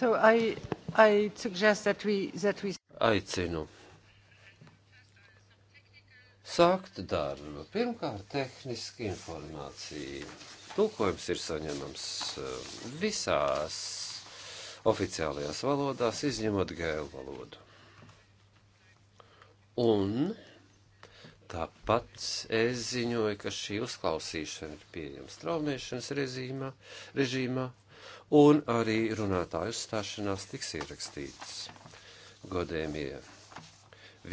So I, I suggest that we, that we... Aicinu sākt darbu. Pirmkārt, tehniski informācija. Tūkojums ir saņemams eh, visās oficiālajās valodās, izņemot gēlu valodu. Un tāpat es ziņoju, ka šī uzklausīšana ir pieejama straumēšanas režīmā, režīmā un arī runātāju uzstāšanās tiks ierakstītas. Godējumie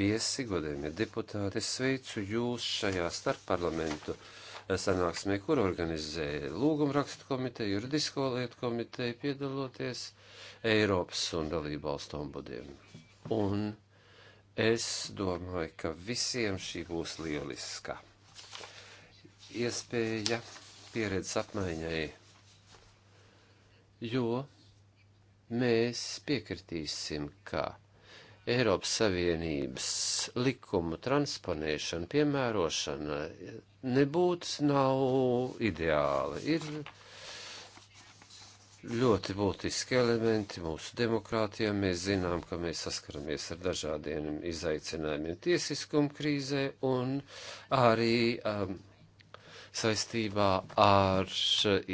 viesi, godējumie deputāti, sveicu jūs šajā starpparlamentu eh, sanāksmē, kur organizēja lūgumrakstu komiteju, juridisko lietu komiteju, piedaloties Eiropas un dalību valstu ombudiem. Un es domāju, ka visiem šī būs lieliska iespēja pieredzes apmaiņai jo mēs piekritīsim, ka Eiropas Savienības likumu transponēšana, piemērošana nebūtu nav ideāla. Ir ļoti būtiski elementi mūsu demokrātijā. Mēs zinām, ka mēs saskaramies ar dažādiem izaicinājumiem tiesiskuma krīzē un arī um, saistībā ar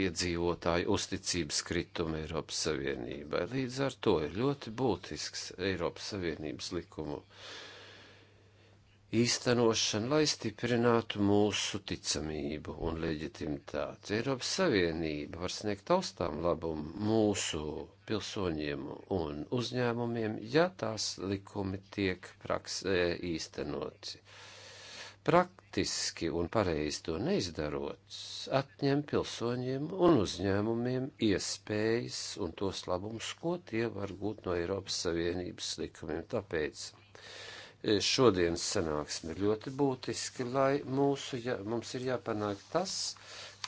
iedzīvotāju uzticības kritumu Eiropas Savienībai. Līdz ar to ir ļoti būtisks Eiropas Savienības likumu īstenošana, lai stiprinātu mūsu ticamību un leģitimitāti. Eiropas Savienība var sniegt taustām labumu mūsu pilsoņiem un uzņēmumiem, ja tās likumi tiek praksē īstenoti praktiski un pareizi to neizdarot, atņem pilsoņiem un uzņēmumiem iespējas un tos labumus, ko tie var gūt no Eiropas Savienības likumiem. Tāpēc e, šodienas sanāksme ir ļoti būtiski, lai mūsu, ja, mums ir jāpanāk tas,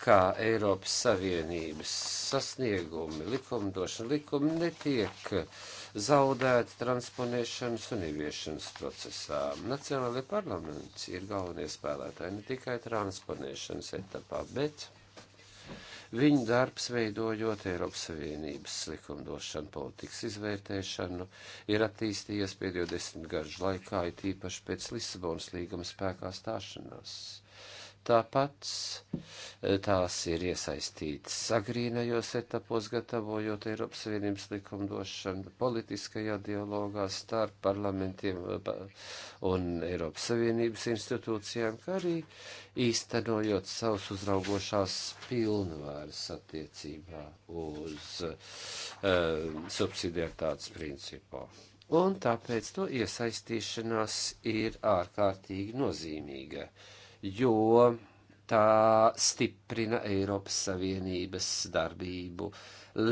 kā Eiropas Savienības sasniegumi, likumdošana likumi netiek uh, zaudēti transponēšanas un ieviešanas procesā. Nacionālajie parlaments ir galvenie spēlētāji ne tikai transponēšanas etapā, bet viņu darbs veidojot Eiropas Savienības likumdošanu, politikas izvērtēšanu, ir attīstījies pēdējo desmit gažu laikā, it īpaši pēc Lisabonas līguma spēkā stāšanās Tāpat e, tās ir iesaistītas agrīnajos etapos, gatavojot Eiropas Savienības likumdošanu, politiskajā dialogā starp parlamentiem e, un Eiropas Savienības institūcijām, kā arī īstenojot savus uzraugošās pilnvaras attiecībā uz uh, subsidiartātes principu un tāpēc to iesaistīšanās ir ārkārtīgi nozīmīga jo tā stiprina Eiropas Savienības darbību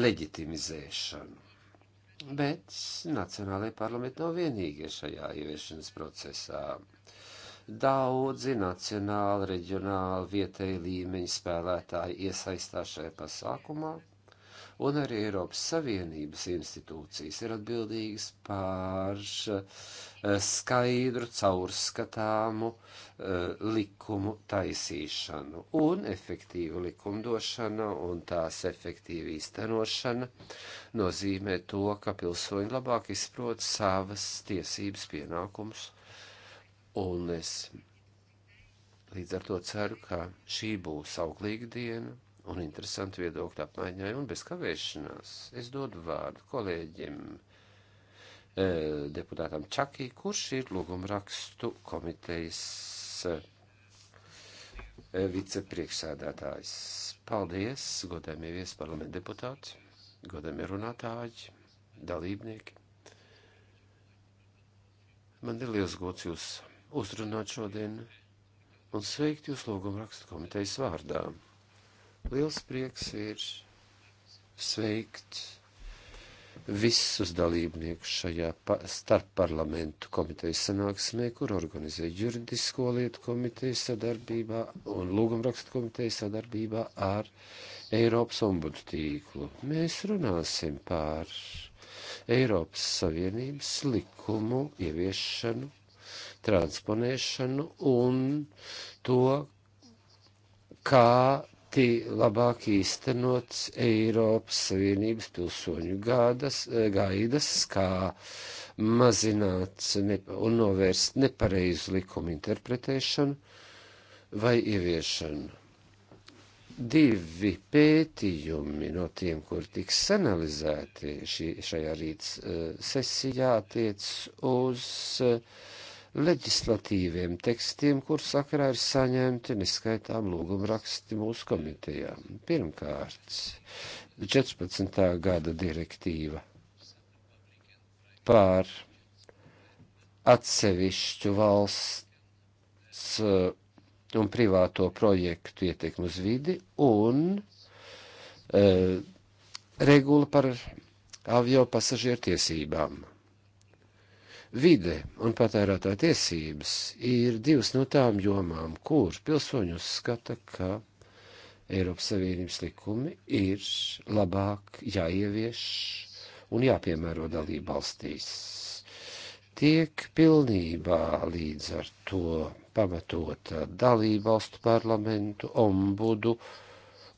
leģitimizēšanu. Bet Nacionālajie parlamenti nav vienīgie šajā ieviešanas procesā. Daudzi nacionāli, reģionāli, vietēji līmeņi spēlētāji iesaistās šajā pasākumā un arī Eiropas Savienības institūcijas ir atbildīgas par eh, skaidru, caurskatāmu eh, likumu taisīšanu un efektīvu likumdošana un tās efektīvu īstenošana nozīmē to, ka pilsoņi labāk izprot savas tiesības pienākumus un es Līdz ar to ceru, ka šī būs auglīga diena, un interesantu viedokļu apmaiņai un bez kavēšanās. Es dodu vārdu kolēģim eh, deputātam Čakī, kurš ir lūgumrakstu komitejas eh, vicepriekšsēdētājs. Paldies, godējumie viesparlamenta deputāti, godējumie runātāji, dalībnieki. Man ir liels gods jūs uzrunāt šodien un sveikt jūs lūgumrakstu komitejas vārdā. Liels prieks ir sveikt visus dalībniekus šajā starpparlamentu komitejas sanāksmē, kur organizē juridisko lietu komiteju sadarbībā un lūgumrakstu komiteju sadarbībā ar Eiropas ombudu tīklu. Mēs runāsim par Eiropas Savienības likumu ieviešanu, transponēšanu un to, kā proti labāk īstenot Eiropas Savienības pilsoņu gādas, gaidas, kā mazināt ne, un novērst nepareizu likumu interpretēšanu vai ieviešanu. Divi pētījumi no tiem, kur tiks analizēti šī, šajā rīts uh, sesijā, attiec uz uh, leģislatīviem tekstiem, kur sakarā ir saņemti neskaitām lūgumraksti mūsu komitejām. Pirmkārt, 14. gada direktīva pār atsevišķu valsts eh, un privāto projektu ietekmu uz vidi un e, regula par avio pasažieru tiesībām. Vide un patērētāja tiesības ir divas no tām jomām, kur pilsoņi uzskata, ka Eiropas Savienības likumi ir labāk jāievieš un jāpiemēro dalību valstīs. Tiek pilnībā līdz ar to pamatota dalību valstu parlamentu, ombudu, uh,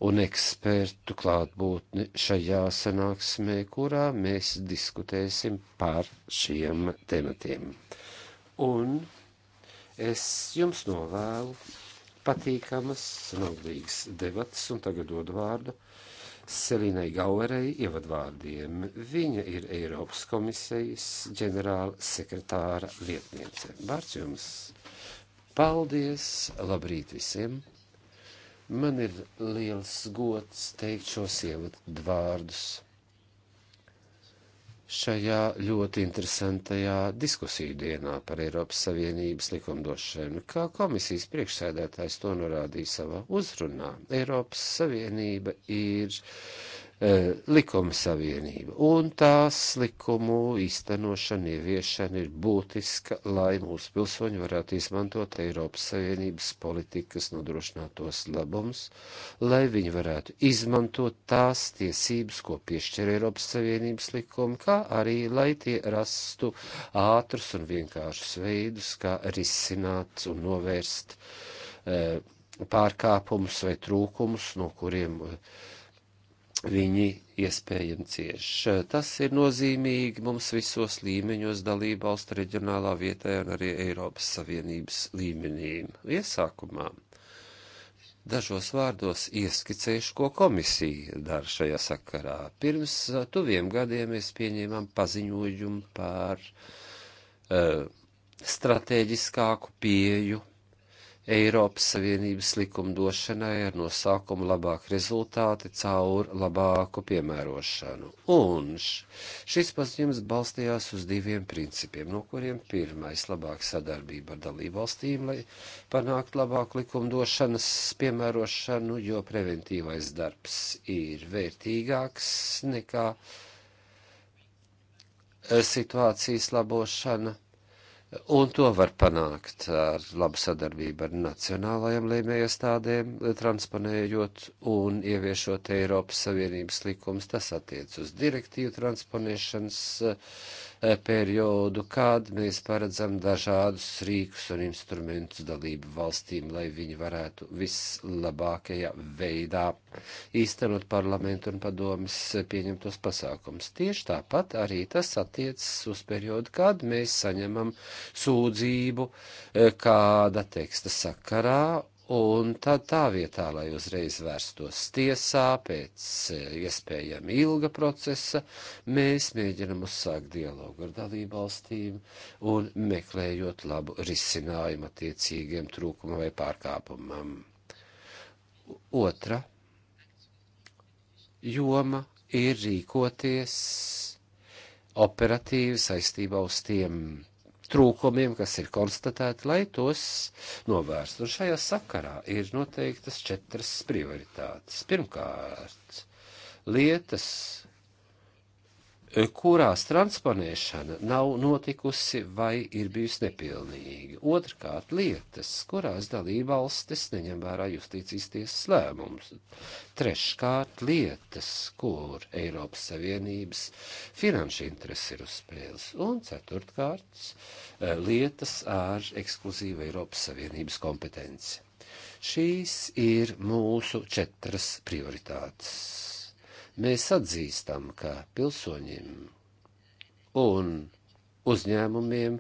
un ekspertu klātbūtni šajā sanāksmē, kurā mēs diskutēsim par šiem tematiem. Un es jums novēlu patīkamas, naudīgas debatas, un tagad dodu vārdu Selinai Gauerei ievadvārdiem. Viņa ir Eiropas komisijas ģenerāla sekretāra vietniece. Vārds jums! Paldies! Labrīt visiem! Man ir liels gods teikt šos ievadu vārdus šajā ļoti interesantajā diskusiju dienā par Eiropas Savienības likumdošanu. Kā komisijas priekšsēdētājs to norādīja savā uzrunā, Eiropas Savienība ir E, likuma savienība, un tās likumu īstenošana, ieviešana ir būtiska, lai mūsu pilsoņi varētu izmantot Eiropas Savienības politikas nodrošinātos labumus, lai viņi varētu izmantot tās tiesības, ko piešķir Eiropas Savienības likumi, kā arī, lai tie rastu ātrus un vienkāršus veidus, kā risināt un novērst e, pārkāpumus vai trūkumus, no kuriem e, viņi iespējami cieš. Tas ir nozīmīgi mums visos līmeņos dalība valstu reģionālā vietē un arī Eiropas Savienības līmenī. Iesākumā dažos vārdos ieskicēšu, ko komisija dara šajā sakarā. Pirms tuviem gadiem mēs pieņēmām paziņojumu par uh, eh, stratēģiskāku pieju Eiropas Savienības likumdošanai ar nosaukumu labāk rezultāti caur labāku piemērošanu. Un šis paziņojums balstījās uz diviem principiem, no kuriem pirmais - labāk sadarbība ar dalībvalstīm, lai panāktu labāku likumdošanas piemērošanu, jo preventīvais darbs ir vērtīgāks nekā situācijas labošana Un to var panākt ar labu sadarbību ar nacionālajiem lēmējiestādēm, transponējot un ieviešot Eiropas Savienības likumus. Tas attiec uz direktīvu transponēšanas uh, Eh, periodu, kad mēs paredzam dažādus rīkus un instrumentus dalību valstīm, lai viņi varētu vislabākajā veidā īstenot parlamentu un padomis eh, pieņemtos pasākums. Tieši tāpat arī tas attiecas uz periodu, kad mēs saņemam sūdzību eh, kāda teksta sakarā Un tad tā vietā, lai uzreiz vērstos tiesā pēc eh, iespējami ilga procesa, mēs mēģinam uzsākt dialogu ar dalībvalstīm un meklējot labu risinājumu attiecīgiem trūkumam vai pārkāpumam. Otra joma ir rīkoties operatīvi saistībā uz tiem trūkumiem, kas ir konstatēti, lai tos novērstu. Un šajā sakarā ir noteiktas četras prioritātes. Pirmkārt, lietas, kurās transponēšana nav notikusi vai ir bijusi nepilnīga. Otrkārt, lietas, kurās dalībvalstis neņem vērā justīcijas tiesas lēmumus. Treškārt, lietas, kur Eiropas Savienības finanšu intereses ir uz spēles. Un ceturtkārt, eh, lietas ar ekskluzīvu Eiropas Savienības kompetenci. Šīs ir mūsu četras prioritātes Mēs atzīstam, ka pilsoņiem un uzņēmumiem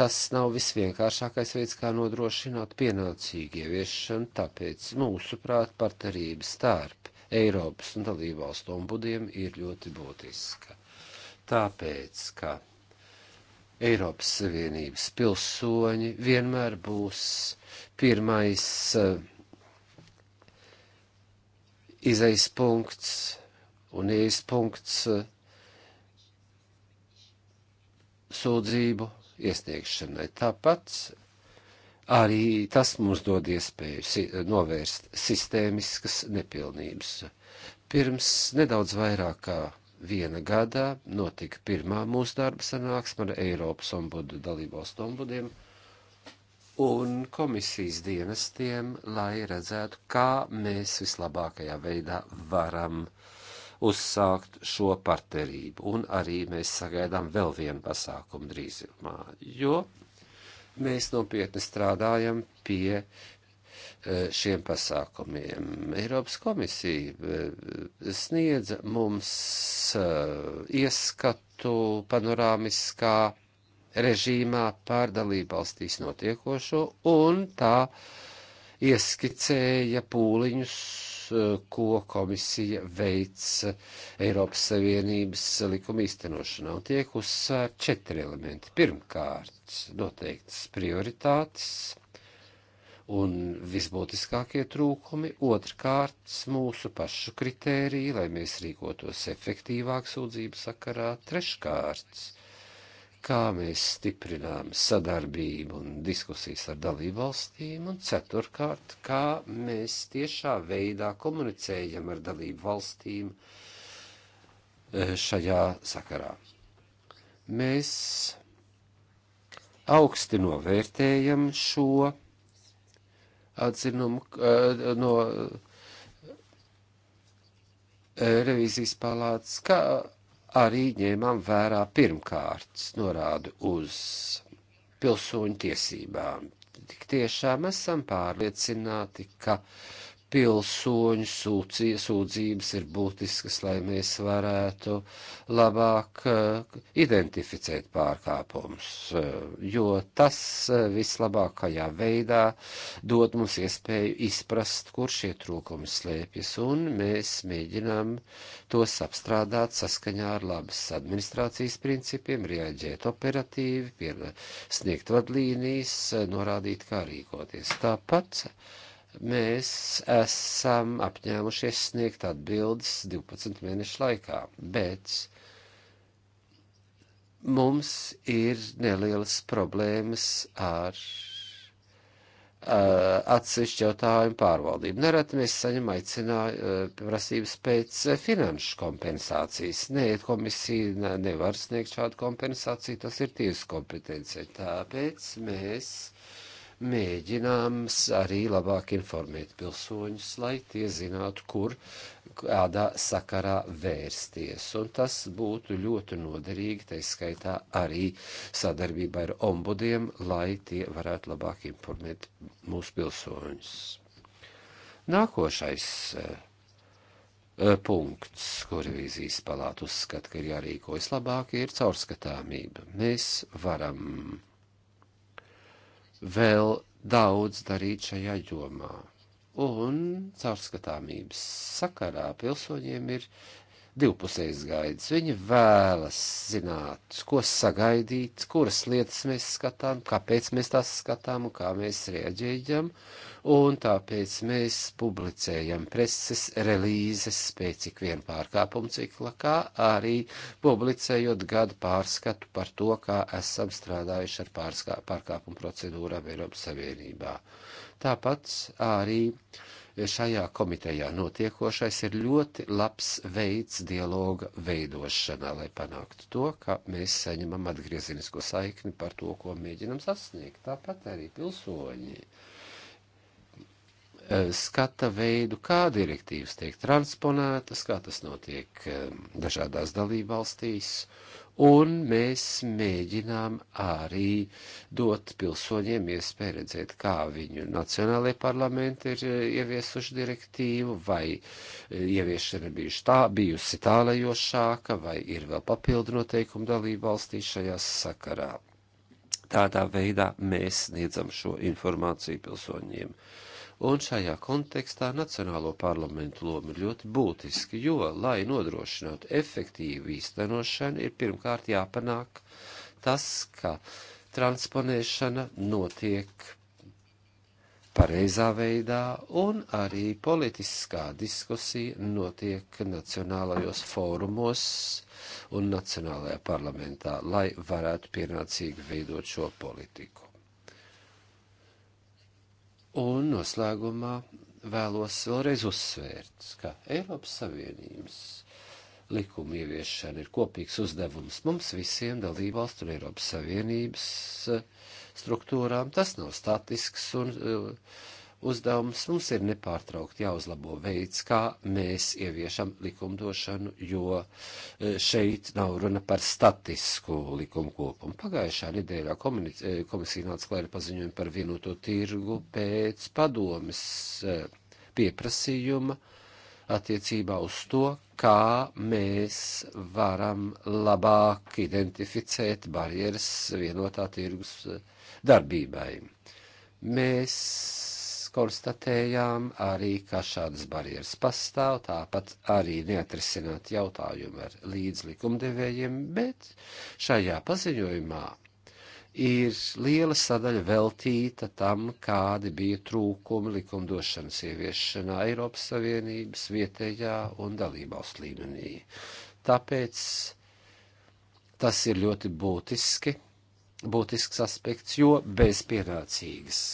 tas nav visvienkāršākais veids, kā nodrošināt pienācīgu ieviešanu, tāpēc mūsuprāt partnerība starp Eiropas un dalībvalstu ombudiem ir ļoti būtiska. Tāpēc, ka Eiropas Savienības pilsoņi vienmēr būs pirmais uh, eh, izaispunkts un īstpunkts eh, sūdzību iesniegšanai. Tāpat arī tas mums dod iespēju novērst sistēmiskas nepilnības. Pirms nedaudz vairāk kā viena gadā notika pirmā mūsu darba sanāksme ar Eiropas ombudu dalībvalstu ombudiem un komisijas dienestiem, lai redzētu, kā mēs vislabākajā veidā varam uzsākt šo partnerību. Un arī mēs sagaidām vēl vienu pasākumu drīzumā, jo mēs nopietni strādājam pie eh, šiem pasākumiem. Eiropas komisija eh, sniedz mums eh, ieskatu panorāmiskā režīmā pārdalību valstīs notiekošo, un tā ieskicēja pūliņus Eh, ko komisija veic Eiropas Savienības likuma īstenošanā. Un tiek uzsvērt četri elementi. Pirmkārt, noteiktas prioritātes un visbūtiskākie trūkumi, otrkārt mūsu pašu kritēriji, lai mēs rīkotos efektīvāk sūdzību sakarā, treškārts kā mēs stiprinām sadarbību un diskusijas ar dalību valstīm, un ceturkārt, kā mēs tiešā veidā komunicējam ar dalību valstīm e, šajā sakarā. Mēs augsti novērtējam šo atzinumu e, no e, revīzijas palātas, kā arī ņēmām vērā pirmkārt norādu uz pilsoņu tiesībām. Tik tiešām esam pārliecināti, ka uh, pilsoņu sūcija, sūdzības ir būtiskas, lai mēs varētu labāk uh, identificēt pārkāpumus, uh, jo tas uh, vislabākajā veidā dod mums iespēju izprast, kur šie trūkumi slēpjas, un mēs mēģinām tos apstrādāt saskaņā ar labas administrācijas principiem, rieģēt operatīvi, sniegt vadlīnijas, norādīt, kā rīkoties. Tāpat mēs esam apņēmušies sniegt atbildes 12 mēnešu laikā, bet mums ir nelielas problēmas ar uh, atsevišķu jautājumu pārvaldību. Nereti mēs saņem aicināju uh, eh, prasības pēc uh, finanšu kompensācijas. Nē, komisija ne, nevar sniegt šādu kompensāciju, tas ir tiesas kompetencija. Tāpēc mēs uh, mēģinām arī labāk informēt pilsoņus, lai tie zinātu, kur kādā sakarā vērsties. Un tas būtu ļoti noderīgi, tai skaitā arī sadarbībā ar ombudiem, lai tie varētu labāk informēt mūsu pilsoņus. Nākošais eh, punkts, ko revīzijas palāta uzskata, ka ir jārīkojas labāk, ir caurskatāmība. Mēs varam vēl daudz darīt šajā jomā. Un caurskatāmības sakarā pilsoņiem ir divpusējas gaidas. Viņi vēlas zināt, ko sagaidīt, kuras lietas mēs skatām, kāpēc mēs tās skatām un kā mēs rieģējam, un tāpēc mēs publicējam preses relīzes pēc ik vien pārkāpuma cikla, kā arī publicējot gadu pārskatu par to, kā esam strādājuši ar pārskā, pārkāpuma procedūrām Eiropas Savienībā. Tāpat arī šajā komitejā notiekošais ir ļoti labs veids dialoga veidošanā, lai panāktu to, ka mēs saņemam atgriezinisko saikni par to, ko mēģinam sasniegt. Tāpat arī pilsoņi eh, skata veidu, kā direktīvas tiek transponētas, kā tas notiek eh, dažādās dalībvalstīs, un mēs mēģinām arī dot pilsoņiem iespēju redzēt, kā viņu nacionālajie parlamenti ir eh, ieviesuši direktīvu, vai eh, ieviešana bijuši tā, bijusi tālajošāka, vai ir vēl papildu noteikumu dalību valstī šajā sakarā. Tādā veidā mēs sniedzam šo informāciju pilsoņiem. Un šajā kontekstā Nacionālo parlamentu loma ir ļoti būtiska, jo, lai nodrošinātu efektīvu īstenošanu, ir pirmkārt jāpanāk tas, ka transponēšana notiek pareizā veidā, un arī politiskā diskusija notiek nacionālajos fórumos un nacionālajā parlamentā, lai varētu pienācīgi veidot šo politiku. Un noslēgumā vēlos vēlreiz uzsvērt, ka Eiropas Savienības likuma ieviešana ir kopīgs uzdevums mums visiem dalībvalstu un Eiropas Savienības eh, struktūrām. Tas nav statisks un uh, uzdevums. Mums ir nepārtraukti jāuzlabo veids, kā mēs ieviešam likumdošanu, jo e, šeit nav runa par statisku likumu kopumu. Pagājušā nedēļā e, komisija nāca klēra paziņojumu par vienoto tirgu pēc padomis e, pieprasījuma attiecībā uz to, kā mēs varam labāk identificēt barjeras vienotā tirgus darbībai. Mēs konstatējām arī, ka šādas barjeras pastāv, tāpat arī neatrisināt jautājumu ar līdzlikumdevējiem, bet šajā paziņojumā ir liela sadaļa veltīta tam, kādi bija trūkumi likumdošanas ieviešanā Eiropas Savienības vietējā un dalībvalsts līmenī. Tāpēc tas ir ļoti būtiski, būtisks aspekts, jo bez pienācīgas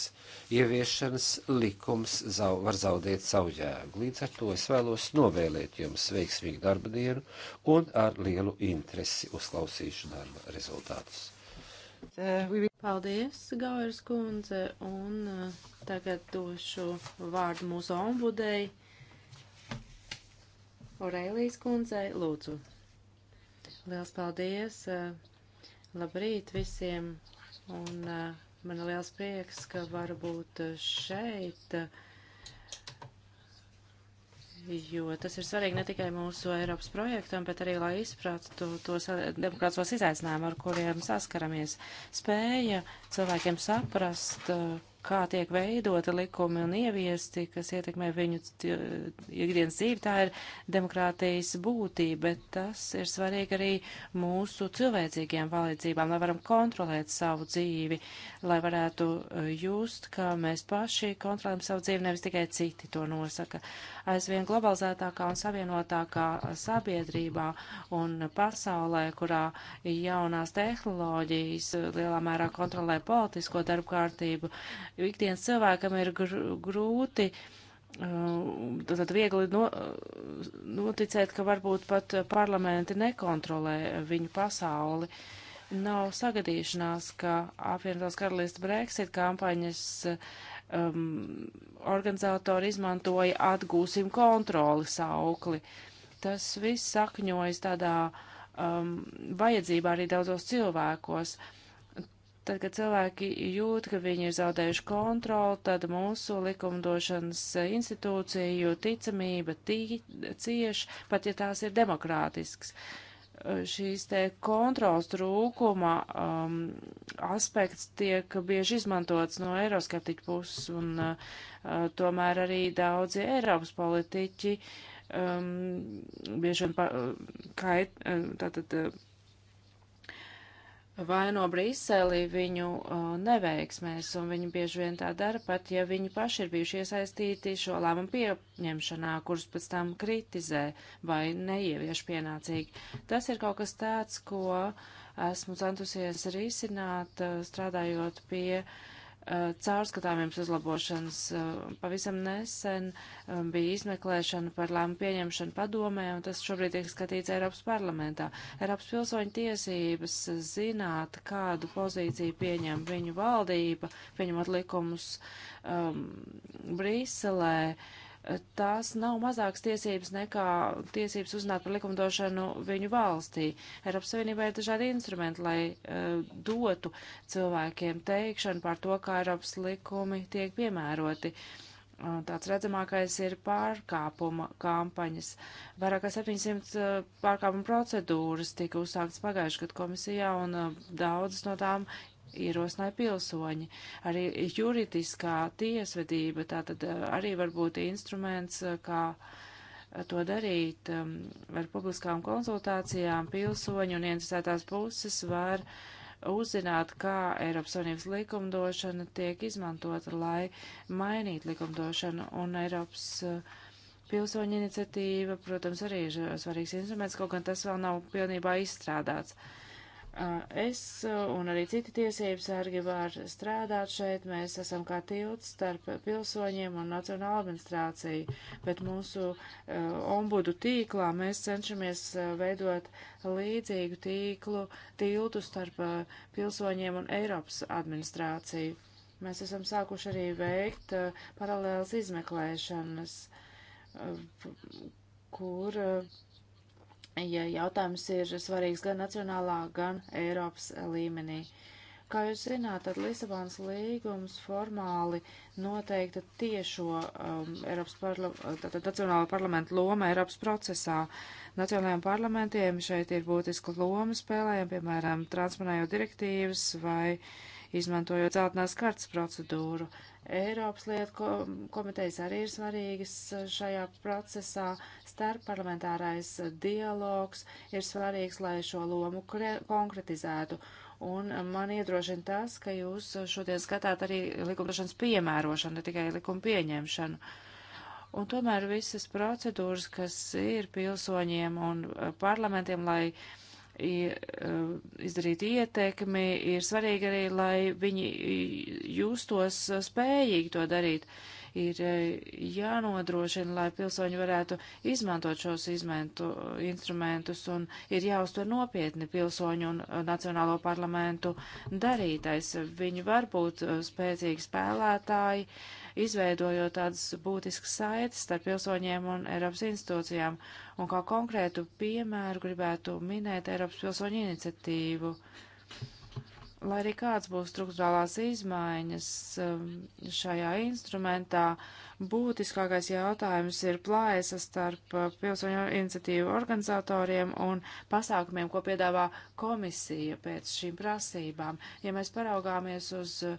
ieviešanas likums zau, var zaudēt savu jēgu. Līdz ar to es vēlos novēlēt jums veiksmīgu darba dienu un ar lielu interesi uzklausīšu darba rezultātus. Paldies, Gauers kundze, un uh, tagad došu vārdu mūsu ombudei. Aurēlijas kundzei, lūdzu. Liels paldies! Uh, labrīt visiem! Un uh, Man ir liels prieks, ka varbūt šeit, jo tas ir svarīgi ne tikai mūsu Eiropas projektam, bet arī, lai izprastu tos demokrātiskos izaicinājumus, ar kuriem saskaramies, spēja cilvēkiem saprast, uh, kā tiek veidoti likumi un ieviesti, kas ietekmē viņu ikdienas dzīvi. Tā ir demokrātijas būtība, bet tas ir svarīgi arī mūsu cilvēcīgiem palīdzībām, lai varam kontrolēt savu dzīvi, lai varētu uh, just, ka mēs paši kontrolējam savu dzīvi, nevis tikai citi to nosaka. Aizvien globalizētākā un savienotākā sabiedrībā un pasaulē, kurā jaunās tehnoloģijas uh, lielā mērā kontrolē politisko darbu kārtību, jo ikdienas cilvēkam ir grūti uh, tad viegli no, uh, noticēt, ka varbūt pat parlamenti nekontrolē viņu pasauli. Nav sagadīšanās, ka apvienotās karalistas Brexit kampaņas um, organizatori izmantoja atgūsim kontroli saukli. Tas viss sakņojas tādā um, vajadzībā arī daudzos cilvēkos. Uh, Tad, kad cilvēki jūt, ka viņi ir zaudējuši kontroli, tad mūsu likumdošanas institūciju ticamība tī, cieš, pat ja tās ir demokrātisks. Šīs te kontrols trūkuma um, aspekts tiek bieži izmantots no eiroskeptiķu puses, un uh, tomēr arī daudzi Eiropas politiķi um, bieži vien pa, uh, kait, uh, tātad. Uh, vaino Brīselī viņu uh, neveiksmēs, un viņi bieži vien tā dara, pat ja viņi paši ir bijuši iesaistīti šo lēmumu pieņemšanā, kurus pēc tam kritizē vai neievieš pienācīgi. Tas ir kaut kas tāds, ko esmu centusies risināt, uh, strādājot pie uh, caurskatāmības uzlabošanas. Um, pavisam nesen um, bija izmeklēšana par lēmu pieņemšanu padomē, un tas šobrīd tiek skatīts Eiropas parlamentā. Eiropas pilsoņu tiesības zināt, kādu pozīciju pieņem viņu valdība, pieņemot likumus um, Brīselē. Uh, tās nav mazākas tiesības nekā tiesības uzzināt par likumdošanu viņu valstī. Eiropas Savienībā ir dažādi instrumenti, lai uh, dotu cilvēkiem teikšanu par to, kā Eiropas likumi tiek piemēroti. Uh, tāds redzamākais ir pārkāpuma kampaņas. Vairāk kā 700 uh, eh, pārkāpuma procedūras tika uzsāktas pagājušajā gadā komisijā, un uh, daudzas no tām ierosināja pilsoņi. Arī juridiskā tiesvedība tātad eh, arī var būt instruments, eh, kā eh, to darīt um, ar publiskām konsultācijām. Pilsoņi un interesētās puses var uzzināt, kā Eiropas Savienības likumdošana tiek izmantota, lai mainītu likumdošanu un Eiropas uh, pilsoņu iniciatīva, protams, arī ir svarīgs instruments, kaut gan tas vēl nav pilnībā izstrādāts. Uh, Es un arī citi tiesības sargi var strādāt šeit. Mēs esam kā tilts starp pilsoņiem un nacionālu administrāciju, bet mūsu uh, ombudu tīklā mēs cenšamies uh, veidot līdzīgu tīklu, tiltu starp uh, pilsoņiem un Eiropas administrāciju. Mēs esam sākuši arī veikt paralēlas izmeklēšanas, kur ja jautājums ir svarīgs gan nacionālā, gan Eiropas līmenī. Kā jūs zināt, tad Lisabonas līgums formāli noteikta tiešo um, Eiropas parla tātad, Nacionālo parlamentu loma Eiropas procesā. Nacionālajiem parlamentiem šeit ir būtiska loma spēlējama, piemēram, transponējot direktīvas vai uh, izmantojot zeltnās kartas procedūru. Eiropas lietu komitejas arī ir svarīgas šajā procesā. Starpparlamentārais dialogs ir svarīgs, lai šo lomu konkretizētu. Un man iedrošina tas, ka jūs šodien skatāt arī likumdošanas piemērošanu, ne tikai likuma pieņemšanu. Un tomēr visas procedūras, kas ir pilsoņiem un parlamentiem, lai uh, Eh, izdarīt ietekmi, ir svarīgi arī, lai viņi justos spējīgi to darīt. Ir eh, jānodrošina, lai pilsoņi varētu izmantot šos izmentu, instrumentus un ir jāuztver nopietni pilsoņu un eh, nacionālo parlamentu darītais. Viņi var būt spēcīgi spēlētāji, uh, izveidojot tādas būtiskas saites starp pilsoņiem un Eiropas institūcijām. Un kā konkrētu piemēru gribētu minēt Eiropas pilsoņu iniciatīvu. Lai arī kāds būs struktūrālās izmaiņas um, šajā instrumentā, būtiskākais jautājums ir plājasa starp uh, pilsoņu iniciatīvu organizatoriem un pasākumiem, ko piedāvā komisija pēc šīm prasībām. Ja mēs paraugāmies uz uh,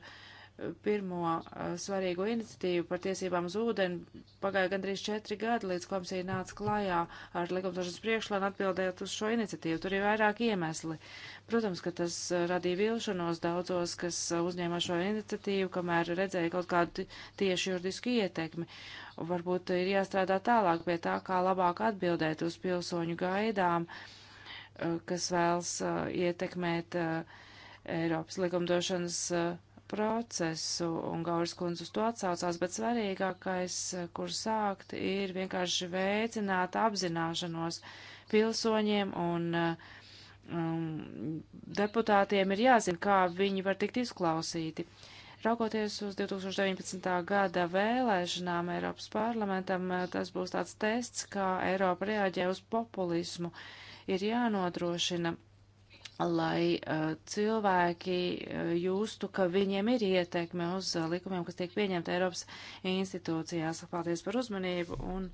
pirmo eh, svarīgo iniciatīvu par tiesībām uz ūdeni. Pagāja gandrīz četri gadi, līdz komisija nāca klajā ar likumdošanas priekšlēnu atbildēt uz šo iniciatīvu. Tur ir vairāk iemesli. Protams, ka tas eh, radīja vilšanos daudzos, kas eh, uzņēma šo iniciatīvu, kamēr redzēja kaut kādu tieši juridisku ietekmi. Varbūt ir jāstrādā tālāk pie tā, kā labāk atbildēt uz pilsoņu gaidām, kas vēlas ietekmēt Eiropas likumdošanas procesu, un Gauras kundze uz to atsaucās, bet svarīgākais, kur sākt, ir vienkārši veicināt apzināšanos pilsoņiem un um, deputātiem ir jāzina, kā viņi var tikt izklausīti. Raugoties uz 2019. gada vēlēšanām Eiropas parlamentam, tas būs tāds tests, kā Eiropa reaģē uz populismu. Ir jānodrošina lai uh, cilvēki uh, eh, jūstu, ka viņiem ir ietekme uz uh, likumiem, kas tiek pieņemta Eiropas institūcijās. Paldies par uzmanību un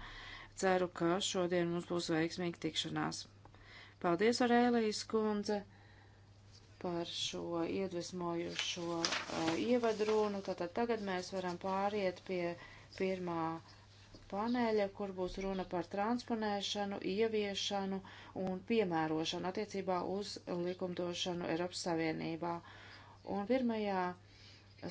ceru, ka šodien mums būs veiksmīgi tikšanās. Paldies, Arēlijas kundze, par šo iedvesmojušo uh, ievadrunu. Tātad tagad mēs varam pāriet pie pirmā paneļa, kur būs runa par transponēšanu, ieviešanu un piemērošanu attiecībā uz likumdošanu Eiropas Savienībā. Un pirmajā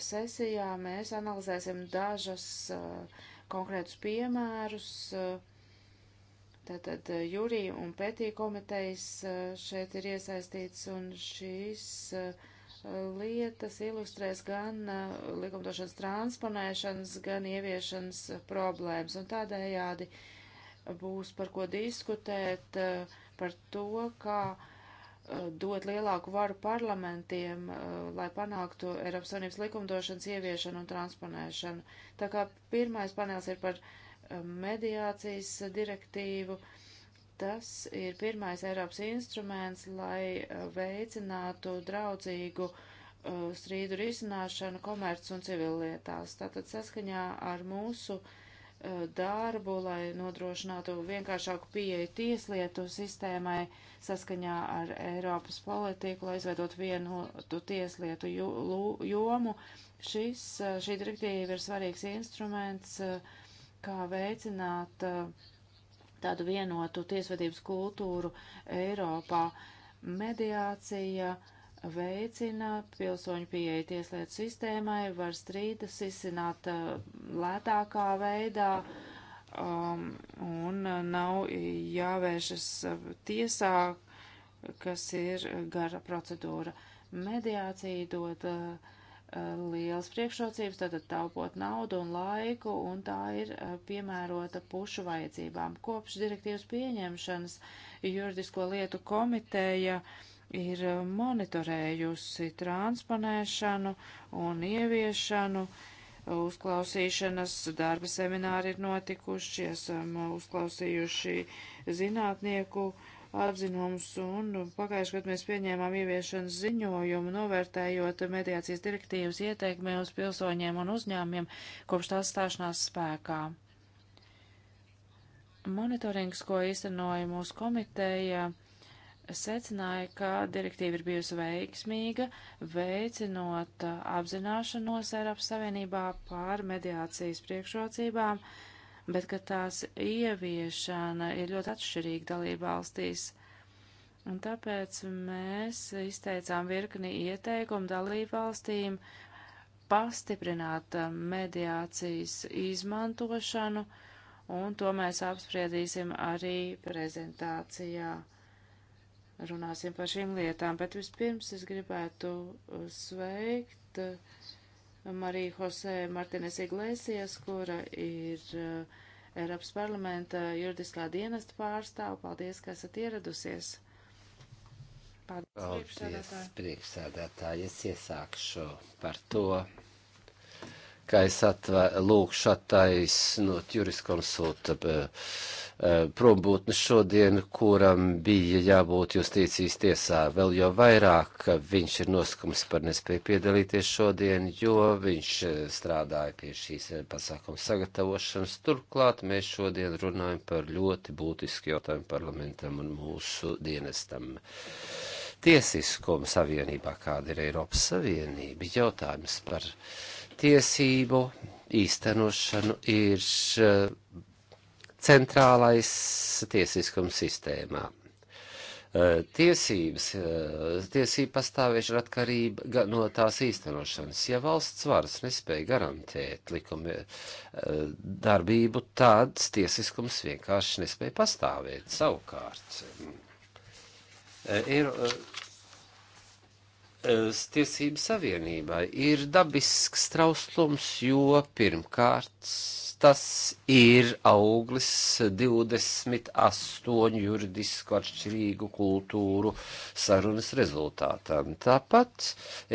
sesijā mēs analizēsim dažas uh, konkrētus piemērus. Uh, tātad uh, eh, jūrī un pētī komitejas šeit ir iesaistīts un šīs uh, lietas ilustrēs gan eh, likumdošanas transponēšanas, gan ieviešanas problēmas, un tādējādi būs par ko diskutēt eh, par to, kā eh, dot lielāku varu parlamentiem, lai panāktu Eiropas Savienības likumdošanas ieviešanu un transponēšanu. Tā kā pirmais panels ir par mediācijas direktīvu, uh, Tas ir pirmais Eiropas instruments, lai uh, veicinātu draudzīgu uh, strīdu risināšanu komerc un civillietās. Tātad saskaņā ar mūsu uh, darbu, lai nodrošinātu vienkāršāku pieeju tieslietu sistēmai, saskaņā ar Eiropas politiku, lai izveidot vienotu tieslietu jomu. Šis, šī direktīva ir svarīgs instruments, kā veicināt uh, tādu vienotu tiesvedības kultūru Eiropā. Mediācija veicina pilsoņu pieeja tieslietu sistēmai, var strīdas izsināt uh, lētākā veidā um, un nav jāvēršas uh, tiesā, kas ir gara procedūra. Mediācija dod uh, liels priekšrocības, tātad taupot naudu un laiku, un tā ir eh, piemērota pušu vajadzībām. Kopš direktīvas pieņemšanas juridisko lietu komiteja ir eh, monitorējusi transponēšanu un ieviešanu. Uzklausīšanas darba semināri ir notikuši, esam eh, uzklausījuši zinātnieku uh, atzinums, un pagājuši gadu mēs pieņēmām ieviešanas ziņojumu, novērtējot mediācijas direktīvas ieteikmē uz pilsoņiem un uzņēmiem kopš tās stāšanās spēkā. Monitorings, ko īstenoja mūsu komiteja, secināja, ka direktīva ir bijusi veiksmīga, veicinot apzināšanos Eiropas Savienībā pār mediācijas priekšrocībām, uh, bet ka tās ieviešana ir ļoti atšķirīga dalība valstīs. Un tāpēc mēs izteicām virkni ieteikumu dalību valstīm pastiprināt um, mediācijas izmantošanu, un to mēs apspriedīsim arī prezentācijā. Runāsim par šīm lietām, bet vispirms es gribētu sveikt uh, Marija um, Hosē Martines Iglesias, kura ir uh, Eiropas parlamenta juridiskā dienesta pārstāva. Paldies, ka esat ieradusies. Paldies, Paldies priekšsēdētāji. Es iesākšu par to, ka es atvē, lūkšu attaisnot juriskonsulta eh, eh, prombūtni šodien, kuram bija jābūt justīcijas tiesā. Vēl jau vairāk viņš ir noskums par nespēju piedalīties šodien, jo viņš eh, strādāja pie šīs pasākuma sagatavošanas. Turklāt mēs šodien runājam par ļoti būtisku jautājumu parlamentam un mūsu dienestam tiesiskuma savienībā, kāda ir Eiropas Savienība, jautājums par tiesību īstenošanu ir eh, centrālais tiesiskums sistēmā. Eh, tiesības, eh, tiesība pastāvēšana atkarība no tās īstenošanas. Ja valsts varas nespēja garantēt likuma darbību, tad tiesiskums vienkārši nespēja pastāvēt. Savukārt, Eiro, tiesību savienībai ir dabisks trauslums, jo pirmkārt tas ir auglis 28 juridisku atšķirīgu kultūru sarunas rezultātām. Tāpat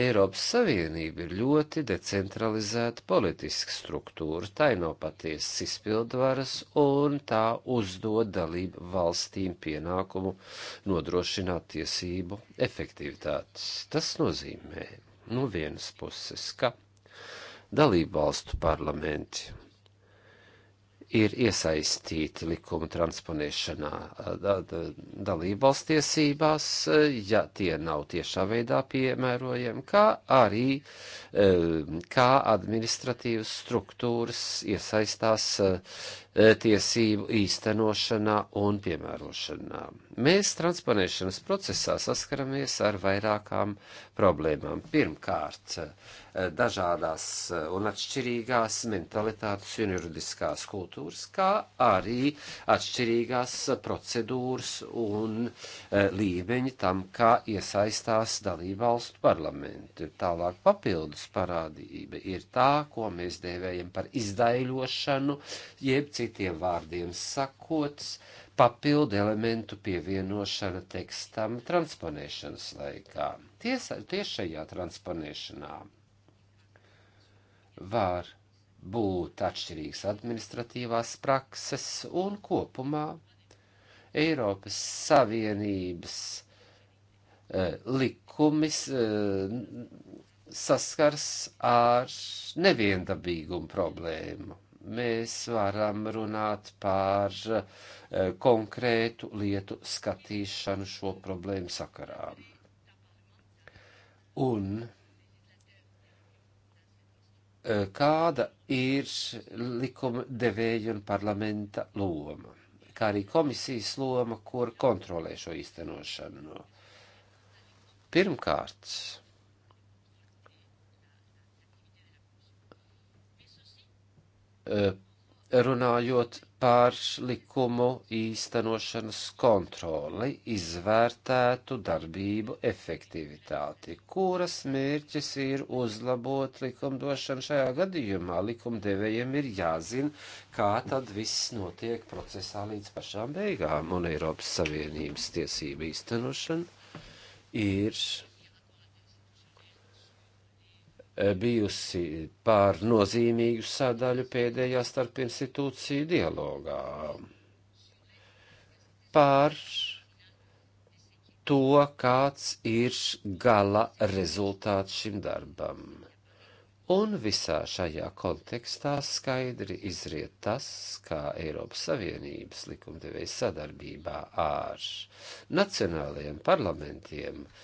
Eiropas Savienība ir ļoti decentralizēta politiska struktūra, tai nav patiesas izpildvaras un tā uzdod dalību valstīm pienākumu nodrošināt tiesību efektivitātes. Tas nozīmē no vienas puses, ka dalībvalstu parlamenti ir iesaistīti likuma transponēšanā da, da, dalībvalsts tiesībās, ja tie nav tiešā veidā piemērojami, kā arī kā administratīvas struktūras iesaistās E, tiesību īstenošanā un piemērošanā. Mēs transponēšanas procesā saskaramies ar vairākām problēmām. Pirmkārt, e, dažādās e, un atšķirīgās mentalitātes un juridiskās kultūras, kā arī atšķirīgās procedūras un līmeņi tam, kā iesaistās dalībvalstu parlamenti. Tālāk papildus parādība ir tā, ko mēs dēvējam par izdaiļošanu, jeb citu citiem vārdiem sakot, papildu elementu pievienošana tekstam transponēšanas laikā. Tiesa, tiešajā transponēšanā var būt atšķirīgas administratīvās prakses un kopumā Eiropas Savienības eh, likumis eh, saskars ar neviendabīgumu problēmu mēs varam runāt par e, konkrētu lietu skatīšanu šo problēmu sakarā. Un e, kāda ir likuma devēja un parlamenta loma, kā arī komisijas loma, kur kontrolē šo īstenošanu. Pirmkārt, E, runājot par likumu īstenošanas kontroli, izvērtētu darbību efektivitāti, kuras mērķis ir uzlabot likumdošanu šajā gadījumā. Likumdevējiem ir jāzina, kā tad viss notiek procesā līdz pašām beigām, un Eiropas Savienības tiesība īstenošana ir Eh, bijusi pār nozīmīgu sadaļu pēdējā starp institūciju dialogā. Pār to, kāds ir gala rezultāts šim darbam. Un visā šajā kontekstā skaidri izriet tas, kā Eiropas Savienības likumdevēja sadarbībā ar nacionālajiem parlamentiem uh,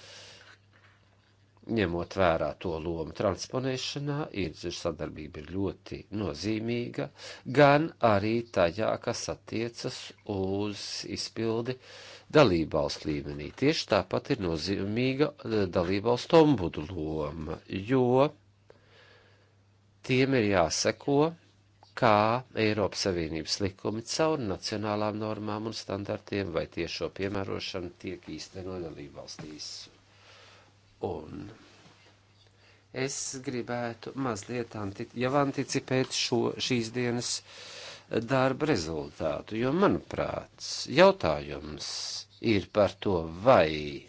ņemot vērā to lomu transponēšanā, iedzir sadarbība ir ļoti nozīmīga, gan arī tajā, kas attiecas uz izpildi dalībvalstu līmenī. Tieši tāpat ir nozīmīga eh, dalībvalstu ombudu loma, jo tiem ir jāseko, kā Eiropas Savienības likumi caur nacionālām normām un standartiem vai tiešo piemērošanu tiek īstenot dalībvalstīs. Un es gribētu mazliet antic jau anticipēt šo, šīs dienas darba rezultātu, jo, manuprāt, jautājums ir par to, vai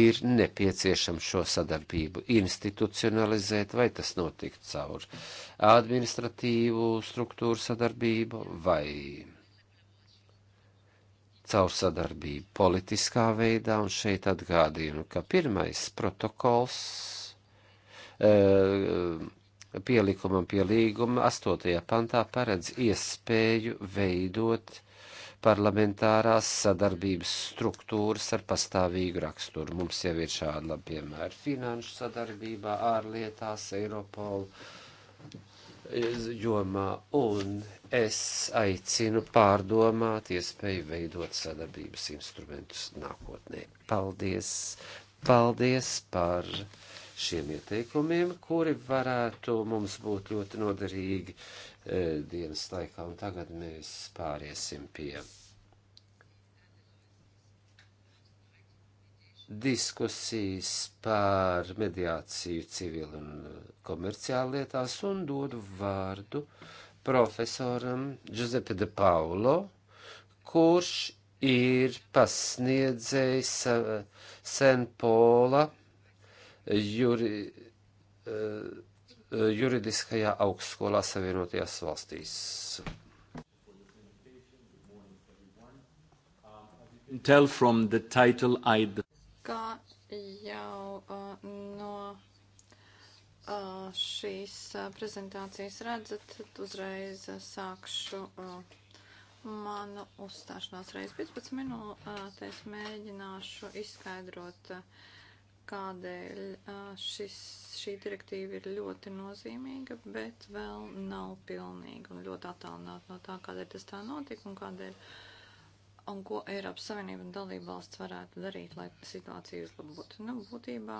ir nepieciešams šo sadarbību institucionalizēt, vai tas notikt caur administratīvu struktūru sadarbību, vai caur sadarbību politiskā veidā, un šeit atgādīju, ka pirmais protokols uh, eh, pielikumam pie līguma 8. pantā paredz iespēju veidot parlamentārās sadarbības struktūras ar pastāvīgu raksturu. Mums jau ir šādi labi piemēri finanšu sadarbībā, ārlietās, Eiropolu jomā, un es aicinu pārdomāt iespēju veidot sadarbības instrumentus nākotnē. Paldies! Paldies par šiem ieteikumiem, kuri varētu mums būt ļoti noderīgi eh, dienas laikā, un tagad mēs pāriesim pie diskusijas par mediāciju civil un eh, komerciālu lietās un dodu vārdu profesoram Giuseppe de Paulo, kurš ir pasniedzējis eh, Senpola juri, eh, juridiskajā augstskolā Savienotajās valstīs. tell from the title I kā jau uh, no uh, šīs uh, prezentācijas redzat, uzreiz uh, sākšu uh, manu uzstāšanās reizi 15 minūtēs, uh, mēģināšu izskaidrot, uh, kādēļ uh, šis, šī direktīva ir ļoti nozīmīga, bet vēl nav pilnīga un ļoti attālināta no tā, kādēļ tas tā notika un kādēļ. Uh, un ko Eiropas Savienība un dalība valsts varētu darīt, lai situāciju uzlabotu. Nu, būtībā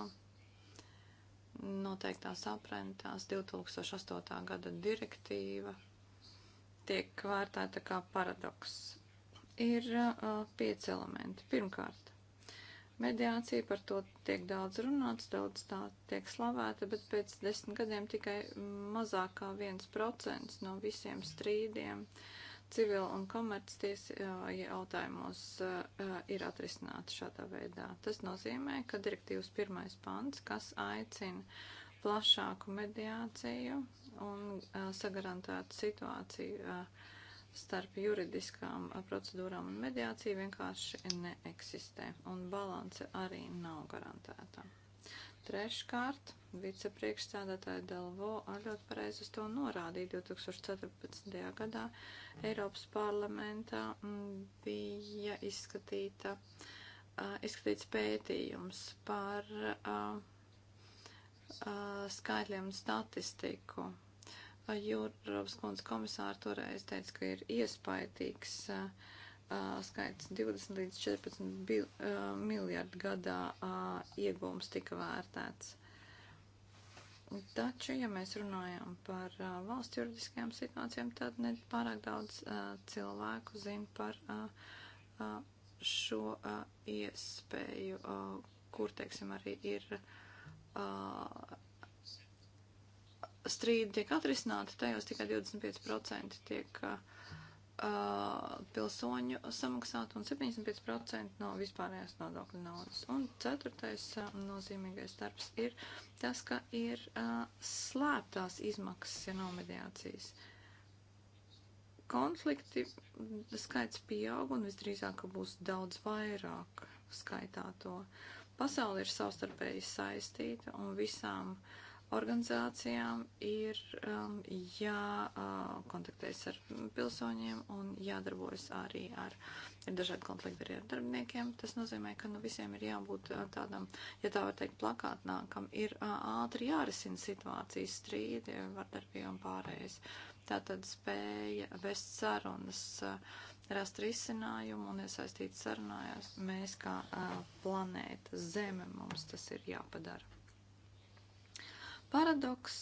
noteiktās aprentās 2008. gada direktīva tiek vērtēta kā paradoks. Ir uh, pieci elementi. Pirmkārt, mediācija par to tiek daudz runāts, daudz tā tiek slavēta, bet pēc desmit gadiem tikai mazākā viens procents no visiem strīdiem uh, civil un komerctiesa jautājumos ir atrisināta šādā veidā. Tas nozīmē, ka direktīvas pirmais pants, kas aicina plašāku mediāciju un sagarantētu situāciju starp juridiskām procedūrām un mediāciju, vienkārši neeksistē, un balance arī nav garantēta. Treškārt, vicepriekšstādātāja Delvo ļoti pareizi uz to norādīja 2014. gadā Eiropas parlamentā mm, bija izskatīta, izskatīts pētījums par skaitļiem un statistiku. Jūras kundze komisāra toreiz teica, ka ir iespaidīgs uh, uh, skaits 20 līdz 14 bil, uh, miljardu gadā uh, iegūms tika vērtēts. Taču, ja mēs runājam par uh, valsts juridiskajām situācijām, tad ne pārāk daudz uh, cilvēku zina par uh, uh, šo uh, iespēju, uh, kur, teiksim, arī ir. Uh, strīdi tiek atrisināti, tajos tikai 25% tiek uh, uh, pilsoņu samaksātu un 75% no vispārējās nodokļu naudas. Un ceturtais uh, nozīmīgais darbs ir tas, ka ir uh, slēptās izmaksas ja no mediācijas. Konflikti skaits pieaug un visdrīzāk būs daudz vairāk skaitā to. Pasauli ir savstarpēji saistīta un visām uh, organizācijām ir um, jākontaktējas uh, ar pilsoņiem un jādarbojas arī ar, ir dažādi konflikti arī ar darbiniekiem. Tas nozīmē, ka nu visiem ir jābūt uh, tādam, ja tā var teikt, plakātnākam, ir uh, ātri jārisina situācijas strīdi, uh, vardarbība un pārējais. Tātad spēja vest sarunas, uh, rast risinājumu un iesaistīt sarunājās. Mēs kā uh, planēta Zeme mums tas ir jāpadara. Paradoks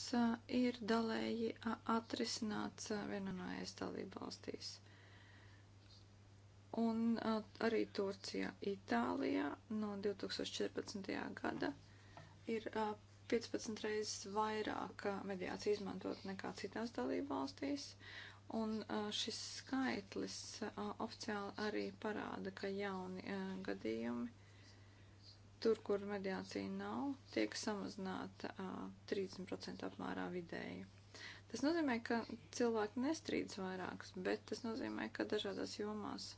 ir dalēji atrisināts vienā no aizdalību valstīs. Un arī Turcijā, Itālijā no 2014. gada ir 15 reizes vairāk mediācija izmantot nekā citās dalību valstīs. Un šis skaitlis oficiāli arī parāda, ka jauni gadījumi Tur, kur mediācija nav, tiek samazināta uh, 30% apmērā vidēji. Tas nozīmē, ka cilvēki nestrīdas vairākus, bet tas nozīmē, ka dažādās jomās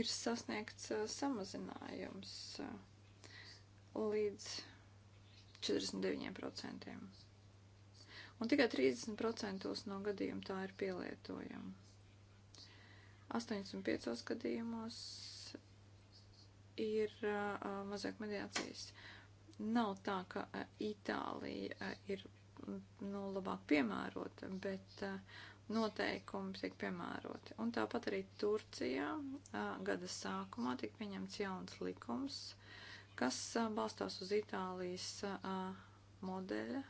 ir sasniegts uh, samazinājums uh, līdz 49%. Un tikai 30% no gadījumiem tā ir pielietojama. 85 gadījumos ir mazāk mediācijas. Nav tā, ka Itālija ir nu, labāk piemērota, bet noteikumi tiek piemēroti. Un tāpat arī Turcijā gada sākumā tika pieņemts jauns likums, kas balstās uz Itālijas modeļa.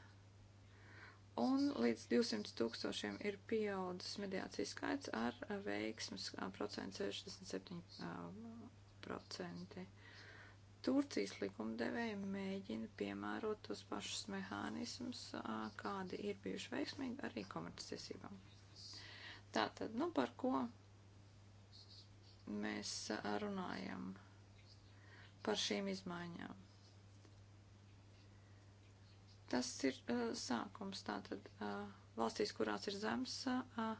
Un līdz 200 tūkstošiem ir pieaudzis mediācijas skaits ar veiksmes procentu 67 10%. Turcijas likumdevēja mēģina piemērot tos pašus mehānismus, kādi ir bijuši veiksmīgi arī komerctiesībām. Tātad, nu par ko mēs runājam par šīm izmaiņām? Tas ir uh, sākums tātad uh, valstīs, kurās ir zemes. Uh,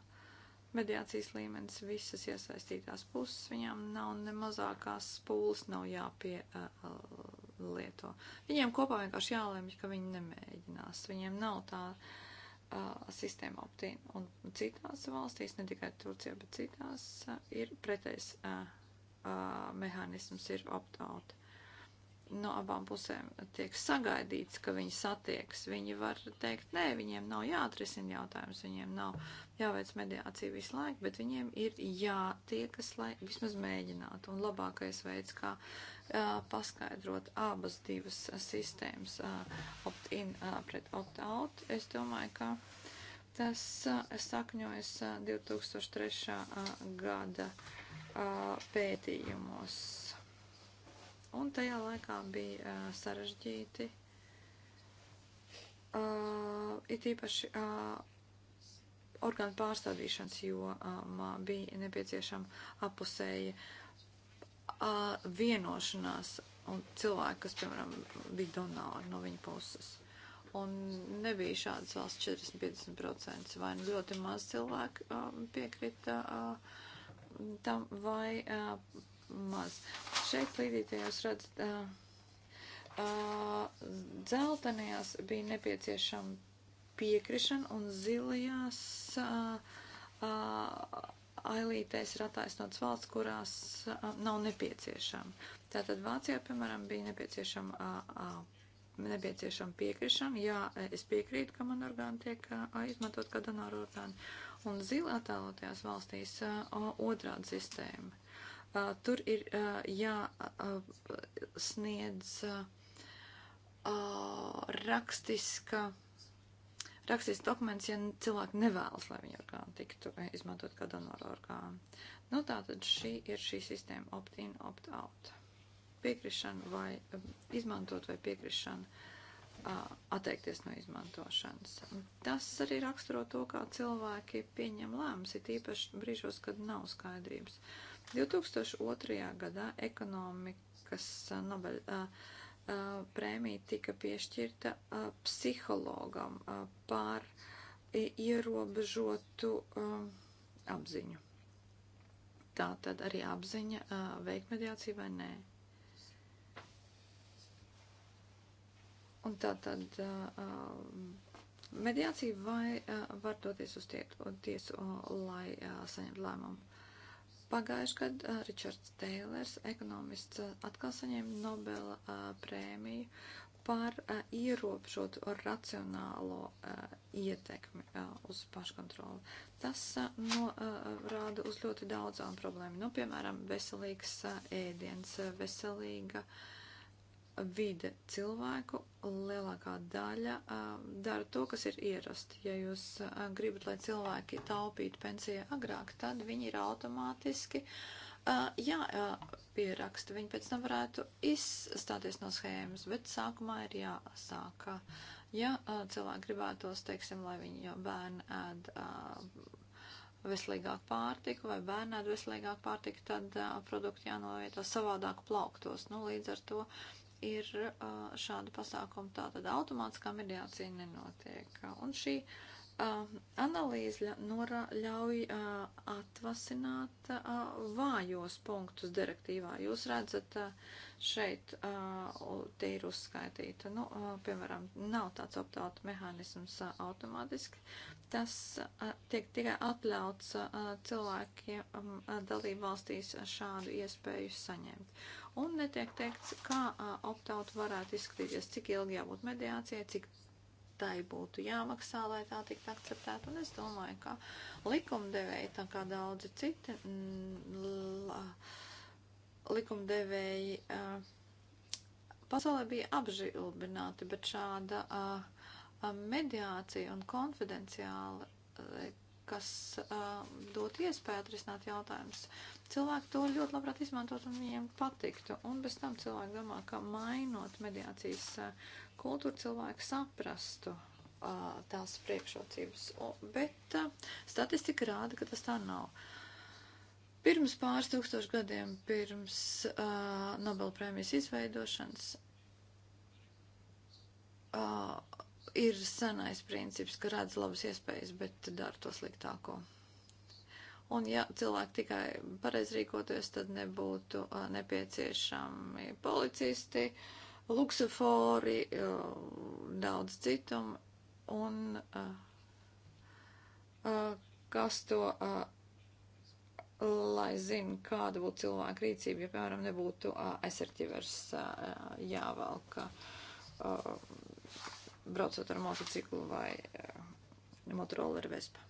mediācijas līmenis, visas iesaistītās puses, viņām nav ne mazākās spūles, nav jāpielieto. Uh, viņiem kopā vienkārši jālemj, ka viņi nemēģinās. Viņiem nav tā uh, sistēma optīna. Un citās valstīs, ne tikai Turcijā, bet citās, uh, ir pretējs uh, uh, mehānisms, ir opt-out no abām pusēm tiek sagaidīts, ka viņi satieks. Viņi var teikt, nē, viņiem nav jāatrisina jautājums, viņiem nav jāveic mediācija visu laiku, bet viņiem ir jātiekas, lai vismaz mēģinātu. Un labākais veids, kā uh, paskaidrot abas divas sistēmas, uh, opt-in uh, pret opt-out, es domāju, ka tas uh, sakņojas uh, 2003. Uh, gada uh, pētījumos un tajā laikā bija uh, sarežģīti, uh, it īpaši uh, orgānu pārstādīšanas jomā um, bija nepieciešama apusēja uh, vienošanās un cilvēki, kas, piemēram, bija donāri no viņa puses. Un nebija šādas valsts 40-50%, vai nu ļoti maz cilvēku um, piekrita uh, tam, vai uh, maz. Šeit slīdītē jūs redzat, dzeltenajās bija nepieciešama piekrišana un zilajās ailītēs ir attaisnots valsts, kurās nav nepieciešama. Tātad Vācijā, piemēram, bija nepieciešama nepieciešama piekrišana. Jā, es piekrītu, ka man orgāni tiek izmantot kā donoru orgāni. Un zila attēlotajās valstīs otrāda sistēma. Uh, tur ir uh, jāsniedz uh, rakstiska rakstīs dokuments, ja cilvēki nevēlas, lai viņa orgāna tiktu eh, izmantot kā donora orgānu. Nu, tā tad šī ir šī sistēma opt-in, opt-out. Piekrišana vai um, izmantot vai piekrišana atteikties no izmantošanas. Tas arī raksturo to, kā cilvēki pieņem lēmumus, it īpaši brīžos, kad nav skaidrības. Uh, 2002. gadā ekonomikas Nobel prēmija tika piešķirta psihologam pār ierobežotu apziņu. Tā tad arī apziņa veikt mediāciju vai nē. Un tā tad mediācija vai var doties uz tietu, tiesu, lai saņemtu lēmumu. Pagājuši gadu uh, Ričards Teilers, ekonomists, uh, atkal saņēma Nobela uh, prēmiju par uh, ierobežotu racionālo uh, ietekmi uh, uz paškontroli. Tas uh, norāda uh, uz ļoti daudzām problēmām. Nu, piemēram, veselīgs uh, ēdiens, veselīga uh, vide cilvēku lielākā daļa dara to, kas ir ierasti. Ja jūs gribat, lai cilvēki taupītu pensiju agrāk, tad viņi ir automātiski jāpieraksta. Viņi pēc tam varētu izstāties no schēmas, bet sākumā ir jāsāk. Ja cilvēki gribētos, teiksim, lai viņu bērni ēd veselīgāku pārtiku vai bērnēd veselīgāku pārtiku, tad uh, produkti jānovieto savādāk plauktos. Nu, līdz ar to uh, ir uh, šādu pasākumu, tātad automātiskā mediācija nenotiek. Un šī uh, analīze nora, ļauj uh, atvasināt uh, vājos punktus direktīvā. Jūs redzat, uh, šeit uh, tie ir uzskaitīti. Nu, uh, piemēram, nav tāds optāta mehānisms uh, automātiski tas tiek tikai atļauts cilvēkiem dalību valstīs šādu iespēju saņemt. Un netiek teikts, kā optaut varētu izskatīties, cik ilgi jābūt mediācijai, cik tai būtu jāmaksā, lai tā tiktu akceptēta. Un es domāju, ka likumdevēji, tā kā daudzi citi likumdevēji, pasaulē bija apžilbināti, bet šāda. Uh, Um, mediācija un konfidenciāli, eh, kas um, dot iespēju atrisināt jautājumus. Cilvēki to ļoti labprāt izmantot un viņiem patiktu. Un bez tam cilvēki domā, ka mainot mediācijas eh, kultūru, cilvēki saprastu eh, tās priekšrocības. Bet statistika rāda, ka tas tā nav. Pirms pāris tūkstošu gadiem, pirms uh, Nobelprēmijas izveidošanas, uh, ir senais princips, ka redz labas iespējas, bet dara to sliktāko. Un ja cilvēki tikai pareiz rīkoties, tad nebūtu uh, nepieciešami policisti, luksofori, uh, daudz citumu un uh, uh, kas to, uh, lai zina, kāda būtu cilvēka rīcība, ja, piemēram, nebūtu uh, aizsardzības uh, jāvelk. Uh, braucot ar motociklu vai eh, motorolleru vespa.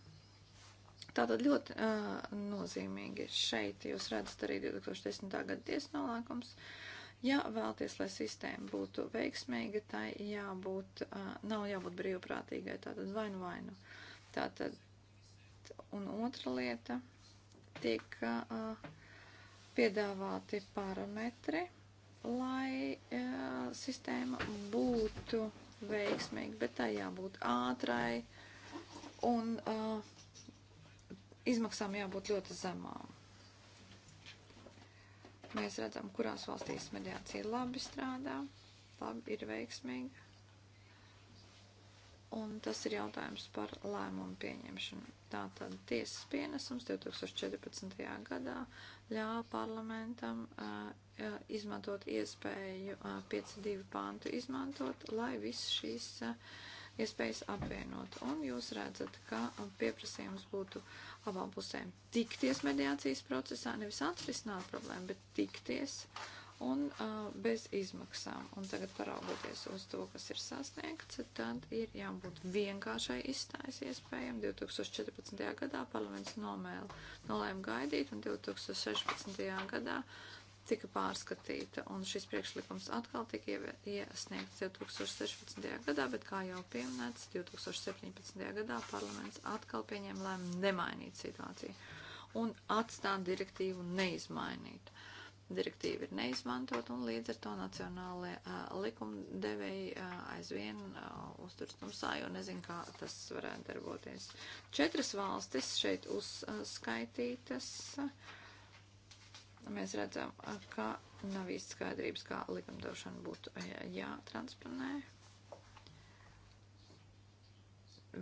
Tātad ļoti uh, nozīmīgi šeit jūs redzat arī 2010. gada tiesnolākums. Ja vēlties, lai sistēma būtu veiksmīga, tai jābūt, uh, nav jābūt brīvprātīgai, tātad vainu vainu. Tātad, un otra lieta, tiek uh, piedāvāti parametri, lai uh, sistēma būtu veiksmīgi, bet tā jābūt ātrai un uh, izmaksām jābūt ļoti zemām. Mēs redzam, kurās valstīs mediācija labi strādā, labi ir veiksmīga. Un tas ir jautājums par lēmumu pieņemšanu. Tātad tiesas pienesums 2014. gadā ļāva parlamentam izmantot iespēju 5.2 pāntu izmantot, lai visu šīs iespējas apvienot. Un jūs redzat, ka pieprasījums būtu abām pusēm tikties mediācijas procesā, nevis atrisināt problēmu, bet tikties. Uh, un uh, bez izmaksām. Un tagad paraugoties uz to, kas ir sasniegts, tad ir jābūt vienkāršai izstājas iespējām. 2014. gadā parlaments nomēla, nolēma gaidīt, un 2016. gadā tika pārskatīta, un šis priekšlikums atkal tika iesniegts 2016. gadā, bet, kā jau pieminēts, 2017. gadā parlaments atkal pieņēma lēmumu nemainīt situāciju un atstāt direktīvu neizmainītu direktīva ir neizmantot, un līdz ar to nacionālajie uh, likumdevēji uh, aizvien uh, uzturs tumsā, jo nezinu, kā tas varētu darboties. Četras valstis šeit uzskaitītas. Mēs redzam, ka nav īsti skaidrības, kā likumdošana būtu jātransponē.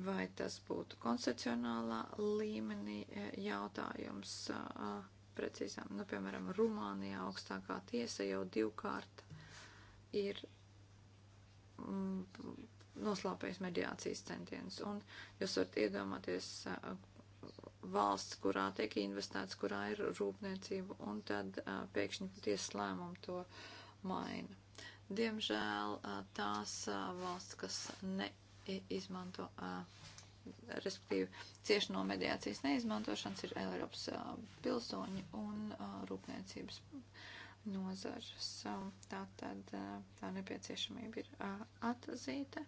Vai tas būtu koncepcionālā līmenī jautājums? Uh, precīzām. Nu, piemēram, Rumānijā augstākā tiesa jau divkārt ir mm, noslāpējis mediācijas centienus. Un jūs varat iedomāties eh, valsts, kurā tiek investēts, kurā ir rūpniecība, un tad eh, pēkšņi tiesas lēmumu to maina. Diemžēl eh, tās valsts, kas neizmanto. Uh, respektīvi cieši no mediācijas neizmantošanas, ir Eiropas pilsoņi un rūpniecības nozaras. Tā tad tā nepieciešamība ir atzīta.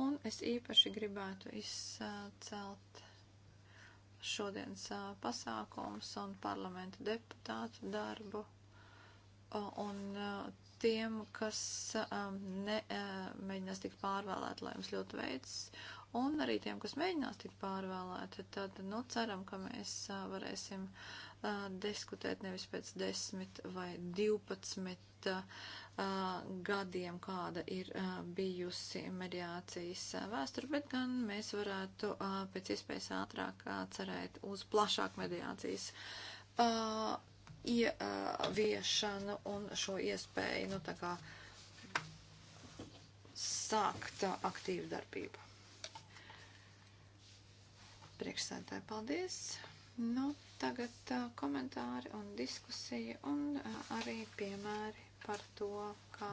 Un es īpaši gribētu izcelt šodienas pasākums un parlamentu deputātu darbu un tiem, kas nemēģinās tik pārvēlēt, lai jums ļoti veids, un arī tiem, kas mēģinās tikt pārvēlēti. Tad, nu, ceram, ka mēs varēsim uh, diskutēt nevis pēc 10 vai 12 uh, gadiem, kāda ir uh, bijusi mediācijas vēsture, bet gan mēs varētu pēc iespējas ātrāk cerēt uz plašāku mediācijas ieviešanu un šo iespēju, nu, tā kā sākt aktīvu darbību priekšsēdētāji, paldies. Nu, tagad uh, komentāri un diskusija un uh, arī piemēri par to, kā,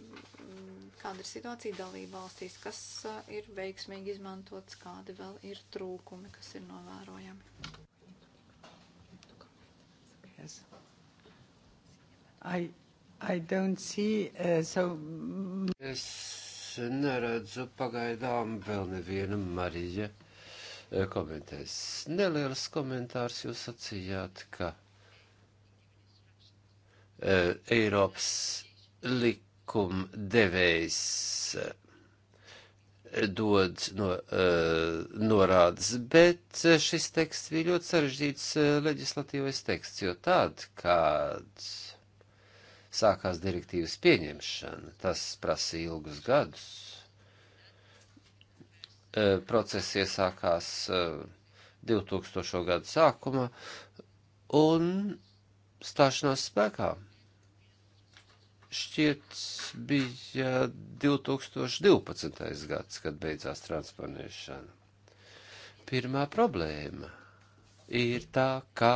mm, kāda ir situācija dalība valstīs, kas uh, ir veiksmīgi izmantots, kādi vēl ir trūkumi, kas ir novērojami. Yes. I, I don't see, uh, so... Mm, es neredzu pagaidām vēl nevienu Marija eh, komentēs. Neliels komentārs jūs sacījāt, ka eh, Eiropas likumdevējs eh, dod no, uh, norādes, bet šis teksts bija ļoti sarežģīts uh, leģislatīvais teksts, jo tad, kad uh, sākās direktīvas pieņemšana. Tas prasīja ilgus gadus. E, process iesākās 2000. E, gadu sākumā un stāšanās spēkā šķiet bija 2012. gads, kad beidzās transponēšana. Pirmā problēma ir tā, ka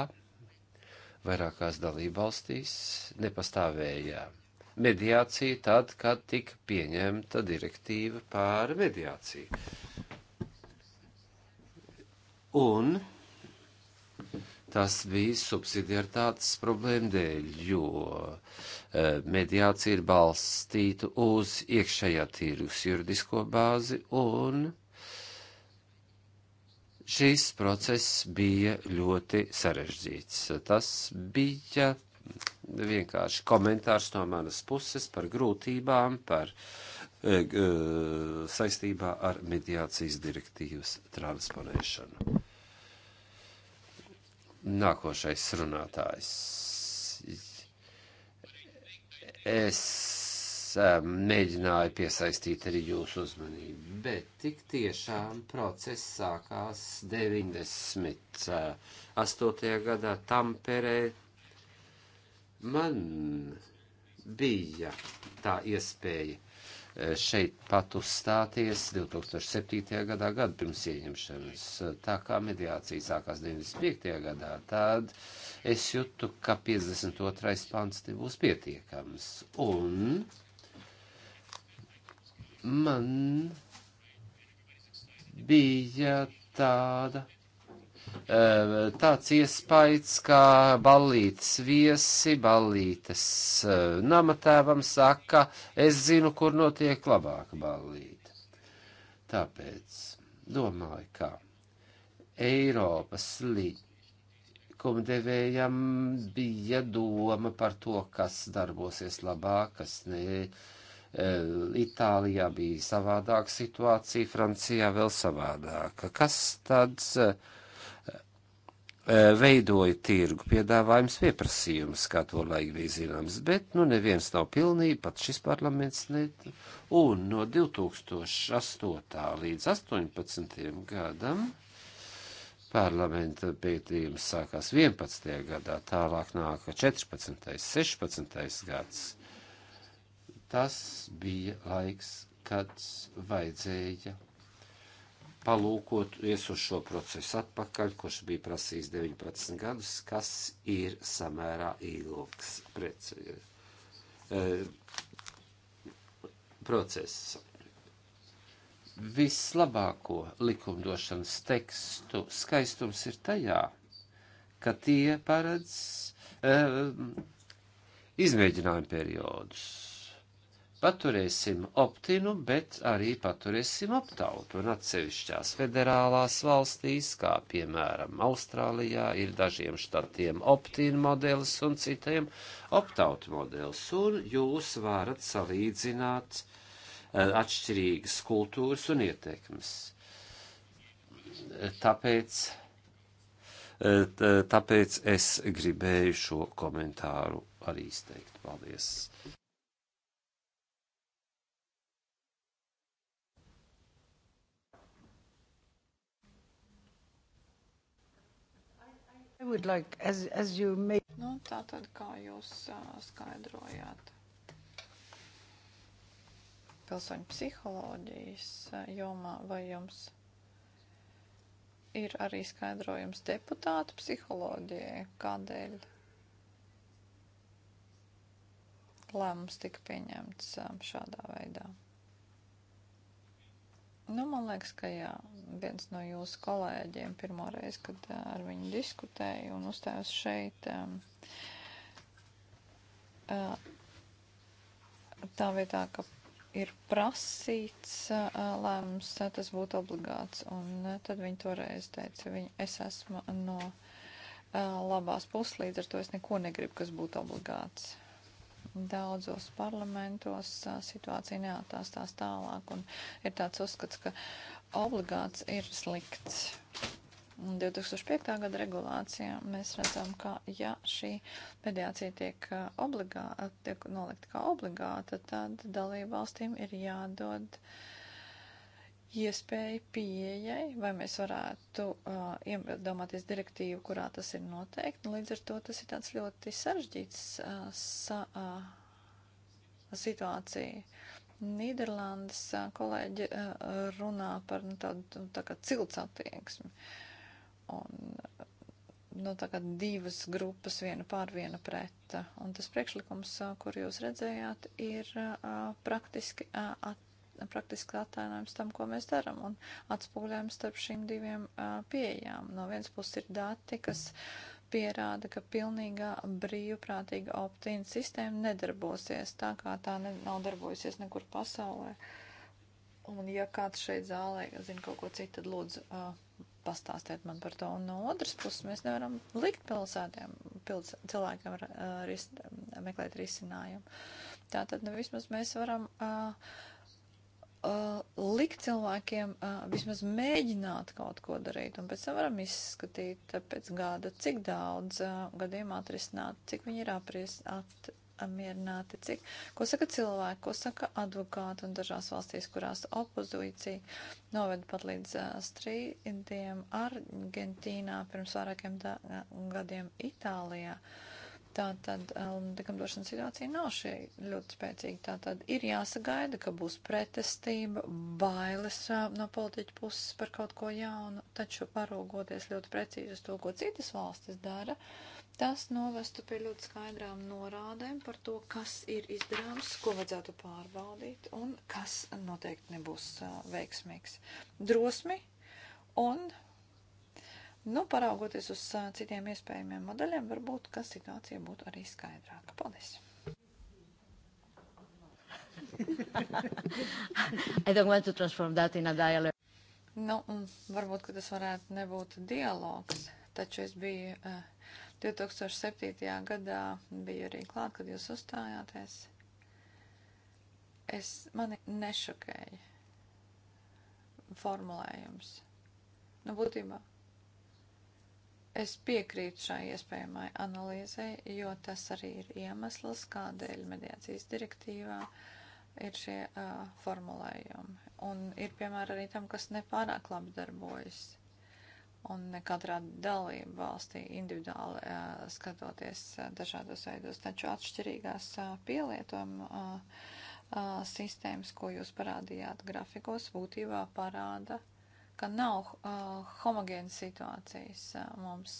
vairākās dalībvalstīs nepastāvēja mediācija tad, kad tika pieņemta direktīva pār mediāciju. Un tas bija subsidiaritātes problēma dēļ, jo e, mediācija ir balstīta uz iekšējā tirgus juridisko bāzi un Šis process bija ļoti sarežģīts. Tas bija vienkārši komentārs no manas puses par grūtībām, par e, e, saistībā ar mediācijas direktīvas transponēšanu. Nākošais runātājs. Es mēģināju piesaistīt arī jūsu uzmanību. Bet tik tiešām process sākās 98. Eh, gadā Tamperē. Man bija tā iespēja eh, šeit pat uzstāties 2007. gadā, gadu pirms ieņemšanas. Tā kā mediācija sākās 95. gadā, tad es jutu, ka 52. pants būs pietiekams. Un man bija tāda e, tāds iespējas, kā ballītes viesi, ballītes e, namatēvam saka, es zinu, kur notiek labāka ballīte. Tāpēc domāju, kā Eiropas likumdevējam bija doma par to, kas darbosies labāk, kas nē. Ne Eh, Itālijā bija savādāka situācija, Francijā vēl savādāka. Kas tad eh, eh, veidoja tirgu piedāvājums pieprasījums, kā to laik bija zināms, bet nu neviens nav pilnīgi, pat šis parlaments ne. Un no 2008. līdz 18. gadam parlamenta pētījums sākās 11. gadā, tālāk nāka 14. 16. gads Tas bija laiks, kad vajadzēja palūkoties uz šo procesu atpakaļ, kurš bija prasījis 19 gadus, kas ir samērā ilgs prec, e, process. Vislabāko likumdošanas tekstu skaistums ir tajā, ka tie paredz e, izmēģinājumu periodus Paturēsim optinu, bet arī paturēsim optautu. Un atsevišķās federālās valstīs, kā piemēram Austrālijā, ir dažiem štatiem optīna modelis un citiem optautu modelis. Un jūs varat salīdzināt eh, atšķirīgas kultūras un ietekmes. Tāpēc eh, tāpēc es gribēju šo komentāru arī izteikt. Paldies! Like, as, as may... nu, tā tad, kā jūs uh, skaidrojāt, pilsoņu psiholoģijas uh, jomā vai jums ir arī skaidrojums deputātu psiholoģijai, kādēļ lēmums tika pieņemts šādā veidā. Nu, man liekas, ka jā, viens no jūsu kolēģiem pirmo reizi, kad ar viņu diskutēju un uzstājos šeit, tā vietā, ka ir prasīts lēmums, tas būtu obligāts. Un tad viņi toreiz teica, viņi, es esmu no labās puses, līdz ar to es neko negribu, kas būtu obligāts daudzos parlamentos situācija neatāstās tālāk, un ir tāds uzskats, ka obligāts ir slikts. 2005. gada regulācijā mēs redzam, ka ja šī mediācija tiek, obligā, tiek nolikta kā obligāta, tad dalību valstīm ir jādod uh, iespēja pieejai, vai mēs varētu uh, iedomāties direktīvu, kurā tas ir noteikti. Nu, līdz ar to tas ir tāds ļoti sarežģīts uh, sa, uh, situācija. Nīderlandes uh, kolēģi uh, runā par nu, tādu tā kā cilts attieksmi. Un, uh, nu, tā kā divas grupas, viena pār viena pret. Un tas priekšlikums, uh, kur jūs redzējāt, ir uh, praktiski at, uh, virkne praktiski attēlojums tam, ko mēs darām, un atspūļojums starp šīm diviem uh, pieejām. No vienas puses ir dati, kas pierāda, ka pilnīgā brīvprātīga optīna sistēma nedarbosies tā, kā tā ne, nav darbojusies nekur pasaulē. Un ja kāds šeit zālē zina kaut ko citu, tad lūdzu uh, pastāstiet man par to. Un no otras puses mēs nevaram likt pilsētiem, pilds, cilvēkiem uh, ris, meklēt risinājumu. Tātad nu, vismaz mēs varam uh, uh, likt cilvēkiem uh, vismaz mēģināt kaut ko darīt, un pēc tam varam izskatīt uh, pēc gada, cik daudz uh, gadījumā atrisināt, cik viņi ir apries, atmierināti, cik, ko saka cilvēki, ko saka advokāti, un dažās valstīs, kurās opozīcija noved pat līdz uh, strīdiem Argentīnā pirms vairākiem gadiem Itālijā. Uh, Tā tad um, likumdošanas situācija nav šī ļoti spēcīga. Tā tad ir jāsagaida, ka būs pretestība, bailes uh, no politiķa puses par kaut ko jaunu, taču parūgoties ļoti precīzi uz to, ko citas valstis dara, tas novestu pie ļoti skaidrām norādēm par to, kas ir izdarāms, ko vajadzētu pārbaudīt un kas noteikti nebūs uh, veiksmīgs. Drosmi un Nu, paraugoties uz citiem iespējamiem modeļiem, varbūt, ka situācija būtu arī skaidrāka. Paldies! I don't want to transform that in a dialogue. Nu, varbūt, ka tas varētu nebūt dialogs, taču es biju uh, 2007. gadā, biju arī klāt, kad jūs uzstājāties. Es, mani nešokēja formulējums. Nu, būtībā Es piekrītu šai iespējamai analīzei, jo tas arī ir iemesls, kādēļ mediācijas direktīvā ir šie uh, formulējumi. Un ir piemēra arī tam, kas nepārāk labi darbojas. Un ne katrā dalība valstī individuāli uh, skatoties uh, dažādos veidos, taču atšķirīgās uh, pielietojuma uh, uh, sistēmas, ko jūs parādījāt grafikos, būtībā parāda uh, ka nav uh, homogēnas situācijas uh, mums.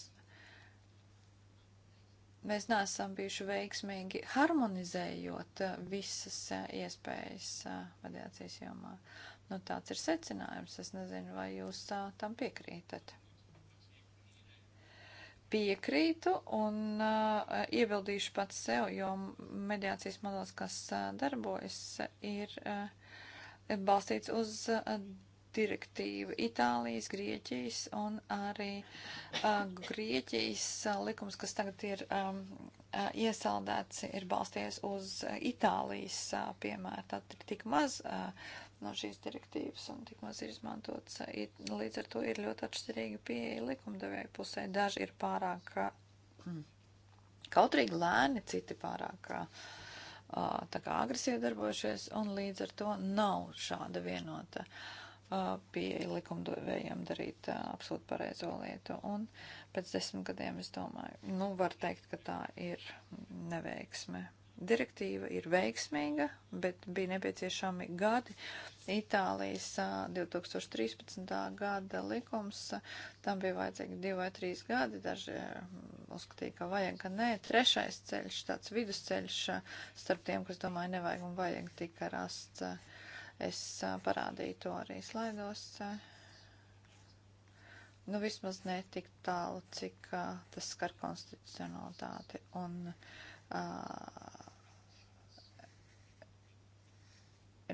Mēs neesam bijuši veiksmīgi harmonizējot uh, visas uh, iespējas uh, aviācijas jomā. Nu, tāds ir secinājums. Es nezinu, vai jūs uh, tam piekrītat. Piekrītu un uh, iebildīšu pats sev, jo mediācijas modelis, kas uh, darbojas, ir uh, balstīts uz. Uh, direktīva Itālijas, Grieķijas un arī uh, Grieķijas uh, likums, kas tagad ir um, uh, iesaldēts, ir balsties uz uh, Itālijas uh, piemēru. Tad ir tik maz uh, no šīs direktīvas un tik maz ir izmantots. Uh, it, līdz ar to ir ļoti atšķirīga pieeja likumdevēja pusē. Daži ir pārāk uh, kautrīgi lēni, citi pārāk. Uh, tā kā agresīvi darbojušies, un līdz ar to nav šāda vienota uh, pieeja likumdevējiem darīt absolūti pareizo lietu. Un pēc desmit gadiem, es domāju, nu, var teikt, ka tā ir neveiksme. Direktīva ir veiksmīga, bet bija nepieciešami gadi. Itālijas 2013. gada likums, tam bija vajadzīgi divi vai trīs gadi, daži uzskatīja, ka vajag, ka nē. Trešais ceļš, tāds vidusceļš starp tiem, kas domāja, nevajag un vajag tika rasts Es parādīju to arī slaidos. Nu, vismaz ne tik tālu, cik tas skar konstitucionalitāti. Un, uh,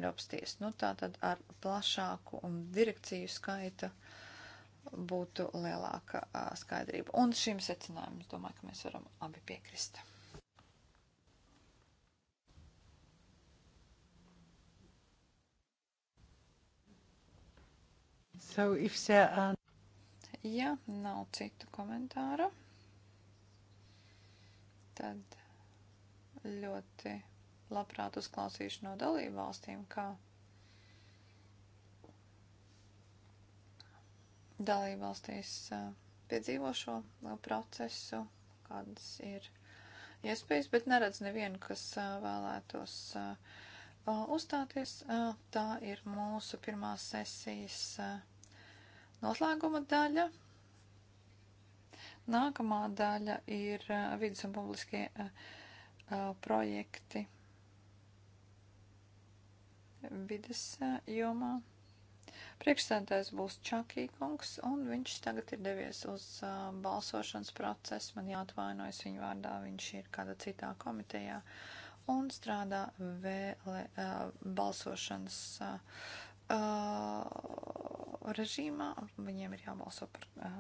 Eiropas tiesa. Nu, tā tad ar plašāku un direkciju skaita būtu lielāka a, skaidrība. Un šim secinājumam, domāju, ka mēs varam abi piekrist. So if there are... Ja nav citu komentāru, tad ļoti labprāt uzklausīšu no dalību valstīm, kā dalību valstīs piedzīvo šo procesu, kādas ir iespējas, bet neredz nevienu, kas vēlētos uzstāties. Tā ir mūsu pirmās sesijas Noslēguma daļa. Nākamā daļa ir uh, vidus un publiskie uh, uh, projekti vidas jomā. Priekšsēdājs būs Čakī kungs, un viņš tagad ir devies uz uh, balsošanas procesu. Man jāatvainojas viņa vārdā, viņš ir kāda citā komitejā un strādā vēle, uh, balsošanas uh, uh, režīmā. Viņiem ir jābalso par, eh,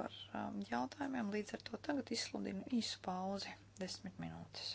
par eh, jautājumiem. Līdz ar to tagad izsludinu īsu pauzi - desmit minūtes.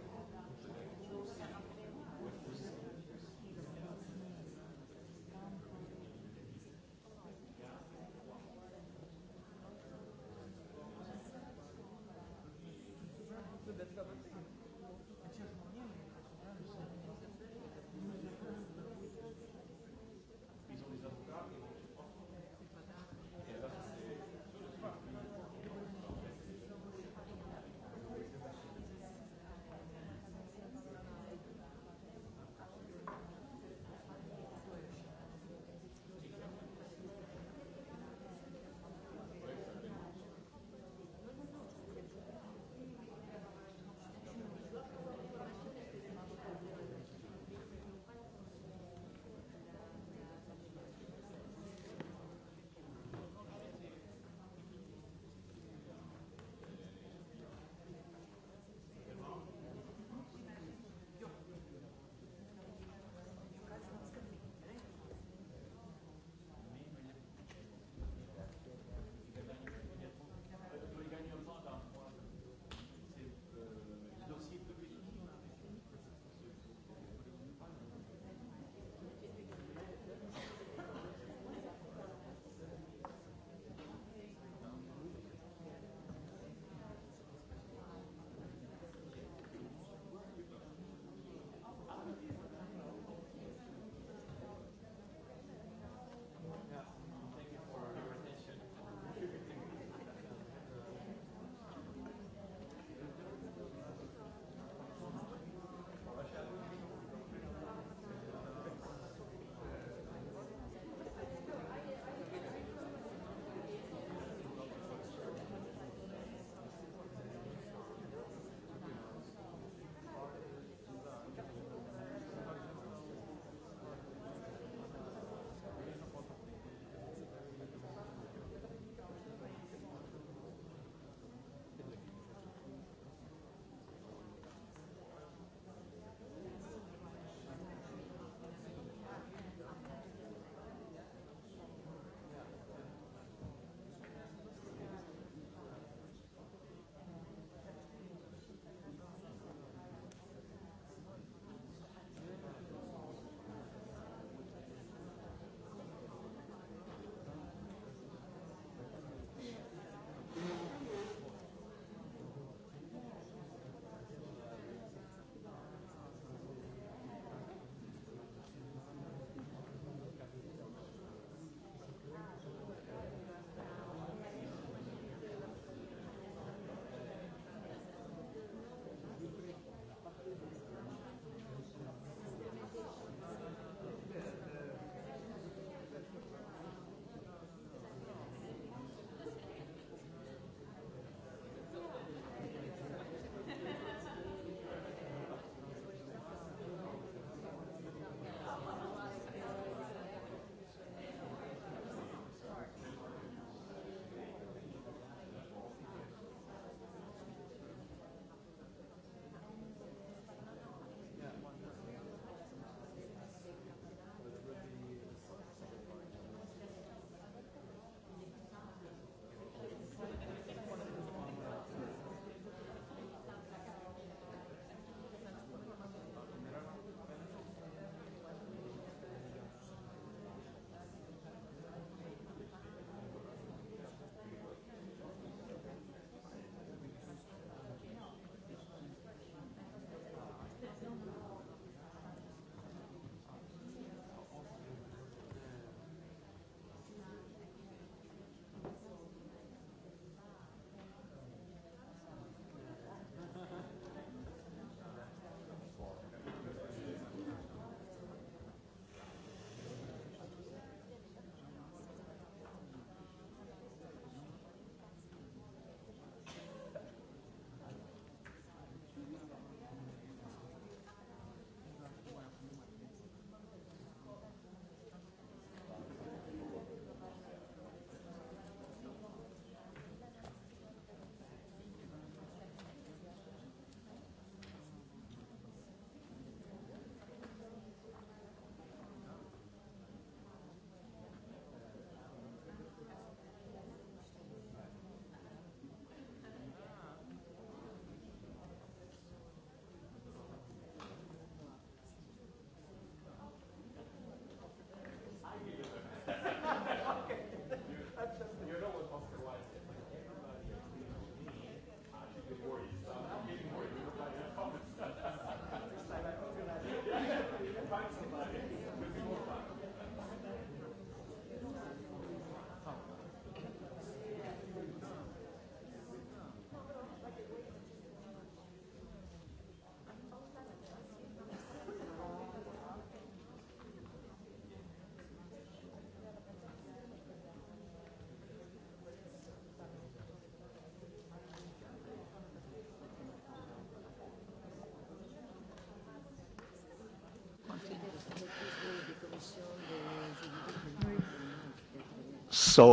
So,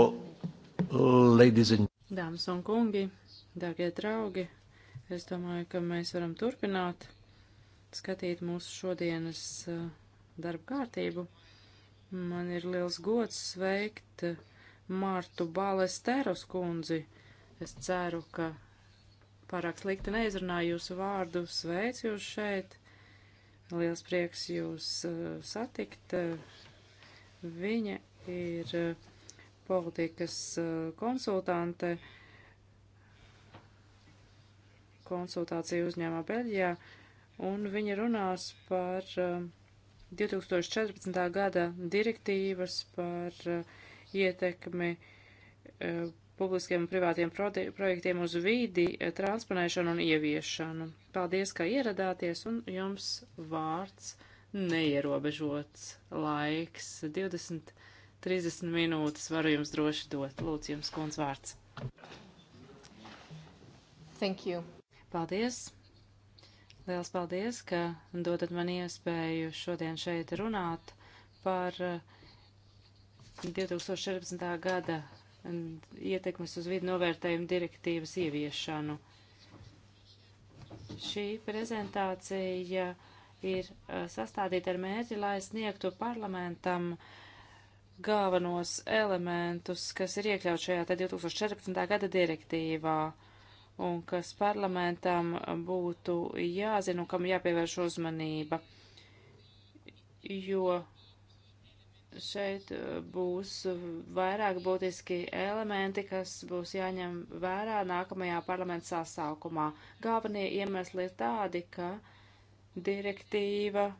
ladies and... Dāmas un kungi, dārgie draugi, es domāju, ka mēs varam turpināt skatīt mūsu šodienas uh, darba kārtību. Man ir liels gods sveikt uh, Martu Balesterus kundzi. Es ceru, ka pārāk slikti neizrunāju jūsu vārdu. Sveicu jūs šeit. Liels prieks jūs uh, satikt. Viņa ir uh, politikas eh, konsultante konsultāciju uzņēmā Beļģijā, un viņa runās par 2014. Eh, gada direktīvas par eh, ietekmi publiskiem un privātiem projektiem uz vīdi, transponēšanu un ieviešanu. Paldies, ka ieradāties, un jums vārds neierobežots laiks 20 30 minūtes varu jums droši dot. Lūdzu, jums kundz vārds. Thank you. Paldies. Liels paldies, ka dodat man iespēju šodien šeit runāt par 2014. Eh, gada mm, ietekmes uz vidu novērtējumu direktīvas ieviešanu. Šī prezentācija ir eh, sastādīta ar mērķi, lai sniegtu parlamentam uh, galvenos elementus, kas ir iekļaut šajā 2014. gada direktīvā un kas parlamentam būtu jāzina un kam jāpievērš uzmanība, jo šeit uh, būs vairāk būtiski elementi, kas būs jāņem vērā nākamajā parlamenta sasaukumā. Galvenie iemesli ir tādi, ka direktīva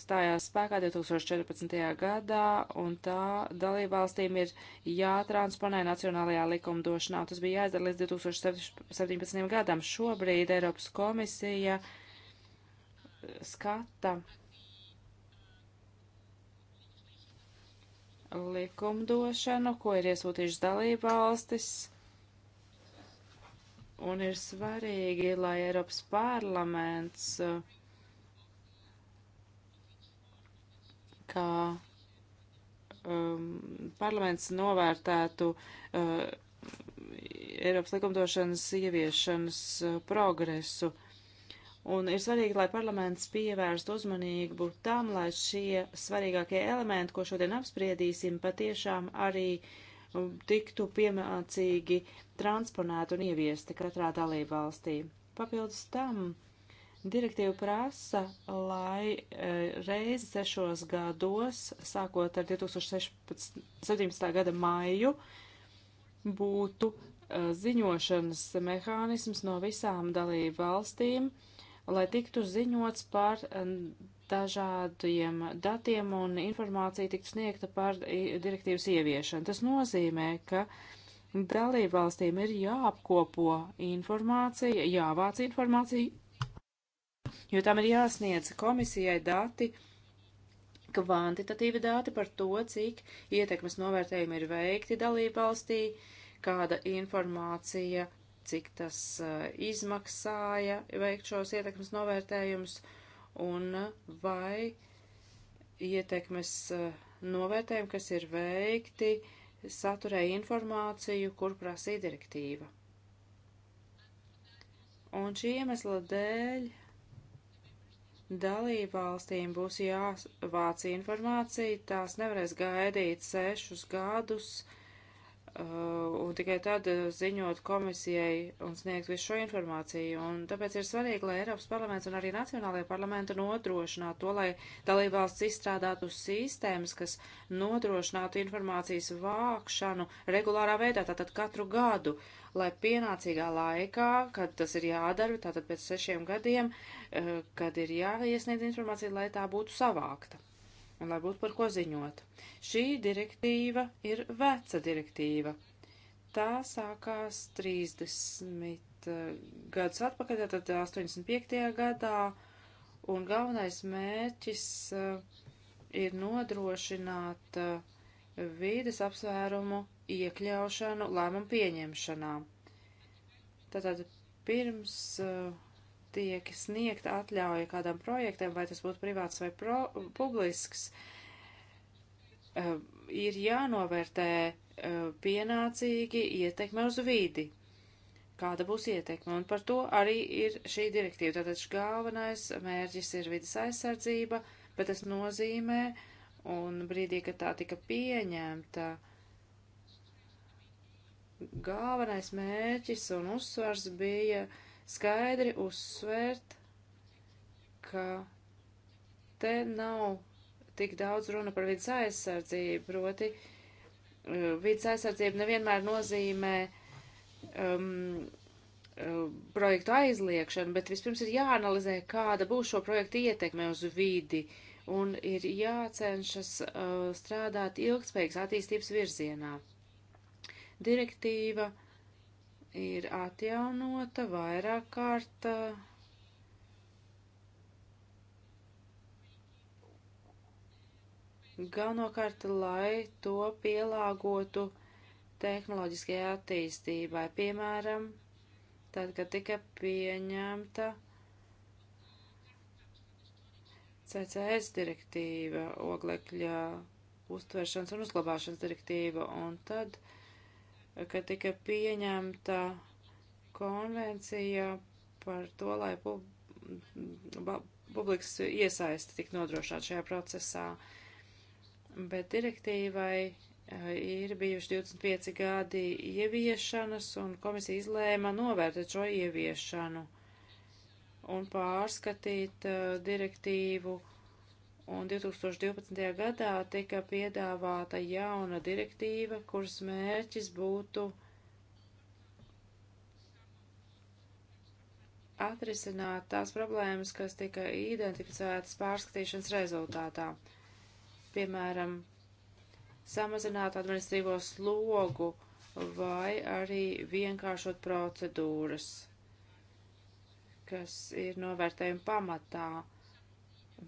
stājās spēkā 2014. gadā, un tā dalībvalstīm ir jātransponē nacionālajā likumdošanā, un tas bija jāizdara līdz 2017. gadam. Šobrīd Eiropas komisija skata likumdošanu, ko ir iesūtījušas dalībvalstis un ir svarīgi, lai Eiropas parlaments uh, ka um, parlaments novērtētu uh, Eiropas likumdošanas ieviešanas uh, progresu. Un ir svarīgi, lai parlaments pievērst uzmanību tam, lai šie svarīgākie elementi, ko šodien apspriedīsim, patiešām arī um, tiktu piemācīgi transponēti un ieviesti katrā dalībvalstī. Papildus tam, uh, Direktīva prasa, lai e, reizi sešos gados, sākot ar 2017. gada maiju, būtu e, ziņošanas mehānisms no visām dalību valstīm, lai tiktu ziņots par e, dažādiem datiem un informācija tiktu sniegta par direktīvas ieviešanu. Tas nozīmē, ka dalību valstīm ir jāapkopo informācija, jāvāc informācija jo tam ir jāsniedz komisijai dati, kvantitatīvi dati par to, cik ietekmes novērtējumi ir veikti dalību valstī, kāda informācija, cik tas uh, izmaksāja veikt šos ietekmes novērtējumus un vai ietekmes uh, novērtējumi, kas ir veikti, saturēja informāciju, kur prasīja direktīva. Un šī iemesla dēļ Dalībvalstīm būs jāvāc informācija, tās nevarēs gaidīt sešus gadus, uh, Uh, un tikai tad uh, ziņot komisijai un sniegt visu šo informāciju. Un tāpēc ir svarīgi, lai Eiropas parlaments un arī Nacionālajie parlamenti nodrošinātu to, lai dalībvalsts izstrādātu sistēmas, kas nodrošinātu informācijas vākšanu regulārā veidā, tātad katru gadu, lai pienācīgā laikā, kad tas ir jādara, tātad pēc sešiem gadiem, uh, kad ir jāiesniedz informācija, lai tā būtu savākta un lai būtu par ko ziņot. Šī direktīva ir veca direktīva. Tā sākās 30 eh, gadus atpakaļ, tad 85. gadā, un galvenais mērķis eh, ir nodrošināt eh, vīdes apsvērumu iekļaušanu lēmumu pieņemšanā. Tātad pirms uh, tiek sniegta atļauja kādam projektam, vai tas būtu privāts vai pro, publisks, eh, ir jānovērtē eh, pienācīgi ietekme uz vidi. Kāda būs ietekme? Un par to arī ir šī direktīva. Tātad galvenais mērķis ir vidas aizsardzība, bet tas nozīmē, un brīdī, kad tā tika pieņemta, galvenais mērķis un uzsvars bija uh, skaidri uzsvērt, ka te nav tik daudz runa par vidas aizsardzību, proti eh, vidas aizsardzība nevienmēr nozīmē um, eh, projektu aizliekšanu, bet vispirms ir jāanalizē, kāda būs šo projektu ietekme uz vidi, un ir jācenšas uh, strādāt ilgspējīgas attīstības virzienā. Direktīva uh, ir atjaunota vairāk kārt. Eh, galvenokārt, lai to pielāgotu tehnoloģiskajai attīstībai. Piemēram, tad, kad tika pieņemta CCS direktīva, oglekļa uztveršanas un uzglabāšanas direktīva, un tad uh, kad tika pieņemta konvencija par to, lai pub publikas iesaisti tik nodrošināt šajā procesā. Bet direktīvai eh, ir bijuši 25 gadi ieviešanas, un komisija izlēma novērtēt šo ieviešanu un pārskatīt uh, direktīvu Un 2012. gadā tika piedāvāta jauna direktīva, kuras mērķis būtu atrisināt tās problēmas, kas tika identificētas pārskatīšanas rezultātā. Piemēram, samazināt administrīvo slogu vai arī vienkāršot procedūras, kas ir novērtējuma pamatā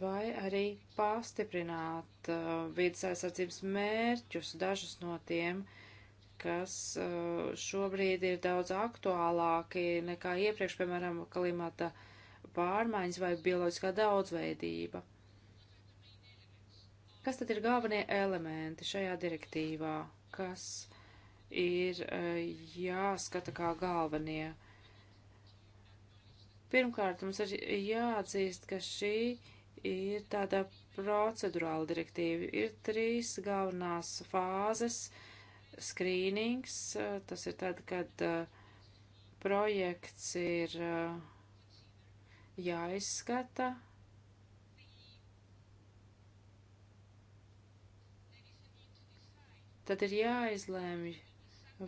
vai arī pastiprināt uh, vidas aizsardzības mērķus, dažus no tiem, kas uh, šobrīd ir daudz aktuālāki nekā iepriekš, piemēram, klimata pārmaiņas vai bioloģiskā daudzveidība. Kas tad ir galvenie elementi šajā direktīvā, kas ir uh, jāskata kā galvenie? Pirmkārt, mums ir jāatzīst, ka šī uh, ir tāda procedurāla direktīva. Ir trīs galvenās fāzes - skrīnings, eh, tas ir tad, kad eh, projekts ir eh, jāizskata. Tad ir jāizlēmj,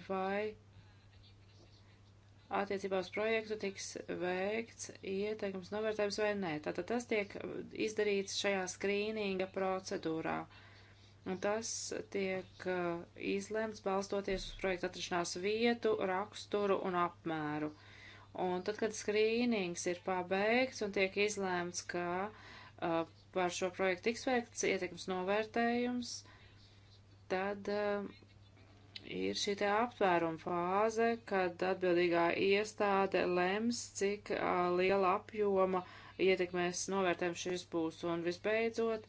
vai attiecībā uz projektu tiks veikts ieteikums novērtējums vai nē. Tātad tas tiek izdarīts šajā skrīninga procedūrā. Un tas tiek uh, izlemts balstoties uz projekta atrašanās vietu, raksturu un apmēru. Un tad, kad skrīnings ir pabeigts un tiek izlēmts, ka uh, par šo projektu tiks veikts ietekmes novērtējums, tad uh, ir šī tā aptvēruma fāze, kad atbildīgā iestāde lems, cik a, liela apjoma ietekmēs novērtējums šis būs. Un visbeidzot,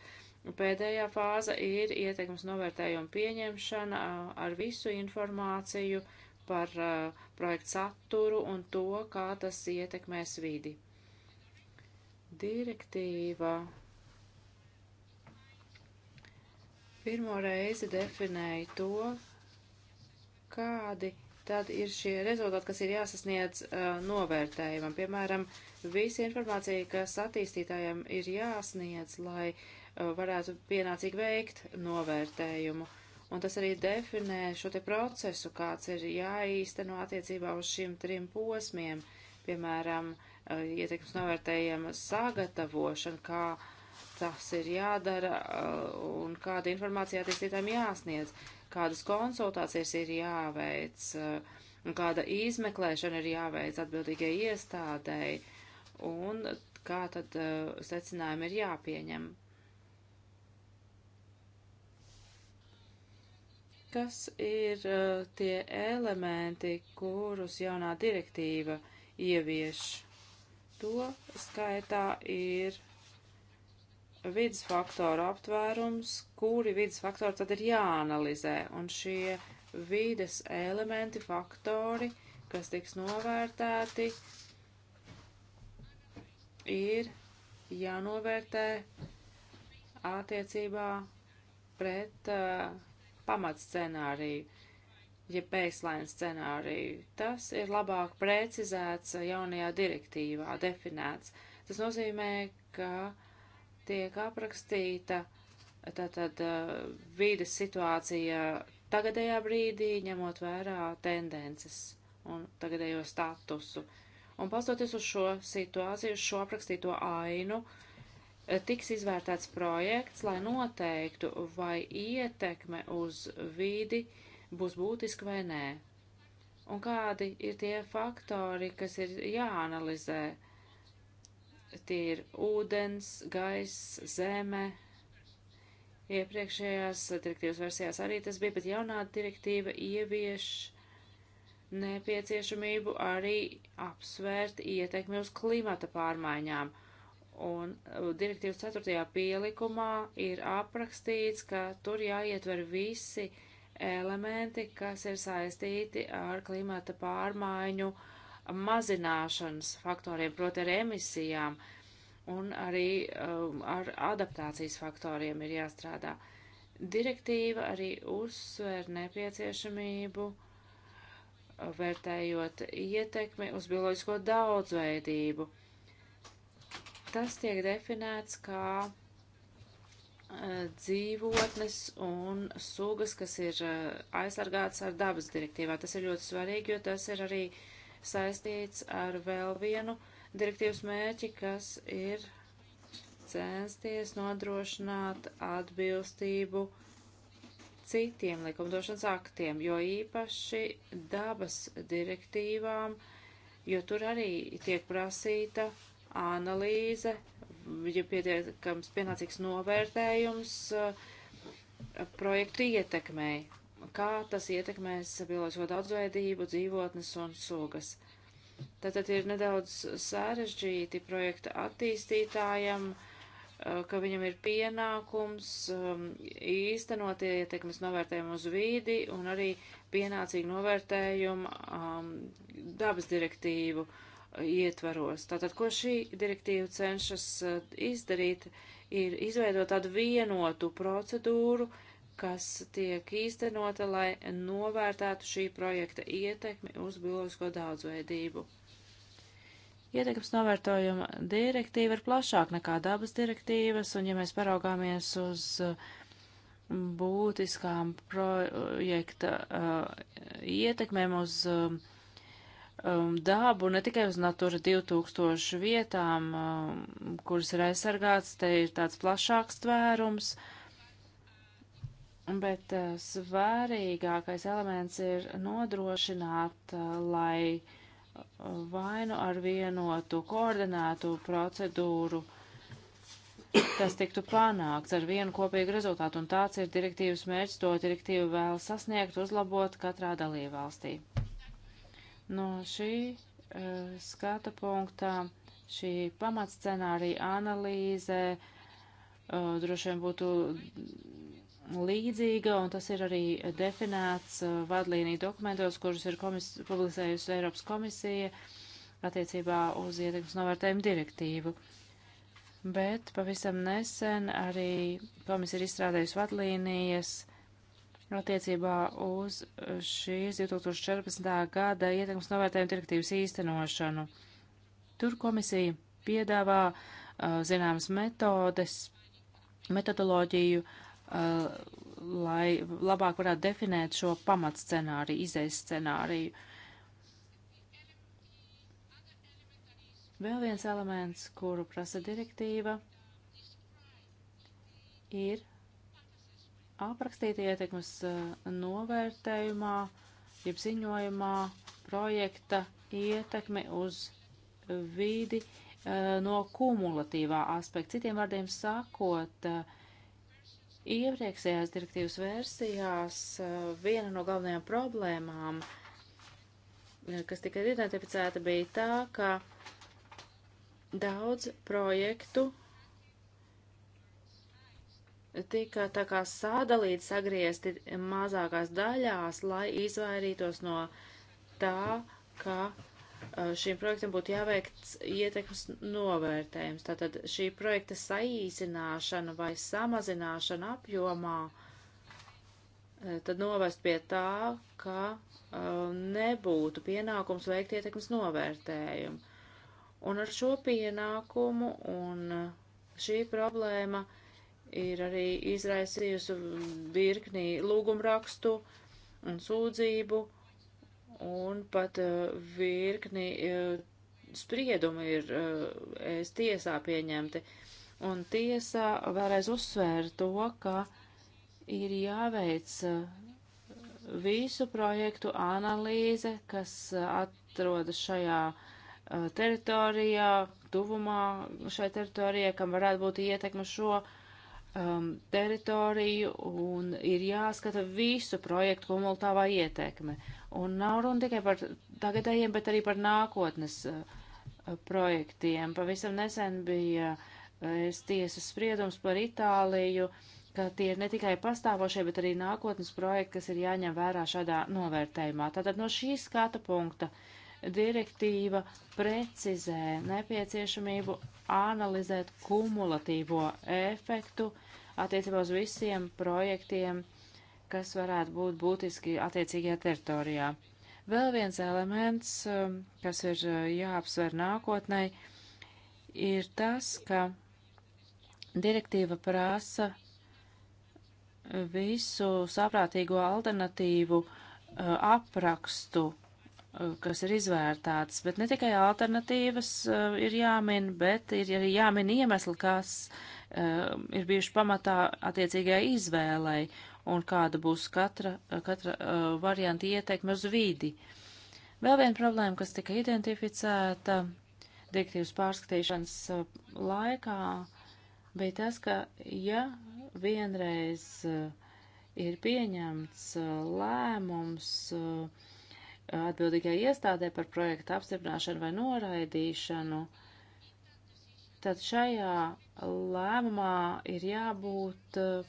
pēdējā fāze ir ietekmes novērtējuma pieņemšana a, ar visu informāciju par a, projektu saturu un to, kā tas ietekmēs vidi. Direktīva pirmo reizi definēja to, kādi tad ir šie rezultāti, kas ir jāsasniedz uh, novērtējumam. Piemēram, visa informācija, kas attīstītājiem ir jāsniedz, lai uh, varētu pienācīgi veikt novērtējumu. Un tas arī definē šo te procesu, kāds ir jāīsteno attiecībā uz šiem trim posmiem. Piemēram, uh, ietekmes novērtējuma sagatavošana, kā tas ir jādara uh, un kāda informācija attīstītājiem jāsniedz. Uh, kādas konsultācijas ir jāveic un kāda izmeklēšana ir jāveic atbildīgai iestādēji un kā tad eh, secinājumi ir jāpieņem. Kas ir eh, tie elementi, kurus jaunā direktīva ievieš? To skaitā ir vidas faktoru aptvērums, kuri vidas faktori tad ir jāanalizē, un šie vides elementi, faktori, kas tiks novērtēti, ir jānovērtē attiecībā pret uh, pamatscenāriju, jeb ja baseline scenāriju. Tas ir labāk precizēts uh, jaunajā direktīvā, definēts. Tas nozīmē, ka uh, tiek aprakstīta tātad eh, vīdes situācija tagadējā brīdī, ņemot vērā tendences un tagadējo statusu. Un pastoties uz šo situāciju, uz šo aprakstīto ainu, eh, tiks izvērtēts projekts, lai noteiktu, vai ietekme uz vīdi būs būtiska vai nē. Un kādi ir tie faktori, kas ir jāanalizē, tie ir ūdens, gaiss, zeme. Iepriekšējās direktīvas versijās arī tas bija, bet jaunā direktīva ievieš nepieciešamību arī apsvērt ietekmi uz klimata pārmaiņām. Un uh, direktīvas 4. pielikumā ir aprakstīts, ka tur jāietver visi elementi, kas ir saistīti ar klimata pārmaiņu uh, mazināšanas faktoriem, proti ar emisijām, un arī um, ar adaptācijas faktoriem ir jāstrādā. Direktīva arī uzsver nepieciešamību uh, vērtējot ietekmi uz bioloģisko daudzveidību. Tas tiek definēts kā uh, dzīvotnes un sugas, kas ir uh, aizsargātas ar dabas direktīvā. Tas ir ļoti svarīgi, jo tas ir arī uh, saistīts ar vēl vienu direktīvas mērķi, kas ir censties nodrošināt atbilstību citiem likumdošanas aktiem, jo īpaši dabas direktīvām, jo tur arī tiek prasīta analīze, ja pietiekams pienācīgs novērtējums eh, projektu ietekmei kā tas ietekmēs bioloģisko daudzveidību, dzīvotnes un sugas. Tātad ir nedaudz sarežģīti projekta attīstītājam, eh, ka viņam ir pienākums ehm, īstenot ietekmes novērtējumu uz vīdi un arī pienācīgu novērtējumu um, dabas direktīvu eh, ietvaros. Tātad, ko šī direktīva cenšas eh, izdarīt, ir izveidot tādu vienotu procedūru, uh, kas tiek īstenota, lai novērtētu šī projekta ietekmi uz bioloģisko daudzveidību. Ietekmes novērtojuma direktīva ir plašāka nekā dabas direktīvas, un ja mēs paraugāmies uz uh, būtiskām projekta uh, ietekmēm uz um, um dabu, ne tikai uz Natura 2000 vietām, um, kuras ir aizsargāts, te ir tāds plašāks tvērums. Uh, Bet uh, svarīgākais elements ir nodrošināt, uh, lai eh, vainu ar vienotu koordinētu procedūru tas tiktu panākts ar vienu kopīgu rezultātu, un tāds ir direktīvas mērķis, to direktīvu vēl sasniegt, uzlabot katrā dalībvalstī. No šī uh, skata punktā šī pamatscenārija analīze uh, droši vien būtu līdzīga, un tas ir arī definēts uh, vadlīniju dokumentos, kurus ir komis, publicējusi Eiropas komisija attiecībā uz ietekmes novērtējumu direktīvu. Bet pavisam nesen arī komisija ir izstrādājusi vadlīnijas attiecībā uz šīs 2014. gada ietekmes novērtējuma direktīvas īstenošanu. Tur komisija piedāvā uh, zināmas metodes, metodoloģiju, uh, Uh, lai labāk varētu definēt šo pamatscenāriju, izējas scenāriju. Vēl viens elements, kuru prasa direktīva, ir aprakstīt ietekmes uh, novērtējumā, jeb ziņojumā projekta ietekme uz vidi uh, no kumulatīvā aspekta. Citiem vārdiem sakot, uh, Iepriekšējās direktīvas versijās eh, viena no galvenajām problēmām, eh, kas tika identificēta, bija tā, ka daudz projektu tika tā kā sadalīti, sagriezti mazākās daļās, lai izvairītos no tā, ka uh, Uh, šim projektam būtu jāveikts ietekmes novērtējums. Tātad šī projekta saīsināšana vai samazināšana apjomā uh, tad novest pie tā, ka uh, nebūtu pienākums veikt ietekmes novērtējumu. Un ar šo pienākumu un šī problēma ir arī izraisījusi virknī lūgumrakstu un sūdzību un pat uh, virkni uh, spriedumi ir es uh, tiesā pieņemti. Un tiesā vēlreiz uzsvēra to, ka ir jāveic visu projektu analīze, kas atrodas šajā teritorijā, tuvumā šai teritorijai, kam varētu būt ietekme šo uh, um, teritoriju un ir jāskata visu projektu kumulatīvā ietekme. Un nav runa tikai par tagadējiem, bet arī par nākotnes uh, projektiem. Pavisam nesen bija uh, tiesas spriedums par Itāliju, ka tie ir ne tikai pastāvošie, bet arī nākotnes projekti, kas ir jāņem vērā šādā novērtējumā. Tātad no šī skata punkta direktīva precizē nepieciešamību analizēt kumulatīvo efektu uh, attiecībā uz visiem projektiem, kas varētu būt būtiski attiecīgajā teritorijā. Vēl viens elements, um, kas ir uh, jāapsver nākotnē, ir tas, ka direktīva prasa visu saprātīgo alternatīvu uh, aprakstu, uh, kas ir izvērtāts, bet ne tikai alternatīvas ir jāmin, bet ir arī jāmin iemesli, kas uh, Um, ir bijuši pamatā attiecīgajai izvēlei un kāda būs katra, katra uh, varianta ietekme uz vidi. Vēl viena problēma, kas tika identificēta direktīvas pārskatīšanas uh, laikā, bija tas, ka ja vienreiz uh, ir pieņemts lēmums, atbildīgai iestādē par projektu apstiprināšanu vai noraidīšanu, uh, tad šajā lēmumā ir jābūt uh,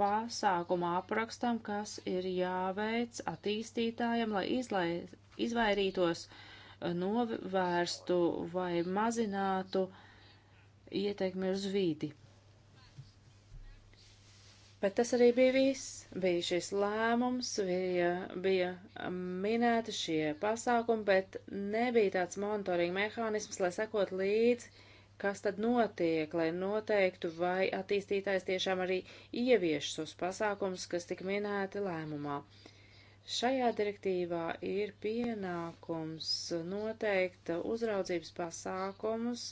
pasākuma aprakstam, kas ir jāveic attīstītājiem, lai izlai, izvairītos, uh, novērstu vai mazinātu ietekmi uz vidi. Bet tas arī bija viss. Bija šis lēmums, bija, bija minēti šie pasākumi, bet nebija tāds monitoringa mehānisms, lai sekot līdzi kas tad notiek, lai noteiktu, vai attīstītājs tiešām arī ievieš tos pasākums, kas tik minēti lēmumā. Šajā direktīvā ir pienākums noteikt uzraudzības pasākumus,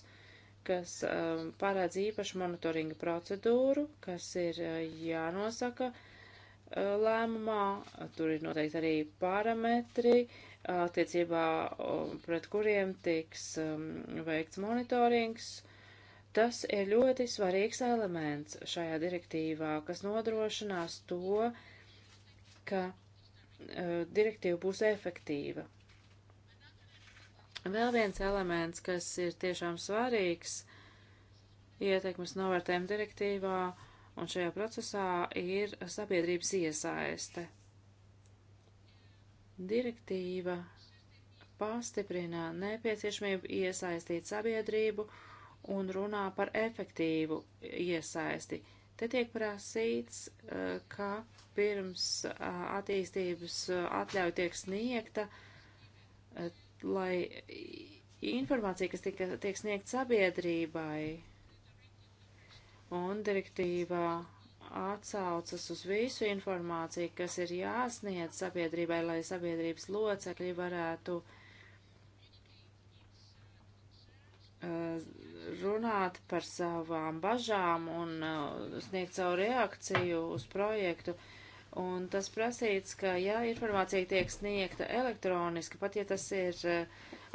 kas um, parādz īpašu monitoringa procedūru, kas ir uh, jānosaka uh, lēmumā. Tur ir noteikti arī parametri, uh, attiecībā pret kuriem tiks um, veikts monitorings. Tas ir ļoti svarīgs elements šajā direktīvā, kas nodrošinās to, ka e, direktīva būs efektīva. Vēl viens elements, kas ir tiešām svarīgs ieteikums novērtējuma direktīvā un šajā procesā, ir sabiedrības iesaiste. Direktīva pastiprina nepieciešamību iesaistīt sabiedrību un runā par efektīvu iesaisti. Te tiek prasīts, eh, ka pirms eh, attīstības eh, atļauja tiek sniegta, lai informācija, kas tika, tiek sniegta sabiedrībai un direktīvā atsaucas uz visu informāciju, kas ir jāsniedz sabiedrībai, lai sabiedrības locekļi varētu eh, runāt par savām bažām un eh, sniegt savu reakciju uz projektu. Un tas prasīts, ka ja informācija tiek sniegta elektroniski, pat ja tas ir eh,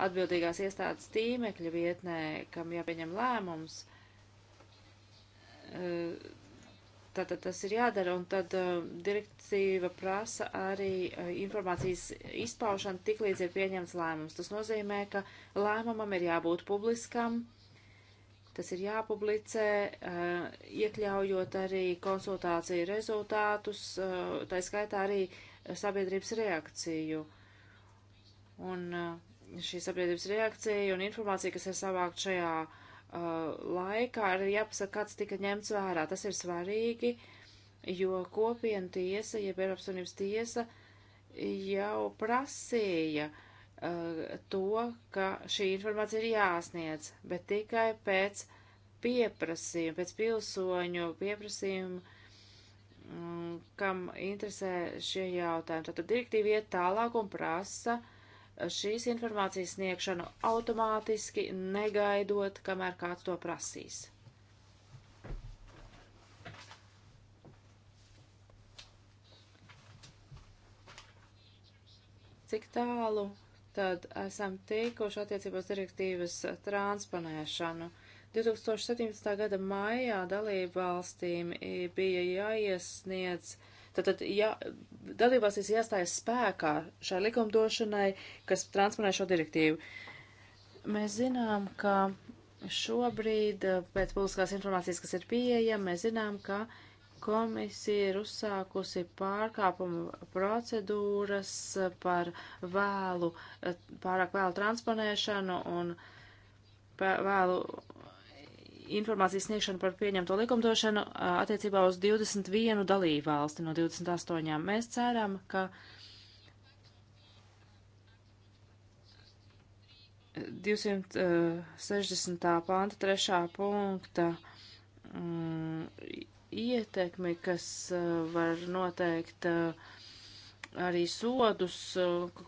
atbildīgās iestādes tīmekļa vietnē, kam jāpieņem lēmums, Tātad tas ir jādara, un tad uh, direktīva prasa arī uh, informācijas izpaušanu tik līdz ir pieņemts lēmums. Tas nozīmē, ka lēmumam ir jābūt publiskam, tas ir jāpublicē, uh, iekļaujot arī konsultāciju rezultātus, uh, tā skaitā arī sabiedrības reakciju. Un uh, šī sabiedrības reakcija un informācija, kas ir savākt šajā uh, Uh, laikā ir jāpasaka, kāds tika ņemts vērā. Tas ir svarīgi, jo kopiena tiesa, jeb Eiropas Unības tiesa jau prasīja uh, to, ka šī informācija ir jāsniedz, bet tikai pēc pieprasījuma, pēc pilsoņu pieprasījuma, um, kam interesē šie jautājumi. Tātad direktīva iet tālāk un prasa uh, šīs informācijas sniegšanu automātiski, negaidot, kamēr kāds to prasīs. Cik tālu tad esam tikuši attiecībos direktīvas transponēšanu? 2017. gada maijā dalību valstīm bija jāiesniedz uh, Tātad, ja dalībvalstīs iestājas spēkā šai likumdošanai, kas transponē šo direktīvu, mēs zinām, ka šobrīd eh, pēc publiskās informācijas, kas ir pieejama, mēs zinām, ka komisija ir uzsākusi pārkāpumu procedūras par vēlu, eh, pārāk vēlu transponēšanu un vēlu informācijas sniegšanu par pieņemto likumdošanu attiecībā uz 21 dalību valsti no 28. Mēs ceram, ka 260. panta trešā punkta mm, ietekmi, kas var noteikt arī sodus,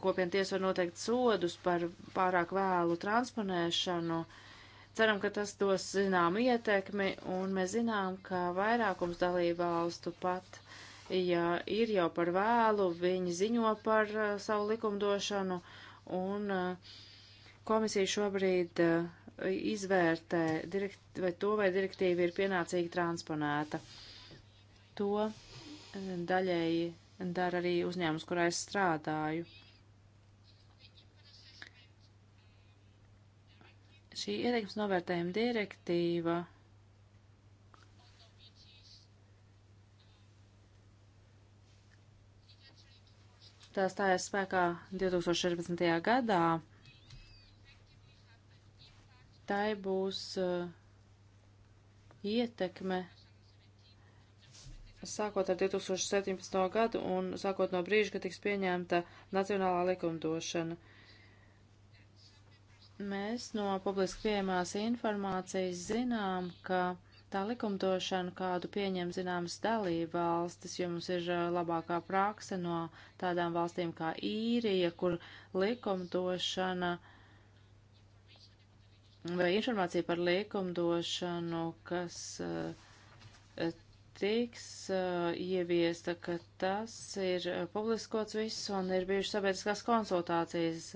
kopienu tiesa var noteikt sodus par pārāk vēlu transponēšanu. Uh, Ceram, ka tas dos zinām ietekmi, un mēs zinām, ka vairākums dalībvalstu pat, ja ir jau par vēlu, viņi ziņo par uh, savu likumdošanu, un uh, komisija šobrīd uh, izvērtē, direkt, vai to, vai direktīva ir pienācīgi transponēta. To uh, daļēji dara arī uzņēmums, kurā es strādāju. Šī ietekmes novērtējuma direktīva tā stājas spēkā 2014. gadā. Tai būs uh, ietekme sākot ar 2017. gadu un sākot no brīža, kad tiks pieņemta nacionālā likumdošana. Uh, Mēs no publiski pieejamās informācijas zinām, ka tā likumdošana, kādu pieņem zināmas dalība valstis, jo mums ir labākā prakse no tādām valstīm kā īrija, kur likumdošana vai informācija par likumdošanu, kas tiks uh, ieviesta, ka tas ir uh, publiskots viss un ir bijušas sabiedriskās konsultācijas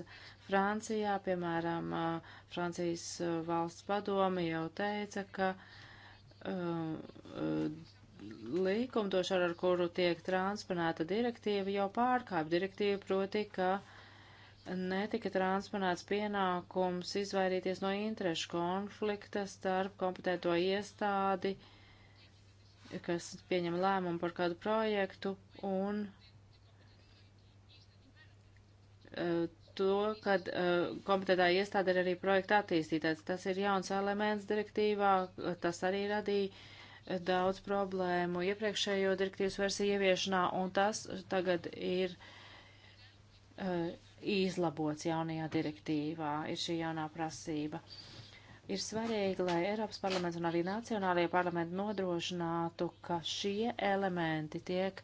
Francijā, piemēram, uh, Francijas uh, valsts padome jau teica, ka uh, likumdošana, ar kuru tiek transponēta direktīva, jau pārkāp direktīvu, proti, ka netika transponēts pienākums izvairīties no interešu konflikta starp kompetento iestādi uh, kas pieņem lēmumu par kādu projektu un e, to, kad e, kompetentā iestāde ir arī projekta attīstītājs. Tas ir jauns elements direktīvā, tas arī radīja daudz problēmu iepriekšējo direktīvas versiju ieviešanā, un tas tagad ir e, izlabots jaunajā direktīvā, ir šī jaunā prasība. Uh, Ir svarīgi, lai Eiropas parlaments un arī nacionālajie parlamenti nodrošinātu, ka šie elementi tiek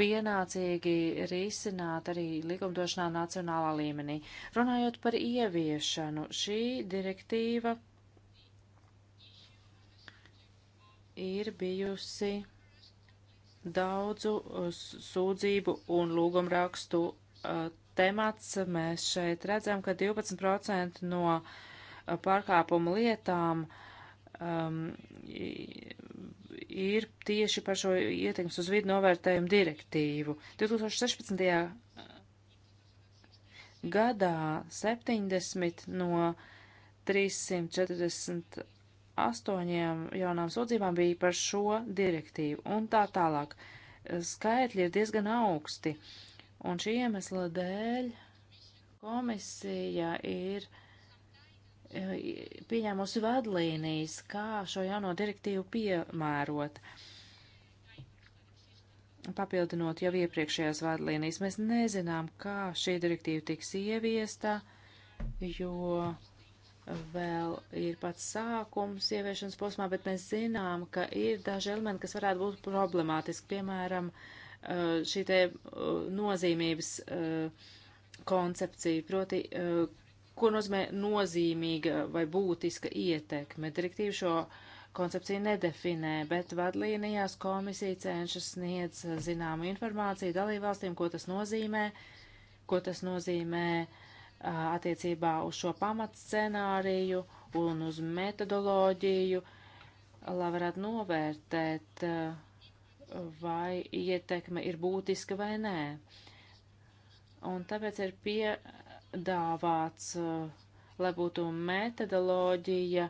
pienācīgi risināt arī likumdošanā nacionālā līmenī. Runājot par ieviešanu, šī direktīva ir bijusi daudzu sūdzību un lūgumrakstu temats. Mēs šeit redzam, ka 12% no uh, Eh, pārkāpumu lietām um, ir tieši par šo ietekmes uz vidu novērtējumu direktīvu. 2016. Eh, gadā 70 no 340 astoņiem jaunām sūdzībām bija par šo direktīvu un tā tālāk. Skaitļi ir diezgan augsti, un šī iemesla dēļ komisija ir uh, Eh, pieņēmusi vadlīnijas, kā šo jauno direktīvu piemērot. Papildinot jau iepriekšējās vadlīnijas, mēs nezinām, kā šī direktīva tiks ieviesta, jo vēl ir pats sākums ieviešanas posmā, bet mēs zinām, ka ir daži elementi, kas varētu būt problemātiski, piemēram, eh, šī te eh, nozīmības koncepcija, proti ko nozīmē nozīmīga vai būtiska ietekme. Direktīva šo koncepciju nedefinē, bet vadlīnijās komisija cenšas sniedz zināmu informāciju dalībvalstīm, ko tas nozīmē, ko tas nozīmē attiecībā uz šo pamatscenāriju un uz metodoloģiju, lai varētu novērtēt, vai ietekme ir būtiska vai nē. Un tāpēc ir pie, piedāvāts, eh, lai būtu metodoloģija,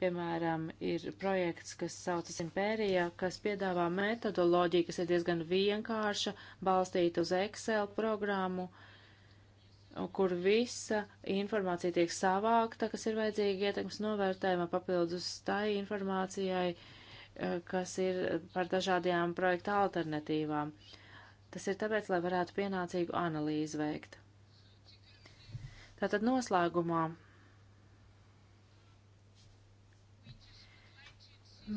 piemēram, ir projekts, kas saucas Impērija, kas piedāvā metodoloģiju, kas ir diezgan vienkārša, balstīta uz Excel programmu, kur visa informācija tiek savākta, kas ir vajadzīga ietekmes novērtējuma papildus tai informācijai, eh, kas ir par dažādajām projekta alternatīvām. Tas ir tāpēc, lai varētu pienācīgu analīzi veikt. Tātad noslēgumā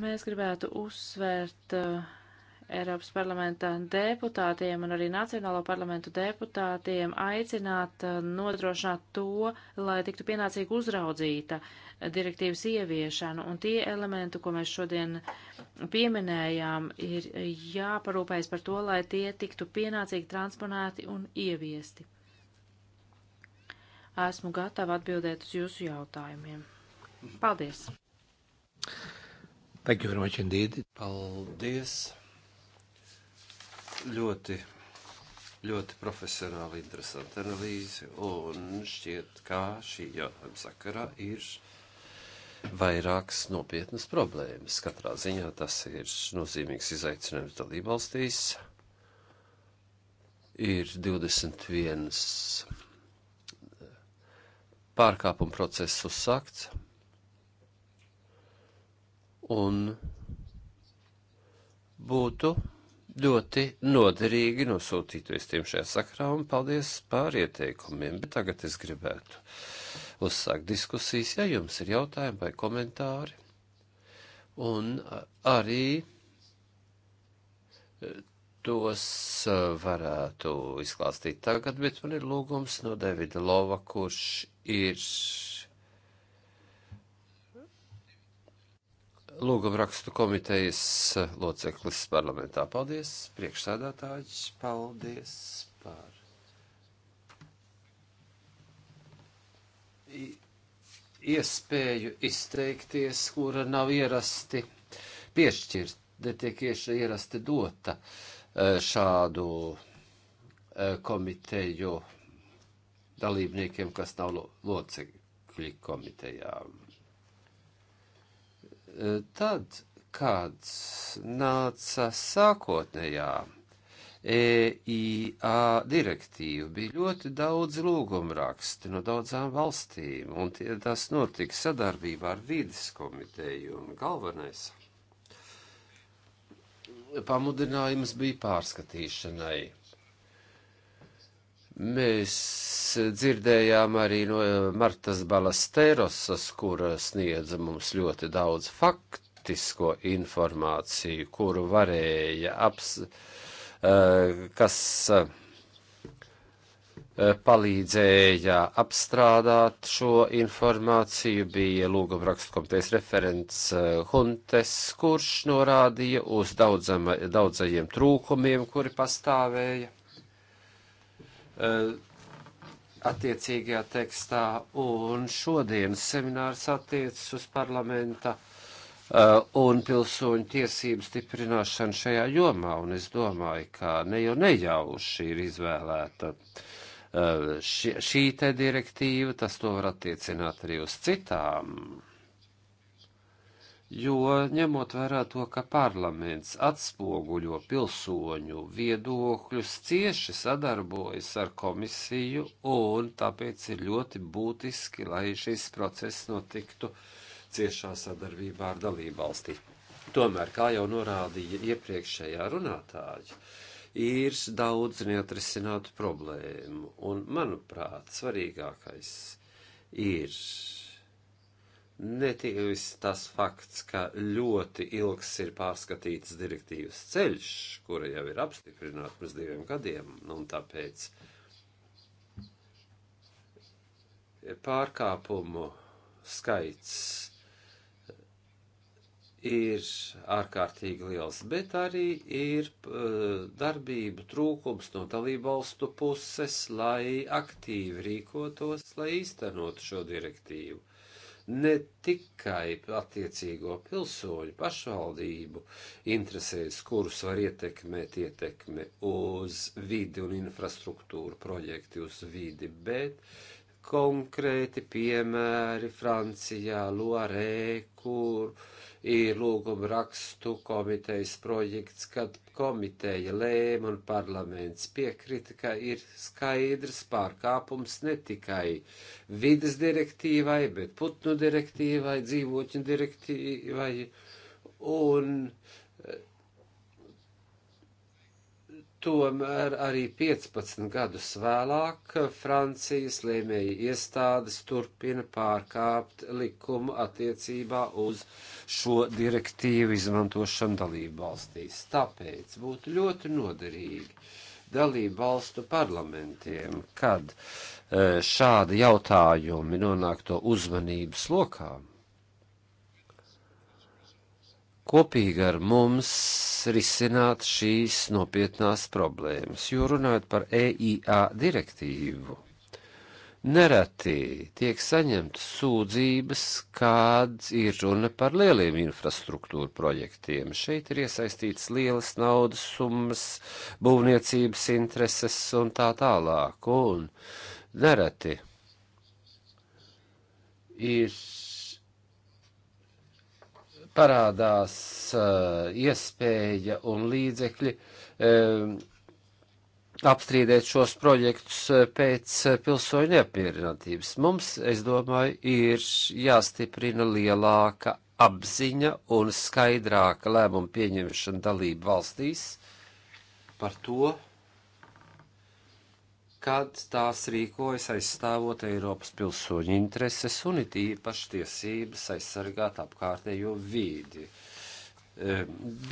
mēs gribētu uzsvērt uh, Eiropas parlamenta deputātiem un arī Nacionālo parlamentu deputātiem aicināt eh, nodrošināt to, lai tiktu pienācīgi uzraudzīta direktīvas ieviešana. Un tie elementi, ko mēs šodien pieminējām, ir jāparūpējas par to, lai tie tiktu pienācīgi transponēti un ieviesti esmu gatava atbildēt uz jūsu jautājumiem. Paldies! Thank you very much indeed. Paldies! Ļoti, ļoti profesionāli interesanti analīzi un šķiet, kā šī jautājuma sakarā ir vairākas nopietnas problēmas. Katrā ziņā tas ir nozīmīgs izaicinājums dalībvalstīs. Ir 21 pārkāpuma process uzsākts, un būtu ļoti noderīgi nosūtīt vēstījumu šajā sakrā, un paldies par ieteikumiem, bet tagad es gribētu uzsākt diskusijas, ja jums ir jautājumi vai komentāri, un arī tos varētu izklāstīt tagad, bet man ir lūgums no Davida Lova, kurš ir lūguma rakstu komitejas loceklis parlamentā. Paldies, priekšsēdētājs, paldies par. Iespēju izteikties, kura nav ierasti piešķirt, netiek ierasti dota e, šādu e, komiteju dalībniekiem, kas nav locekļi komitejām. E, tad, kad nāca sākotnējā EIA direktīvu bija ļoti daudz lūgumraksti no daudzām valstīm, un tie, tas notika sadarbībā ar vidas komiteju, un galvenais pamudinājums bija pārskatīšanai. Mēs dzirdējām arī no eh, Martas Balasterosas, kura sniedza mums ļoti daudz faktisko informāciju, kuru varēja aps, eh, kas eh, palīdzēja apstrādāt šo informāciju, bija lūguma rakstkomitejas referents Huntes, kurš norādīja uz daudzam, daudzajiem trūkumiem, kuri pastāvēja. Eh, attiecīgajā tekstā, un šodienas seminārs attiecas uz parlamenta uh, un pilsoņu tiesību stiprināšanu šajā jomā, un es domāju, ka ne jau nejauši ir izvēlēta uh, eh, šī, šī te direktīva, tas to var attiecināt arī uz citām jo ņemot vērā to, ka parlaments atspoguļo pilsoņu viedokļus, cieši sadarbojas ar komisiju, un tāpēc ir ļoti būtiski, lai šis process notiktu ciešā sadarbībā ar dalībvalsti. Tomēr, kā jau norādīja iepriekšējā runātāja, ir daudz neatrisinātu problēmu, un, manuprāt, svarīgākais ir netīvis tas fakts, ka ļoti ilgs ir pārskatīts direktīvas ceļš, kura jau ir apstiprināta pirms diviem gadiem, nu, un tāpēc pārkāpumu skaits ir ārkārtīgi liels, bet arī ir darbību trūkums no dalībvalstu puses, lai aktīvi rīkotos, lai īstenotu šo direktīvu ne tikai attiecīgo pilsoņu pašvaldību interesēs, kurus var ietekmēt ietekme uz vidi un infrastruktūru projekti uz vidi, bet konkrēti piemēri Francijā, Loarē, kur uh, ir lūguma rakstu komitejas projekts, kad komiteja lēma un parlaments piekrita, ka ir skaidrs pārkāpums ne tikai vidas direktīvai, bet putnu direktīvai, dzīvoķu direktīvai un Tomēr arī 15 gadus vēlāk Francijas lēmēji iestādes turpina pārkāpt likumu attiecībā uz šo direktīvu izmantošanu dalību valstīs. Tāpēc būtu ļoti noderīgi dalību valstu parlamentiem, kad eh, šādi jautājumi nonāk to uzmanības lokām kopīgi ar mums risināt šīs nopietnās problēmas, jo runājot par EIA direktīvu, nereti tiek saņemtas sūdzības, kāds ir runa par lieliem infrastruktūra projektiem. Šeit ir iesaistīts lielas naudas summas, būvniecības intereses un tā tālāk, un nereti ir parādās uh, iespēja un līdzekļi uh, apstrīdēt šos projektus eh, pēc pilsoņu apmierinātības. Mums, es domāju, ir jāstiprina lielāka apziņa un skaidrāka lēmuma pieņemšana dalību valstīs par to, kad tās rīkojas aizstāvot Eiropas pilsoņu intereses un it īpaši tiesības aizsargāt apkārtējo vīdi. E,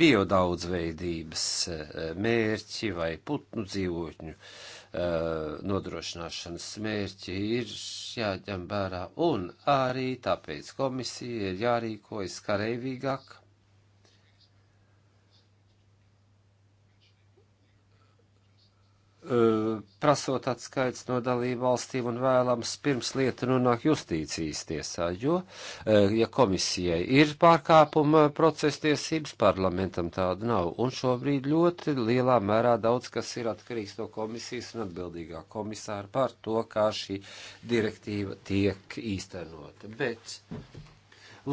biodaudzveidības e, mērķi vai putnu dzīvotņu e, nodrošināšanas mērķi ir jāņem vērā, un arī tāpēc komisija ir jārīkojas kareivīgāk Eh, prasot atskaits no dalību valstīm un vēlams pirms lieta nonāk justīcijas tiesā, jo, eh, ja komisijai ir pārkāpuma procesa tiesības, parlamentam tāda nav. Un šobrīd ļoti lielā mērā daudz kas ir atkarīgs no komisijas un atbildīgā komisāra par to, kā šī direktīva tiek īstenota. Bet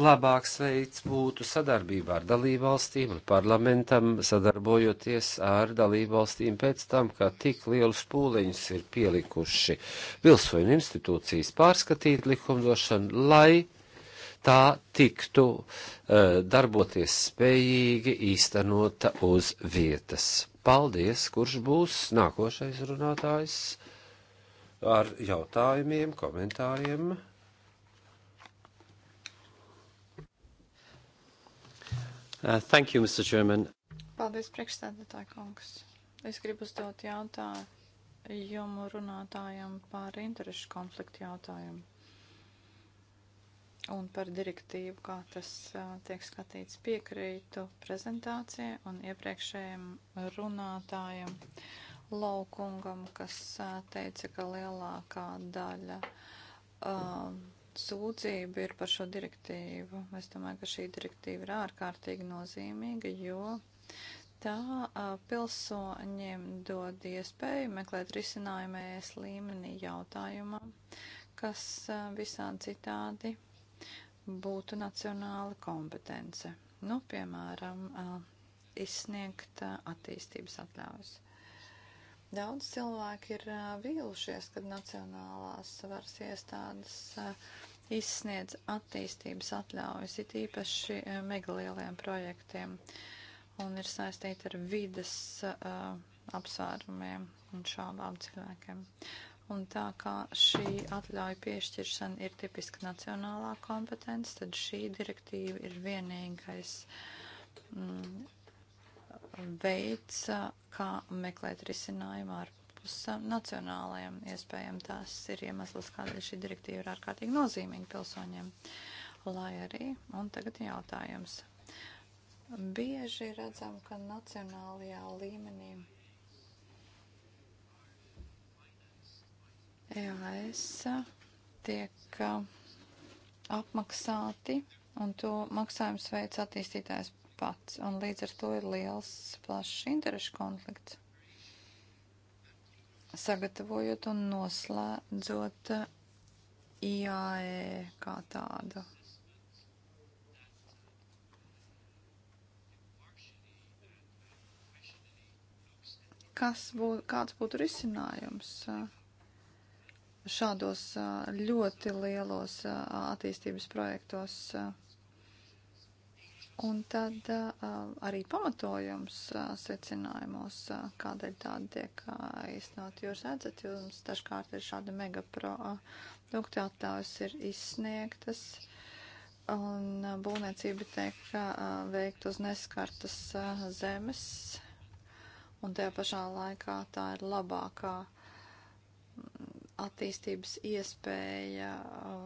labāks veids būtu sadarbībā ar dalībvalstīm un parlamentam, sadarbojoties ar dalībvalstīm pēc tam, kā tik lielus pūliņus ir pielikuši pilsoņu institūcijas pārskatīt likumdošanu, lai tā tiktu uh, darboties spējīgi īstenota uz vietas. Paldies, kurš būs nākošais runātājs ar jautājumiem, komentāriem. Uh, thank you, Mr. Chairman. Paldies, priekšstādātāji kungs. Es gribu uzdot jautājumu runātājam par interešu konfliktu jautājumu un par direktīvu, kā tas uh, tiek skatīts. Piekrītu prezentācijai un iepriekšējiem runātājiem Laukungam, kas uh, teica, ka lielākā daļa. Um, uh, sūdzība ir par šo direktīvu. Es domāju, ka šī direktīva ir ārkārtīgi nozīmīga, jo tā pilsoņiem dod iespēju meklēt risinājumu ES līmenī jautājumā, kas visādi citādi būtu nacionāla kompetence. Nu, piemēram, izsniegt attīstības atļaujas. Daudz cilvēki ir vīlušies, kad nacionālās varas iestādes uh, izsniedz attīstības atļaujas, it īpaši eh, megalieliem projektiem un ir saistīti ar vidas uh, eh, apsvērumiem un šādām cilvēkiem. Un tā kā šī atļauja piešķiršana ir tipiski nacionālā kompetence, tad šī direktīva ir vienīgais mm, veids, eh, kā meklēt risinājumu ar ārpus nacionālajiem iespējām. Tas ir iemesls, kādēļ šī direktīva ir ārkārtīgi nozīmīga pilsoņiem. Lai arī, un tagad jautājums. Bieži redzam, ka nacionālajā līmenī EAS tiek uh, apmaksāti un to maksājums veids attīstītājs pats, un līdz ar to ir liels plašs interešu konflikts sagatavojot un noslēdzot IAE kā tādu. Kas būtu, kāds būtu risinājums uh, šādos uh, ļoti lielos uh, attīstības projektos? Un tad uh, arī pamatojums uh, secinājumos, uh, kādēļ tāda tiek uh, iznot. Jūs redzat, jums dažkārt ir šāda megaprodukta uh, attāvis ir izsniegtas un uh, būvniecība tiek uh, veikt uz neskartas uh, zemes. Un tajā pašā laikā tā ir labākā mm, attīstības iespēja uh,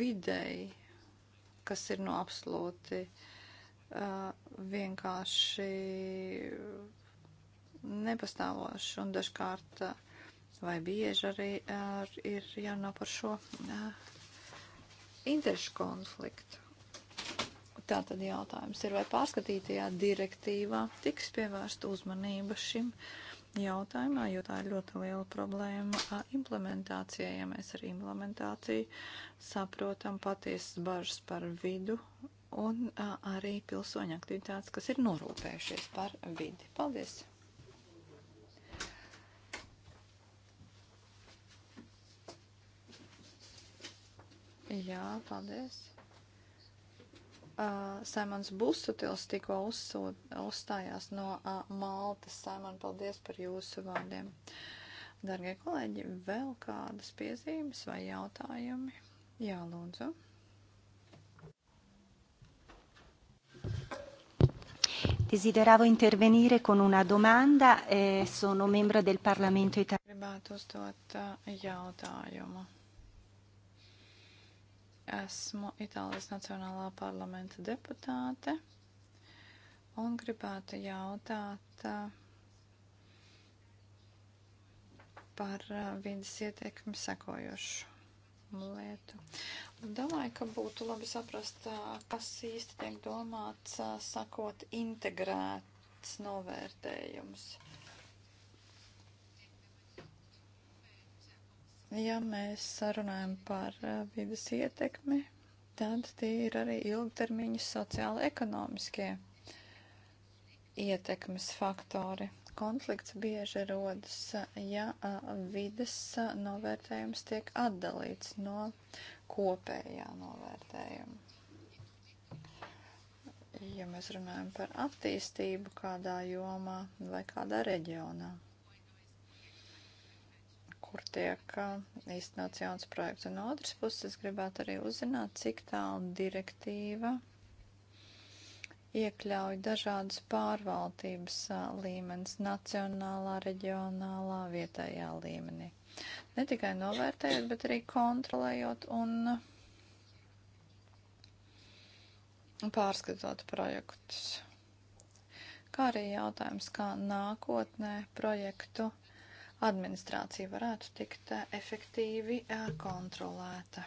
videi, kas ir no absolūti uh, vienkārši nepastāvošs un dažkārt vai bieži arī ir jārunā par šo interešu konfliktu. Tā tad jautājums ir, vai pārskatītajā direktīvā tiks pievērsta uzmanība šim jautājumā, jo tā ir ļoti liela problēma implementācijai, ja mēs ar implementāciju saprotam patiesas bažas par vidu un arī pilsoņu aktivitātes, kas ir norūpējušies par vidi. Paldies! Jā, paldies! Uh, Saimons Busutils tikko uzstājās no uh, Maltas. Saimon, paldies par jūsu vārdiem. Dargie kolēģi, vēl kādas piezīmes vai jautājumi? Jā, lūdzu. Desideravo intervenire con una domanda, eh, sono membro del Parlamento italiano. Gribētu uzdot eh, jautājumu. Esmu Itālijas Nacionālā parlamenta deputāte un gribētu jautāt eh, par eh, vidas ietekmi sekojošu lietu. Un domāju, ka būtu labi saprast, kas īsti tiek domāts, sakot, integrēts novērtējums. Ja mēs runājam par vidas ietekmi, tad tie ir arī ilgtermiņa sociāli ekonomiskie ietekmes faktori konflikts bieži rodas, ja vides novērtējums tiek atdalīts no kopējā novērtējuma. Ja mēs runājam par attīstību kādā jomā vai kādā reģionā, kur tiek īstenots jauns projekts, un otrs puses gribētu arī uzzināt, cik tālu direktīva iekļauj dažādus pārvaldības līmenis - nacionālā, reģionālā, vietējā līmenī. Ne tikai novērtējot, bet arī kontrolējot un pārskatot projektus. Kā arī jautājums, kā nākotnē projektu administrācija varētu tikt efektīvi kontrolēta.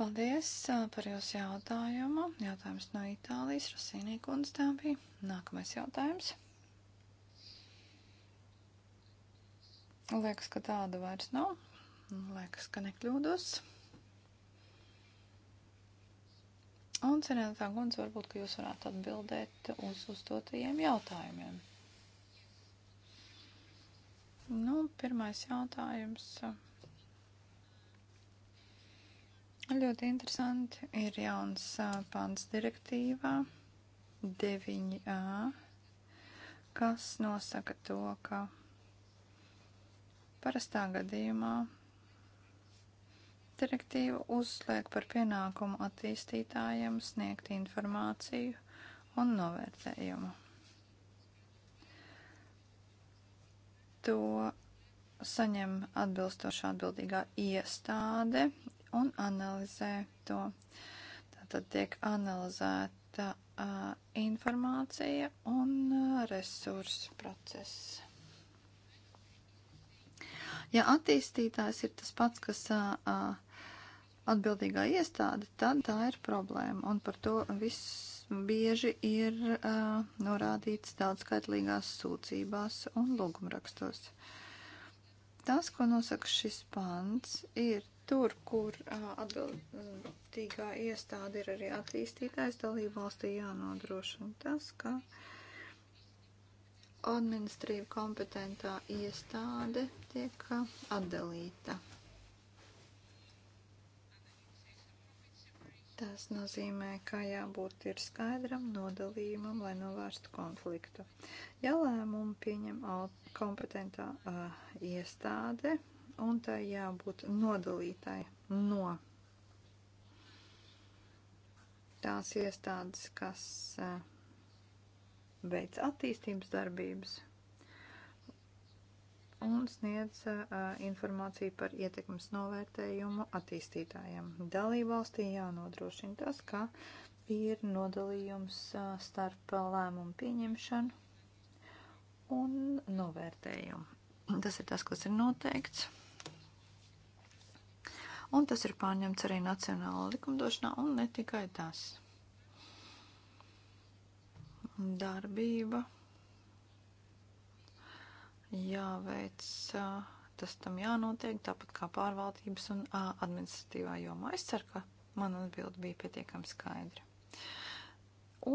Paldies par jūsu jautājumu. Jautājums no Itālijas, Rasīnī kundze tā bija. Nākamais jautājums. Liekas, ka tāda vairs nav. Liekas, ka nekļūdos. Un, cienētā kundze, varbūt, ka jūs varētu atbildēt uz uzdotajiem jautājumiem. Nu, pirmais jautājums. Uh, Ļoti interesanti. Ir jauns pants direktīvā 9a, kas nosaka to, ka parastā gadījumā direktīva uzliek par pienākumu attīstītājiem sniegt informāciju un novērtējumu. To saņem atbilstošā atbildīgā iestāde un analizē to. Tātad tiek analizēta uh, informācija un uh, resursu process. Ja attīstītājs ir tas pats, kas uh, atbildīgā iestāde, tad tā ir problēma. Un par to viss bieži ir uh, norādīts daudzskaitlīgās sūdzībās un lūgumrakstos. Tas, ko nosaka šis pants, ir Tur, kur atbildīgā iestāde ir arī attīstītājs, dalību valstī jānodrošina tas, ka administrīva kompetentā iestāde tiek atdalīta. Tas nozīmē, ka jābūt ir skaidram nodalījumam, lai novērstu konfliktu. Ja lēmumu pieņem kompetentā uh, iestāde, un tai jābūt nodalītai no tās iestādes, kas e, veic attīstības darbības un sniedz uh, informāciju par ietekmes novērtējumu attīstītājiem. Dalībvalstī jānodrošina tas, ka ir nodalījums uh, starp lēmumu pieņemšanu un novērtējumu. Tas ir tas, kas ir noteikts un tas ir pārņemts arī nacionālā likumdošanā, un ne tikai tas. Darbība jāveic, tas tam jānotiek, tāpat kā pārvaldības un administratīvā jomā. Es ceru, ka man atbildi bija pietiekami skaidra.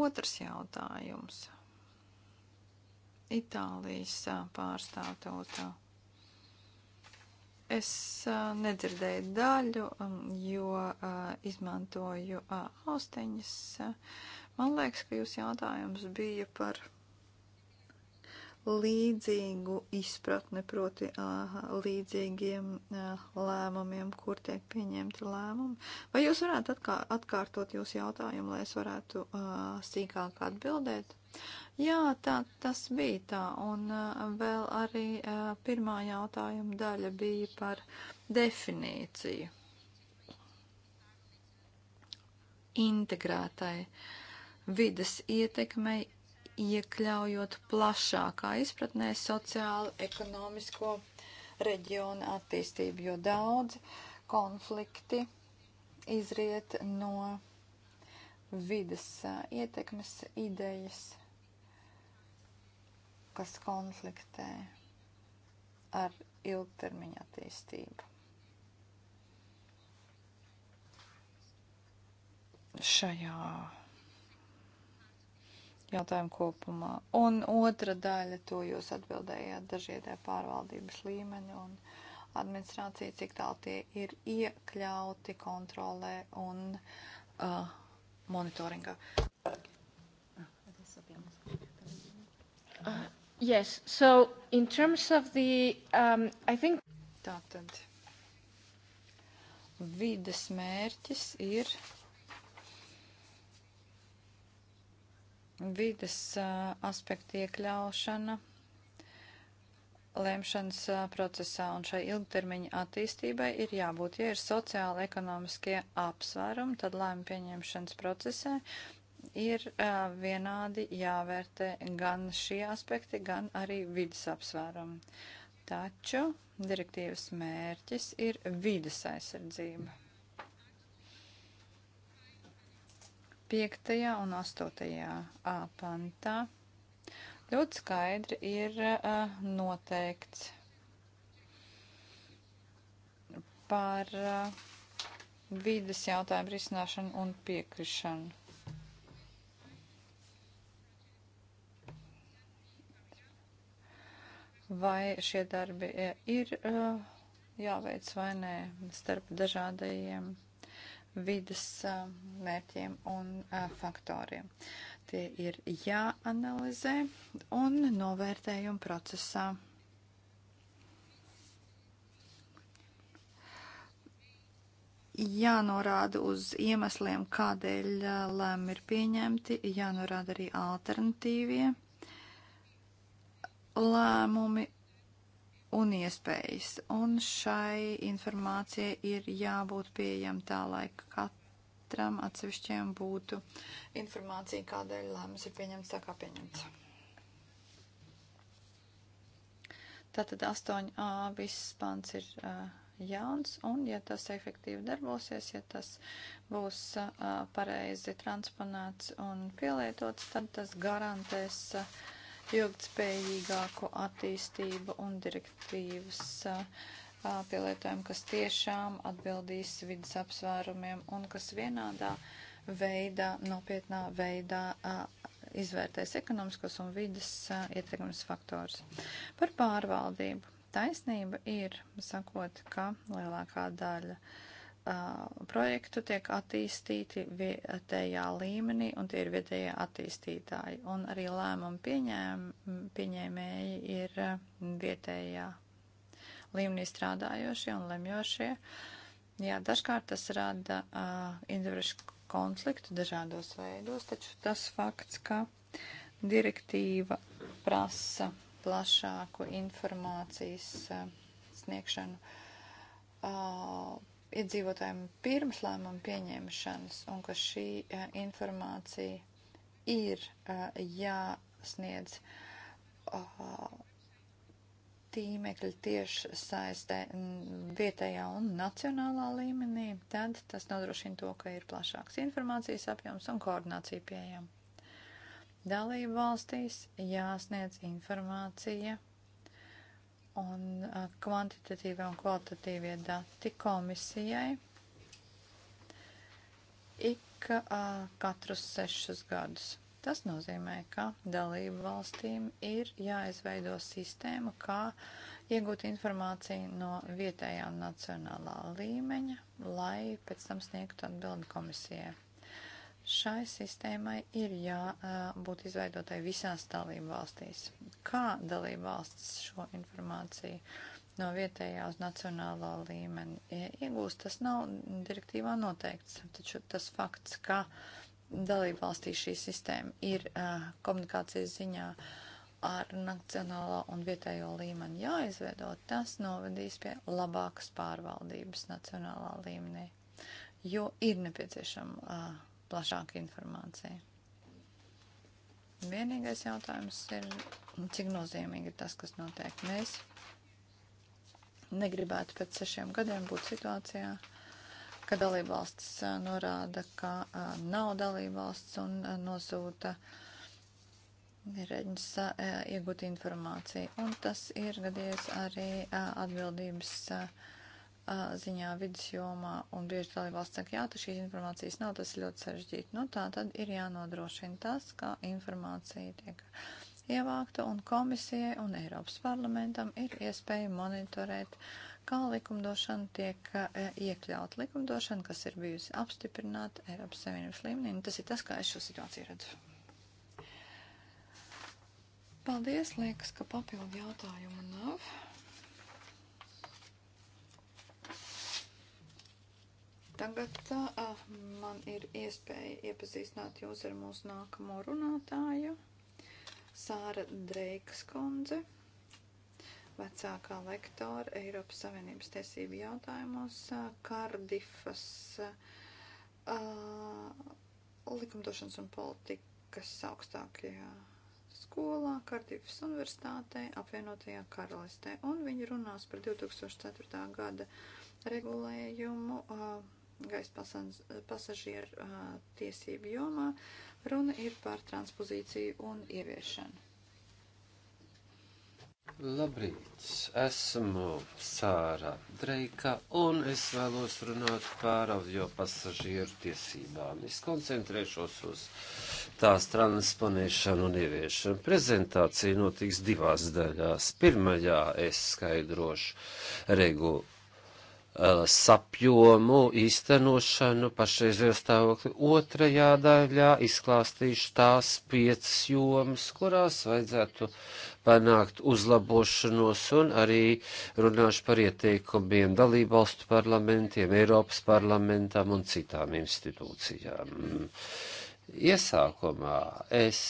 Otrs jautājums. Itālijas pārstāvtautā. Es uh, nedzirdēju daļu, um, jo uh, izmantoju uh, austiņas. Man liekas, ka jūs jautājums bija par līdzīgu izpratni, proti uh, līdzīgiem uh, lēmumiem, kur tiek pieņemti lēmumi. Vai jūs varētu atkār atkārtot jūsu jautājumu, lai es varētu uh, sīkāk atbildēt? Jā, tā tas bija tā. Un uh, vēl arī uh, pirmā jautājuma daļa bija par definīciju. Integrētai vidas ietekmei iekļaujot plašākā izpratnē sociāli, ekonomisko reģionu attīstību, jo daudz konflikti izriet no vidas uh, ietekmes idejas kas konfliktē ar ilgtermiņa attīstību. Šajā jautājumu kopumā. Un otra daļa, to jūs atbildējāt dažādie pārvaldības līmeņi un administrācija, cik tālu tie ir iekļauti kontrolē un uh, monitoringā. Uh, Yes, so in terms of the, um, I think... Tātad, vides mērķis ir vides uh, aspekta iekļaušana lēmšanas uh, procesā un šai ilgtermiņa attīstībai ir jābūt, ja ir sociāli ekonomiskie apsvērumi, tad lēma pieņemšanas procesē ir uh, vienādi jāvērtē gan šie aspekti, gan arī vidas apsvērumi. Taču direktīvas mērķis ir vidas aizsardzība. Piektajā un astotajā A pantā ļoti skaidri ir uh, noteikts par uh, vidas jautājumu risināšanu un piekrišanu vai šie darbi e, ir e, jāveic vai nē starp dažādajiem vidas e, mērķiem un faktoriem. Tie ir jāanalizē un novērtējuma procesā. jānorāda uz iemesliem, kādēļ lēmumi ir pieņemti, jānorāda arī alternatīvie lēmumi un iespējas. Un šai informācijai ir jābūt pieejam tā, lai katram atsevišķiem būtu informācija, kādēļ lēmums ir pieņemts tā, kā pieņemts. Tātad 8a viss pants ir uh, jauns, un ja tas efektīvi darbosies, ja tas būs uh, pareizi transponēts un pielietots, tad tas garantēs uh, ilgtspējīgāku attīstību un direktīvas pielietojumu, kas tiešām atbildīs vidas apsvērumiem un kas vienādā veidā, nopietnā veidā izvērtēs ekonomiskos un vidas ietekmes faktors. Par pārvaldību. Taisnība ir, sakot, ka lielākā daļa uh, projektu tiek attīstīti vietējā līmenī, un tie ir vietējie attīstītāji. Un arī lēmumu pieņēm, pieņēmēji ir vietējā līmenī strādājošie un lemjošie. Jā, dažkārt tas rada uh, individušu konfliktu dažādos veidos, taču tas fakts, ka direktīva prasa plašāku informācijas uh, sniegšanu. Uh, iedzīvotājiem pirms lēmumu pieņemšanas un ka šī uh, informācija ir uh, jāsniedz uh, eh, tīmekļa tieši saistē mm, vietējā un nacionālā līmenī, tad tas nodrošina to, ka ir plašāks informācijas apjoms un koordinācija pieejama. Dalību valstīs jāsniedz informācija un kvantitatīvie un kvalitatīvie dati komisijai ik katrus sešus gadus. Tas nozīmē, ka dalību valstīm ir jāizveido sistēma, kā iegūt informāciju no vietējā un nacionālā līmeņa, lai pēc tam sniegtu atbildi komisijai. Šai sistēmai ir jābūt izveidotai visās dalību valstīs. Kā dalību valsts šo informāciju no vietējā uz nacionālā līmeni iegūst, tas nav direktīvā noteikts. Taču tas fakts, ka dalību valstī šī sistēma ir komunikācijas ziņā ar nacionālā un vietējo līmeni jāizveido, tas novedīs pie labākas pārvaldības nacionālā līmenī, jo ir nepieciešama. Uh, plašāka informācija. Vienīgais jautājums ir, cik nozīmīgi ir tas, kas notiek. Mēs negribētu pēc sešiem gadiem būt situācijā, ka dalībvalstis norāda, ka nav dalībvalsts un nosūta ierēģis iegūt informāciju. Un tas ir gadījies arī atbildības. A, ziņā vidusjomā, un bieži dalībvalsts saka, jā, tas šīs informācijas nav, tas ir ļoti sarežģīti. Nu, tā tad ir jānodrošina tas, kā informācija tiek ievākta, un komisijai un Eiropas parlamentam ir iespēja monitorēt, kā likumdošana tiek iekļaut. Likumdošana, kas ir bijusi apstiprināta Eiropas Savienības līmenī, un nu, tas ir tas, kā es šo situāciju redzu. Paldies, liekas, ka papildu jautājumu nav. Tagad uh, man ir iespēja iepazīstināt jūs ar mūsu nākamo runātāju, Sāra Dreikas kundze, vecākā lektora Eiropas Savienības tiesību jautājumos uh, Kardifas uh, likumdošanas un politikas augstākajā skolā, Kardifas universitātē, apvienotajā karalistē. Un viņi runās par 2004. gada regulējumu. Uh, gaisa pasažieru uh, tiesību jomā. Runa ir par transpozīciju un ieviešanu. Labrīt, esmu Sāra Dreika un es vēlos runāt par avio pasažieru tiesībām. Es koncentrēšos uz tās transponēšanu un ieviešanu. Prezentācija notiks divās daļās. Pirmajā es skaidrošu regulu Uh, sapjomu īstenošanu pašreizējo stāvokli. Otrajā daļā izklāstīšu tās piecas jomas, kurās vajadzētu panākt uzlabošanos un arī runāšu par ieteikumiem dalībvalstu parlamentiem, Eiropas parlamentam un citām institūcijām. Iesākumā es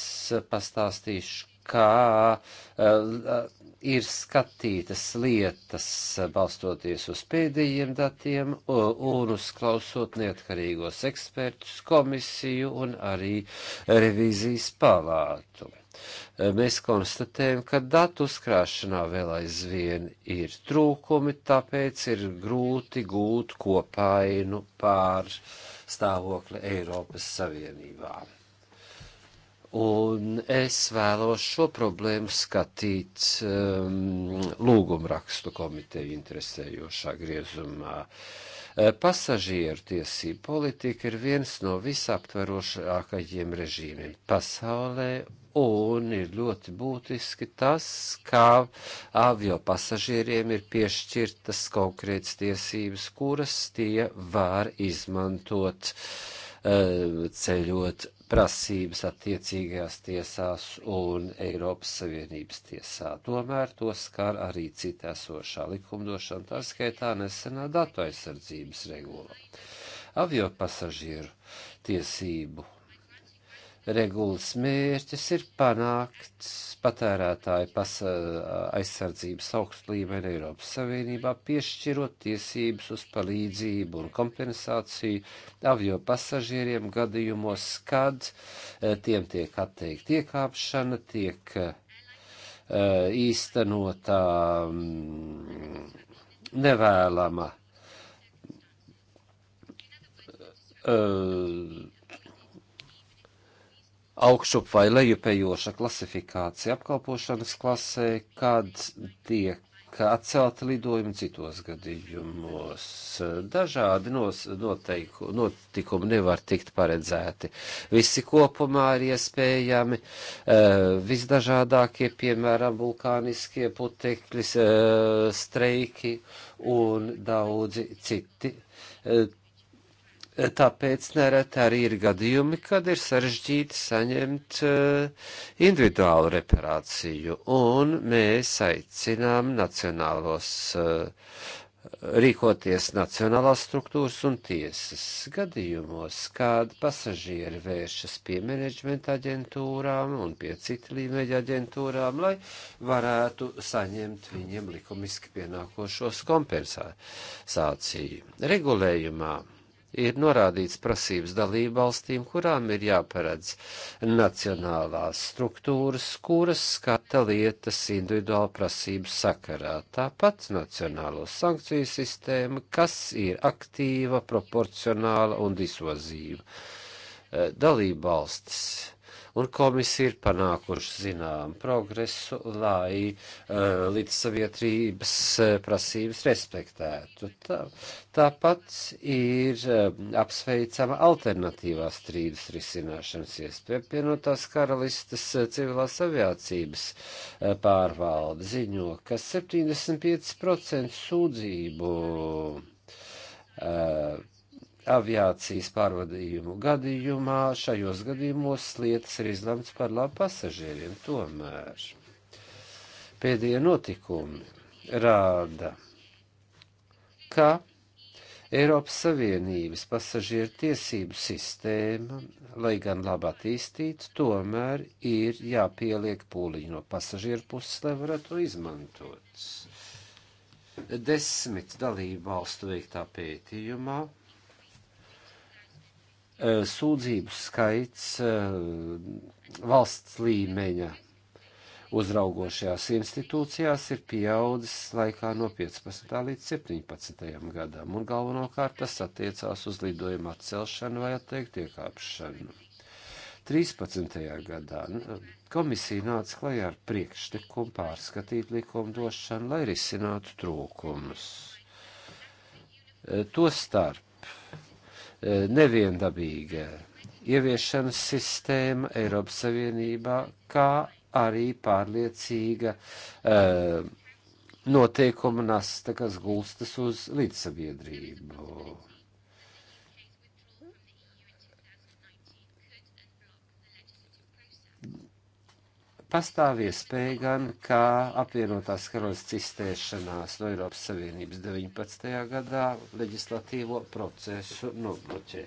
pastāstīšu, kā uh, ir skatītas lietas eh, balstoties uz pēdējiem datiem un uzklausot neatkarīgos ekspertus, komisiju un arī revīzijas palātu. Eh, mēs konstatējam, ka datu uzkrāšanā vēl aizvien ir trūkumi, tāpēc ir grūti gūt kopainu pār stāvokli Eiropas Savienībā. Un es vēlos šo problēmu skatīt um, lūgumrakstu komiteju interesējošā griezumā. Uh, pasažieru tiesību politika ir viens no visaptverošākajiem režīmiem pasaulē, un ir ļoti būtiski tas, kā avio pasažieriem ir piešķirtas konkrētas tiesības, kuras tie var izmantot uh, ceļot prasības attiecīgajās tiesās un Eiropas Savienības tiesā. Tomēr to skar arī cita esošā likumdošana, tā skaitā nesenā datu aizsardzības regula. Avio pasažieru tiesību regulas mērķis ir panākt patērētāju pasa, aizsardzības augstu līmeni Eiropas Savienībā, piešķirot tiesības uz palīdzību un kompensāciju avio pasažieriem gadījumos, kad eh, tiem tiek atteikt iekāpšana, tiek eh, īstenotā mm, nevēlama uh, augšup vai lejupējoša klasifikācija apkalpošanas klasē, kad tiek atcelti lidojumi citos gadījumos. Dažādi nos, noteiku, notikumi nevar tikt paredzēti. Visi kopumā ir iespējami. Eh, visdažādākie, piemēram, vulkāniskie putekļi, eh, streiki un daudzi citi eh, Tāpēc nereti arī ir gadījumi, kad ir sarežģīti saņemt eh, individuālu reparāciju, un mēs aicinām nacionālos eh, rīkoties nacionālās struktūras un tiesas gadījumos, kad pasažieri vēršas pie menedžmenta aģentūrām un pie citu līmeņa aģentūrām, lai varētu saņemt viņiem likumiski pienākošos kompensāciju. Regulējumā ir norādīts prasības dalību valstīm, kurām ir jāparedz nacionālās struktūras, kuras skata lietas individuāli prasību sakarā. Tāpat nacionālo sankciju sistēma, kas ir aktīva, proporcionāla un disozīva. Dalību valstis un komisija ir panākuši zinām progresu, lai uh, eh, līdz savietības eh, prasības respektētu. Tā, tāpat ir uh, apsveicama alternatīvā strīdus risināšanas iespēja pienotās karalistas civilās aviācības uh, pārvalde ziņo, ka 75% sūdzību uh, aviācijas pārvadījumu gadījumā šajos gadījumos lietas ir izlemts par labu pasažieriem. Tomēr pēdējie notikumi rāda, ka Eiropas Savienības pasažieru tiesību sistēma, lai gan labi attīstīta, tomēr ir jāpieliek pūliņi no pasažieru puses, lai varētu to izmantot. Desmit dalību valstu veiktā pētījumā Eh, sūdzību skaits eh, valsts līmeņa uzraugošajās institūcijās ir pieaudzis laikā no 15. līdz 17. gadam, un galvenokārt tas attiecās uz lidojumu atcelšanu vai atteikt iekāpšanu. 13. gadā komisija nāca klajā ar priekšlikumu pārskatīt likumdošanu, lai risinātu trūkumus. Eh, Tostarp Eh, neviendabīga ieviešanas sistēma Eiropas Savienībā, kā arī pārliecīga uh, noteikuma nasta, kas gulstas uz līdzsabiedrību. pastāv iespēja gan, kā apvienotās karalists izstēšanās no Eiropas Savienības 19. gadā leģislatīvo procesu nobloķē.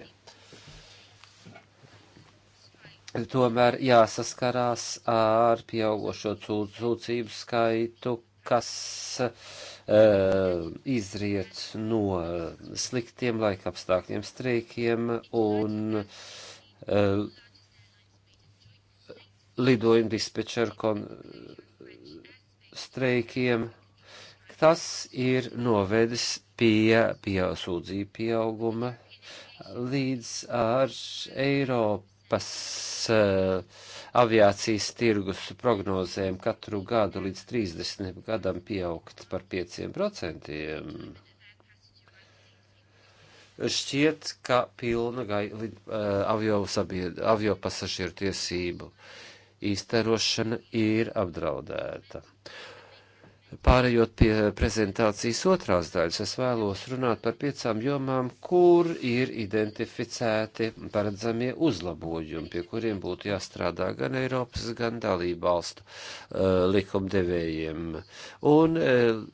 Tomēr jāsaskarās ar pieaugušo sūdzību skaitu, kas uh, izriet no sliktiem laika apstākļiem, streikiem un uh, lidojumu dispečeru kon streikiem. Tas ir novedis pie, pie sūdzību pieauguma līdz ar Eiropas uh, aviācijas tirgus prognozēm katru gadu līdz 30 gadam pieaugt par 5%. Šķiet, ka pilna gai, uh, avio, sabied, avio pasažieru tiesību uh, īstenošana ir apdraudēta. Pārējot pie prezentācijas otrās daļas, es vēlos runāt par piecām jomām, kur ir identificēti paredzamie uzlabojumi, pie kuriem būtu jāstrādā gan Eiropas, gan dalību valstu uh, likumdevējiem. Un uh,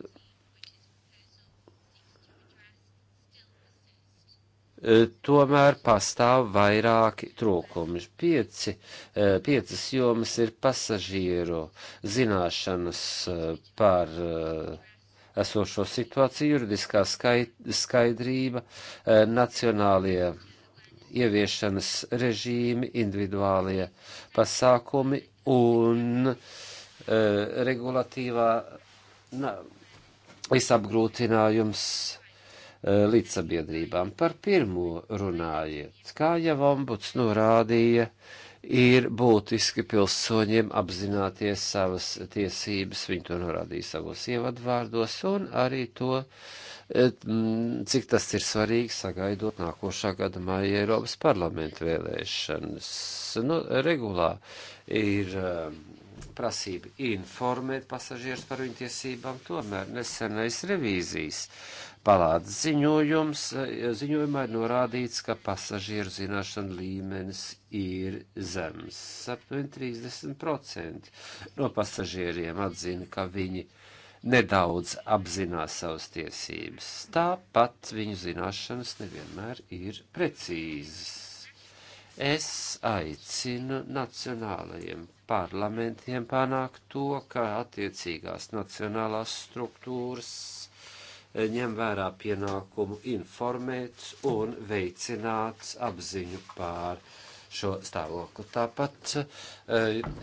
tomēr pastāv vairāki trūkumi. Pieci, eh, piecas jomas ir pasažieru zināšanas eh, par eh, esošo situāciju, juridiskā skaidrība, nacionālie ieviešanas režīmi, individuālie pasākumi un regulatīvā visapgrūtinājums Eh, līdzsabiedrībām. Par pirmo runājiet, kā jau ombuds norādīja, ir būtiski pilsoņiem apzināties savas tiesības, viņi to norādīja savos ievadvārdos, un arī to, eh, cik tas ir svarīgi sagaidot nākošā gada māja Eiropas parlamenta vēlēšanas. Nu, regulā ir eh, prasība informēt pasažierus par viņu tiesībām, tomēr nesenais revīzijas palātas ziņojums, eh, ziņojumā ir norādīts, ka pasažieru zināšanu līmenis ir zems. Aptuveni 30% no pasažieriem atzina, ka viņi nedaudz apzinās savas tiesības. Tāpat viņu zināšanas nevienmēr ir precīzas. Es aicinu nacionālajiem parlamentiem panākt to, ka attiecīgās nacionālās struktūras ņem vērā pienākumu informēt un veicināt apziņu pār šo stāvokli. Tāpat e,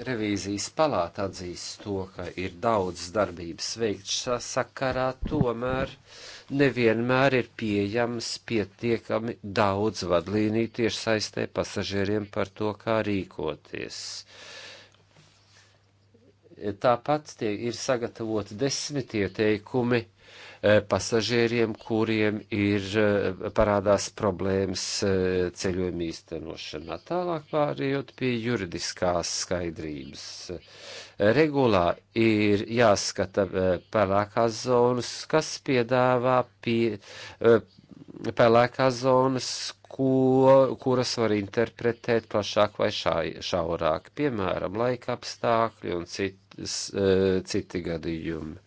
revīzijas palāta atzīst to, ka ir daudz darbības veikts sakarā, tomēr nevienmēr ir pieejams pietiekami daudz vadlīniju tieši saistē pasažieriem par to, kā rīkoties. Tāpat tie ir sagatavoti desmit ieteikumi Eh, pasažieriem, kuriem ir eh, parādās problēmas eh, ceļojuma īstenošanā. Tālāk pārējot pie juridiskās skaidrības. Regulā ir jāskata pelēkās zonas, kas piedāvā pie, pelēkās zonas, ko, kuras var interpretēt plašāk vai šā, šaurāk, piemēram, laika apstākļi un citas, citi gadījumi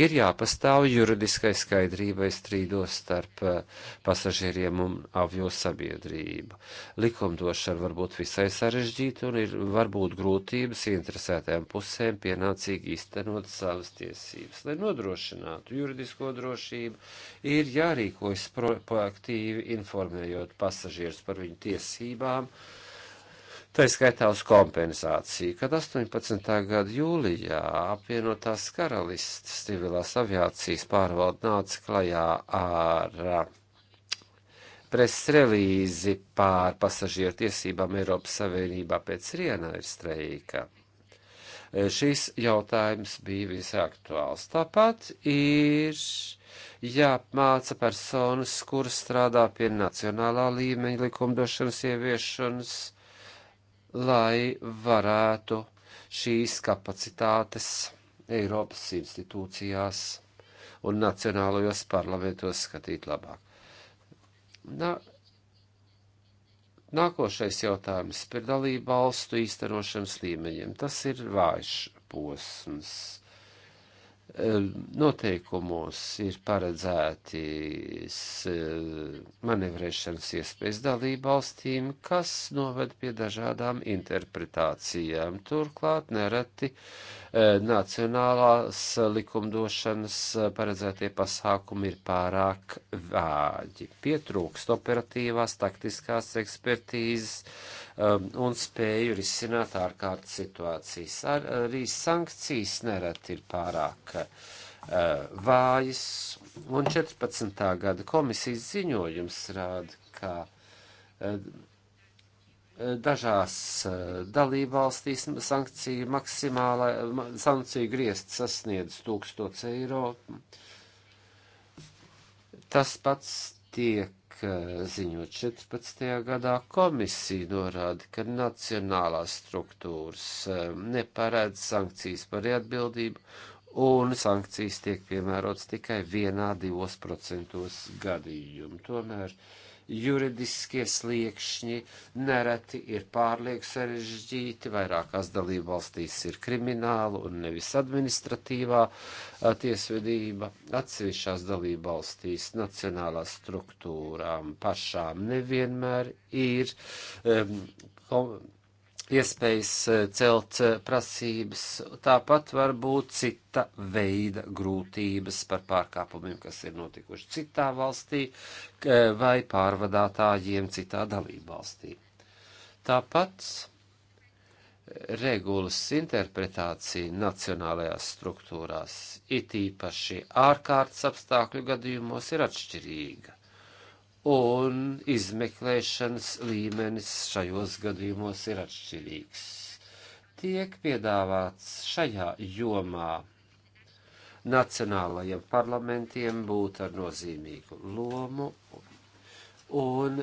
ir jāpastāv juridiskai skaidrībai strīdos starp eh, pasažieriem un avio sabiedrību. Likumdošana var būt visai sarežģīta un ir varbūt grūtības interesētajām pusēm pienācīgi iztenot savas tiesības. Lai nodrošinātu juridisko drošību, ir jārīkojas proaktīvi informējot pasažierus par viņu tiesībām, uh, tā skaitā uz kompensāciju, kad 18. gada jūlijā apvienotās karalistas civilās aviācijas pārvalda nāca klajā ar uh, preses relīzi pār pasažieru tiesībām Eiropas Savienībā pēc Rienai streika. Uh, šis jautājums bija visaktuāls. Tāpat ir jāapmāca personas, kuras strādā pie nacionālā līmeņa likumdošanas ieviešanas, uh, lai varētu šīs kapacitātes Eiropas institūcijās un nacionālajos parlamentos skatīt labāk. Na, nākošais jautājums par dalību valstu īstenošanas līmeņiem. Tas ir vājš posms noteikumos ir paredzēti eh, manevrēšanas iespējas dalību valstīm, kas noved pie dažādām interpretācijām. Turklāt nereti eh, nacionālās likumdošanas eh, paredzētie pasākumi ir pārāk vāģi. Pietrūkst operatīvās, taktiskās ekspertīzes Um, un spēju risināt ārkārtas situācijas. Ar, arī sankcijas nereti ir pārāk uh, vājas, un 14. gada komisijas ziņojums rāda, ka uh, dažās uh, dalībvalstīs sankcija maksimāla, sankcija griezt sasniedz 1000 eiro. Tas pats tiek tika ziņot 14. gadā, komisija norāda, ka nacionālās struktūras um, neparēdz sankcijas par atbildību un sankcijas tiek piemērotas tikai vienā divos procentos gadījumu. Tomēr uh, juridiskie sliekšņi nereti ir pārlieku sarežģīti, vairākās dalību valstīs ir krimināla un nevis administratīvā tiesvedība, atsevišķās dalību valstīs nacionālās struktūrām pašām nevienmēr ir um, iespējas eh, celt eh, prasības. Tāpat var būt cita veida grūtības par pārkāpumiem, kas ir notikuši citā valstī eh, vai pārvadātājiem citā dalībvalstī. Tāpat regulas interpretācija nacionālajās struktūrās, it īpaši ārkārtas apstākļu gadījumos, ir atšķirīga un izmeklēšanas līmenis šajos gadījumos ir atšķirīgs. Tiek piedāvāts šajā jomā nacionālajiem parlamentiem būt ar nozīmīgu lomu, un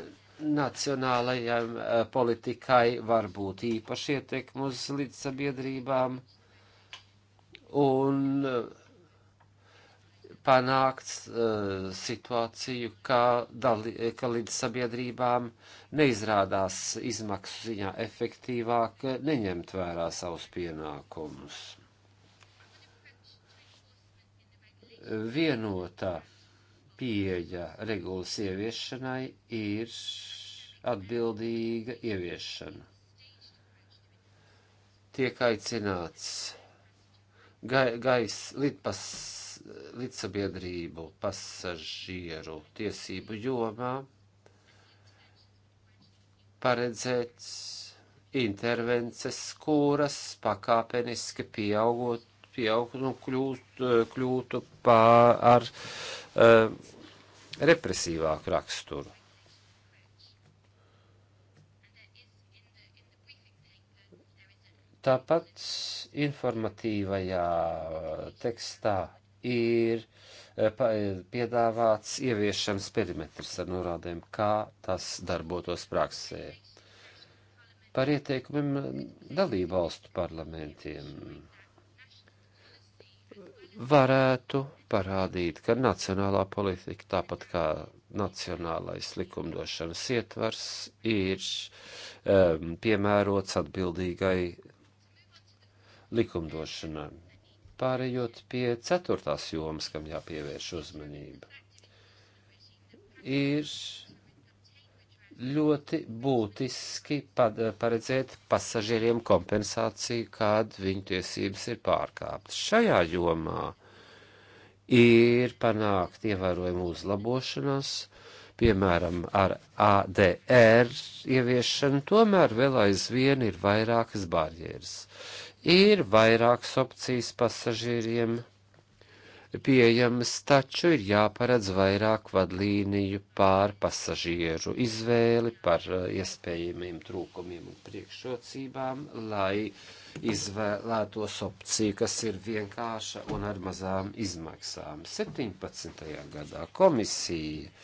nacionālajiem eh, politikai var būt īpaši ietekmi uz līdzsabiedrībām, un uh, panākt uh, situāciju, ka, dali, ka līdz sabiedrībām neizrādās izmaksu ziņā efektīvāk neņemt vērā savus pienākumus. Vienotā pieeja regulas ieviešanai ir atbildīga ieviešana. Tiek aicināts gai, gaisa lidpas līdzsabiedrību pasažieru tiesību jomā paredzēt intervences, kuras pakāpeniski pieaugot, pieaug, nu, kļūt, kļūtu pār ar uh, represīvāku raksturu. Tāpat informatīvajā tekstā ir eh, piedāvāts ieviešams perimetrs ar norādēm, kā tas darbotos praksē. Par ieteikumiem dalību valstu parlamentiem varētu parādīt, ka nacionālā politika, tāpat kā nacionālais likumdošanas ietvars, ir um, piemērots atbildīgai likumdošanai Pārējot pie ceturtās jomas, kam jāpievērš uzmanība, ir ļoti būtiski pad, paredzēt pasažieriem kompensāciju, kad viņu tiesības ir pārkāptas. Šajā jomā ir panākt ievērojumu uzlabošanās, piemēram, ar ADR ieviešanu, tomēr vēl aizvien ir vairākas barjeras. Ir vairākas opcijas pasažieriem pieejamas, taču ir jāparedz vairāk vadlīniju pār pasažieru izvēli, par eh, iespējamiem trūkumiem un priekšrocībām, lai izvēlētos opciju, kas ir vienkārša un ar mazām izmaksām. 17. gadā komisija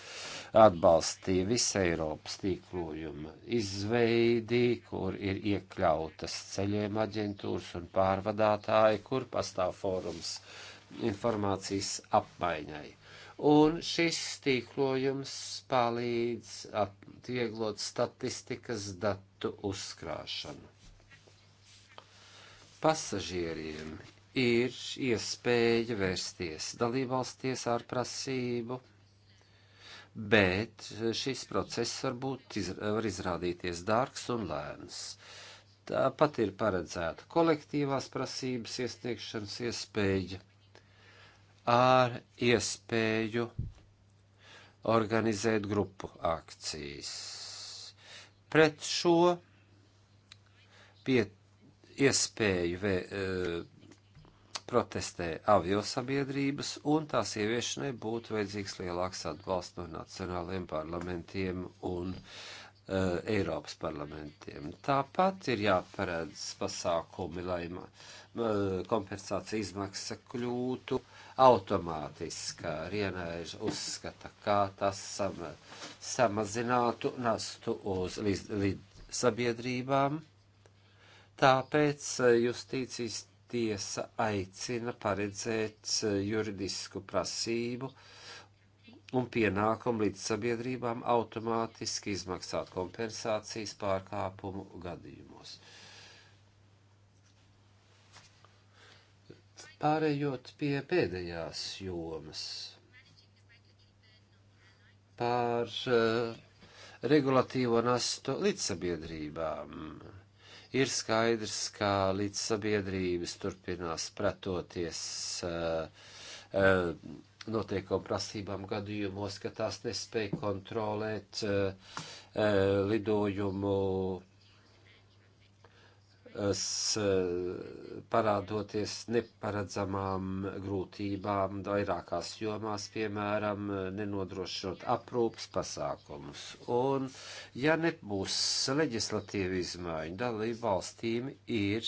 atbalstīja visu Eiropas tīklojumu izveidi, kur ir iekļautas ceļiem aģentūras un pārvadātāji, kur pastāv fórums informācijas apmaiņai. Un šis tīklojums palīdz atvieglot statistikas datu uzkrāšanu. Pasažieriem ir iespēja vērsties dalībvalstīs ar prasību bet šis process varbūt iz, var izrādīties dārgs un lēns. Tāpat ir paredzēta kolektīvās prasības iesniegšanas iespēja ar iespēju organizēt grupu akcijas. Pret šo pie, iespēju vē, eh, protestē aviosabiedrības, un tās ieviešanai būtu vajadzīgs lielāks atbalsts no nacionāliem parlamentiem un uh, Eiropas parlamentiem. Tāpat ir jāparedz pasākumi, lai uh, kompensācija izmaksa kļūtu automātiskā. Rienēža uzskata, kā tas sam, samazinātu nastu uz līdz, līdz sabiedrībām. Tāpēc eh, justīcijas tiesa aicina paredzēt eh, juridisku prasību un pienākumu līdz sabiedrībām automātiski izmaksāt kompensācijas pārkāpumu gadījumos. Pārējot pie pēdējās jomas par uh, regulatīvo nastu līdzsabiedrībām. sabiedrībām Ir skaidrs, ka līdz sabiedrības turpinās pretoties uh, eh, uh, eh, noteikumu prasībām gadījumos, ka tās nespēja kontrolēt uh, uh, lidojumu uh, E, parādoties neparedzamām grūtībām vairākās jomās, piemēram, nenodrošinot aprūpas pasākumus. Un, ja nebūs leģislatīva izmaiņa, dalību valstīm ir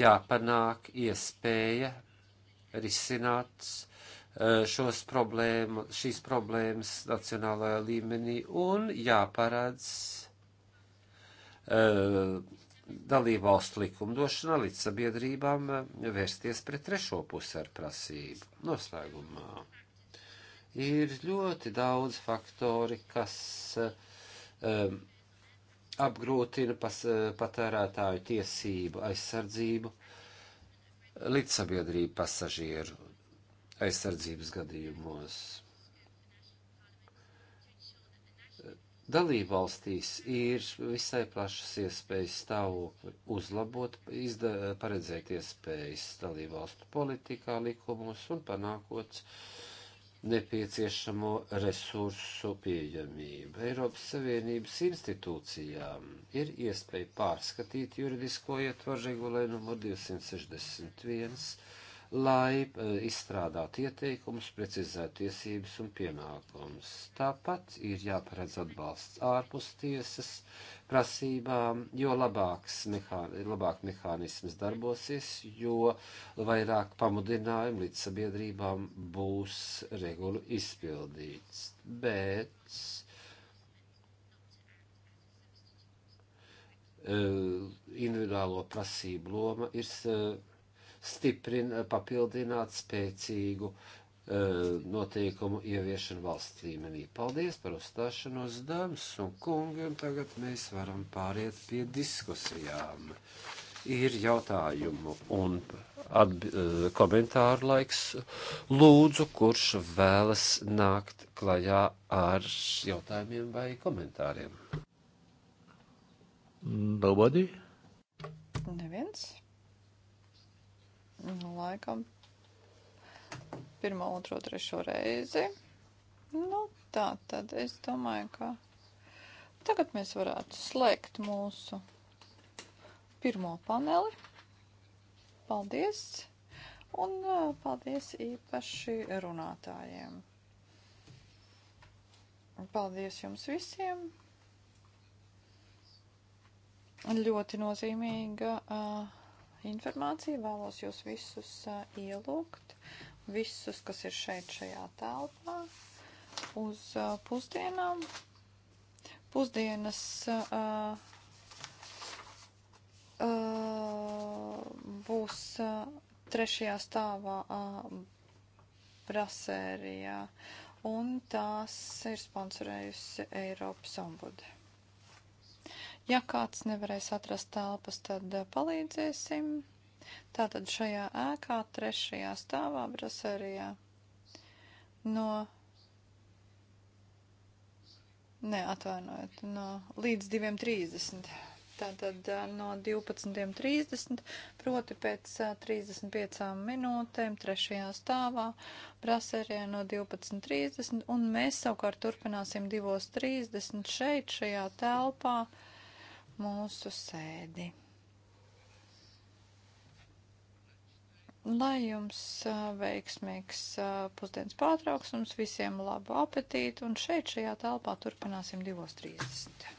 jāpanāk iespēja risināt e, šos problēma, šīs problēmas nacionālajā līmenī un jāparādz uh, e, dalībvalstu likumdošanā līdz sabiedrībām eh, vērsties pret trešo pusi ar prasību. Noslēgumā ir ļoti daudz faktori, kas um, apgrūtina pas, eh, patērētāju tiesību aizsardzību līdz sabiedrību pasažieru aizsardzības gadījumos. Dalībvalstīs ir visai plašas iespējas stāvokli uzlabot, izda, paredzēt iespējas dalībvalstu politikā, likumos un panākot nepieciešamo resursu pieejamību. Eiropas Savienības institūcijām ir iespēja pārskatīt juridisko ietvaru regulējumu 261 lai eh, izstrādātu ieteikumus, precizētu tiesības un pienākumus. Tāpat ir jāparedz atbalsts ārpus tiesas prasībām, jo labāks mehāni, labāk mehānisms darbosies, jo vairāk pamudinājumu līdz sabiedrībām būs regulu izpildīts. Bet eh, individuālo prasību loma ir eh, stiprina, papildināt spēcīgu uh, noteikumu ieviešanu valsts līmenī. Paldies par uzstāšanos, dāmas un kungi, un tagad mēs varam pāriet pie diskusijām. Ir jautājumu un atbi, eh, komentāru laiks. Lūdzu, kurš vēlas nākt klajā ar jautājumiem vai komentāriem? Nobody? Neviens. Nu, laikam pirmo, otro, trešo reizi. Nu, tā tad es domāju, ka tagad mēs varētu slēgt mūsu pirmo paneli. Paldies! Un uh, paldies īpaši runātājiem. Paldies jums visiem! Ļoti nozīmīga. Uh, informāciju. Vēlos jūs visus ielūgt, visus, kas ir šeit šajā telpā, uz pusdienām. Pusdienas uh, uh, būs uh, trešajā stāvā uh, brasērijā, un tās ir sponsorējusi Eiropas ombude. Ja kāds nevarēs atrast telpas, tad eh, palīdzēsim. Tātad šajā ēkā, trešajā stāvā, braserijā, no, neatvainojiet, no līdz 2.30. Tātad eh, no 12.30, proti pēc 35 eh, minūtēm, trešajā stāvā, braserijā no 12.30, un mēs savukārt turpināsim 2.30 šeit, šajā telpā mūsu sēdi. Lai jums veiksmīgs pusdienas pārtrauksums, visiem labu apetītu, un šeit šajā telpā turpināsim 2.30.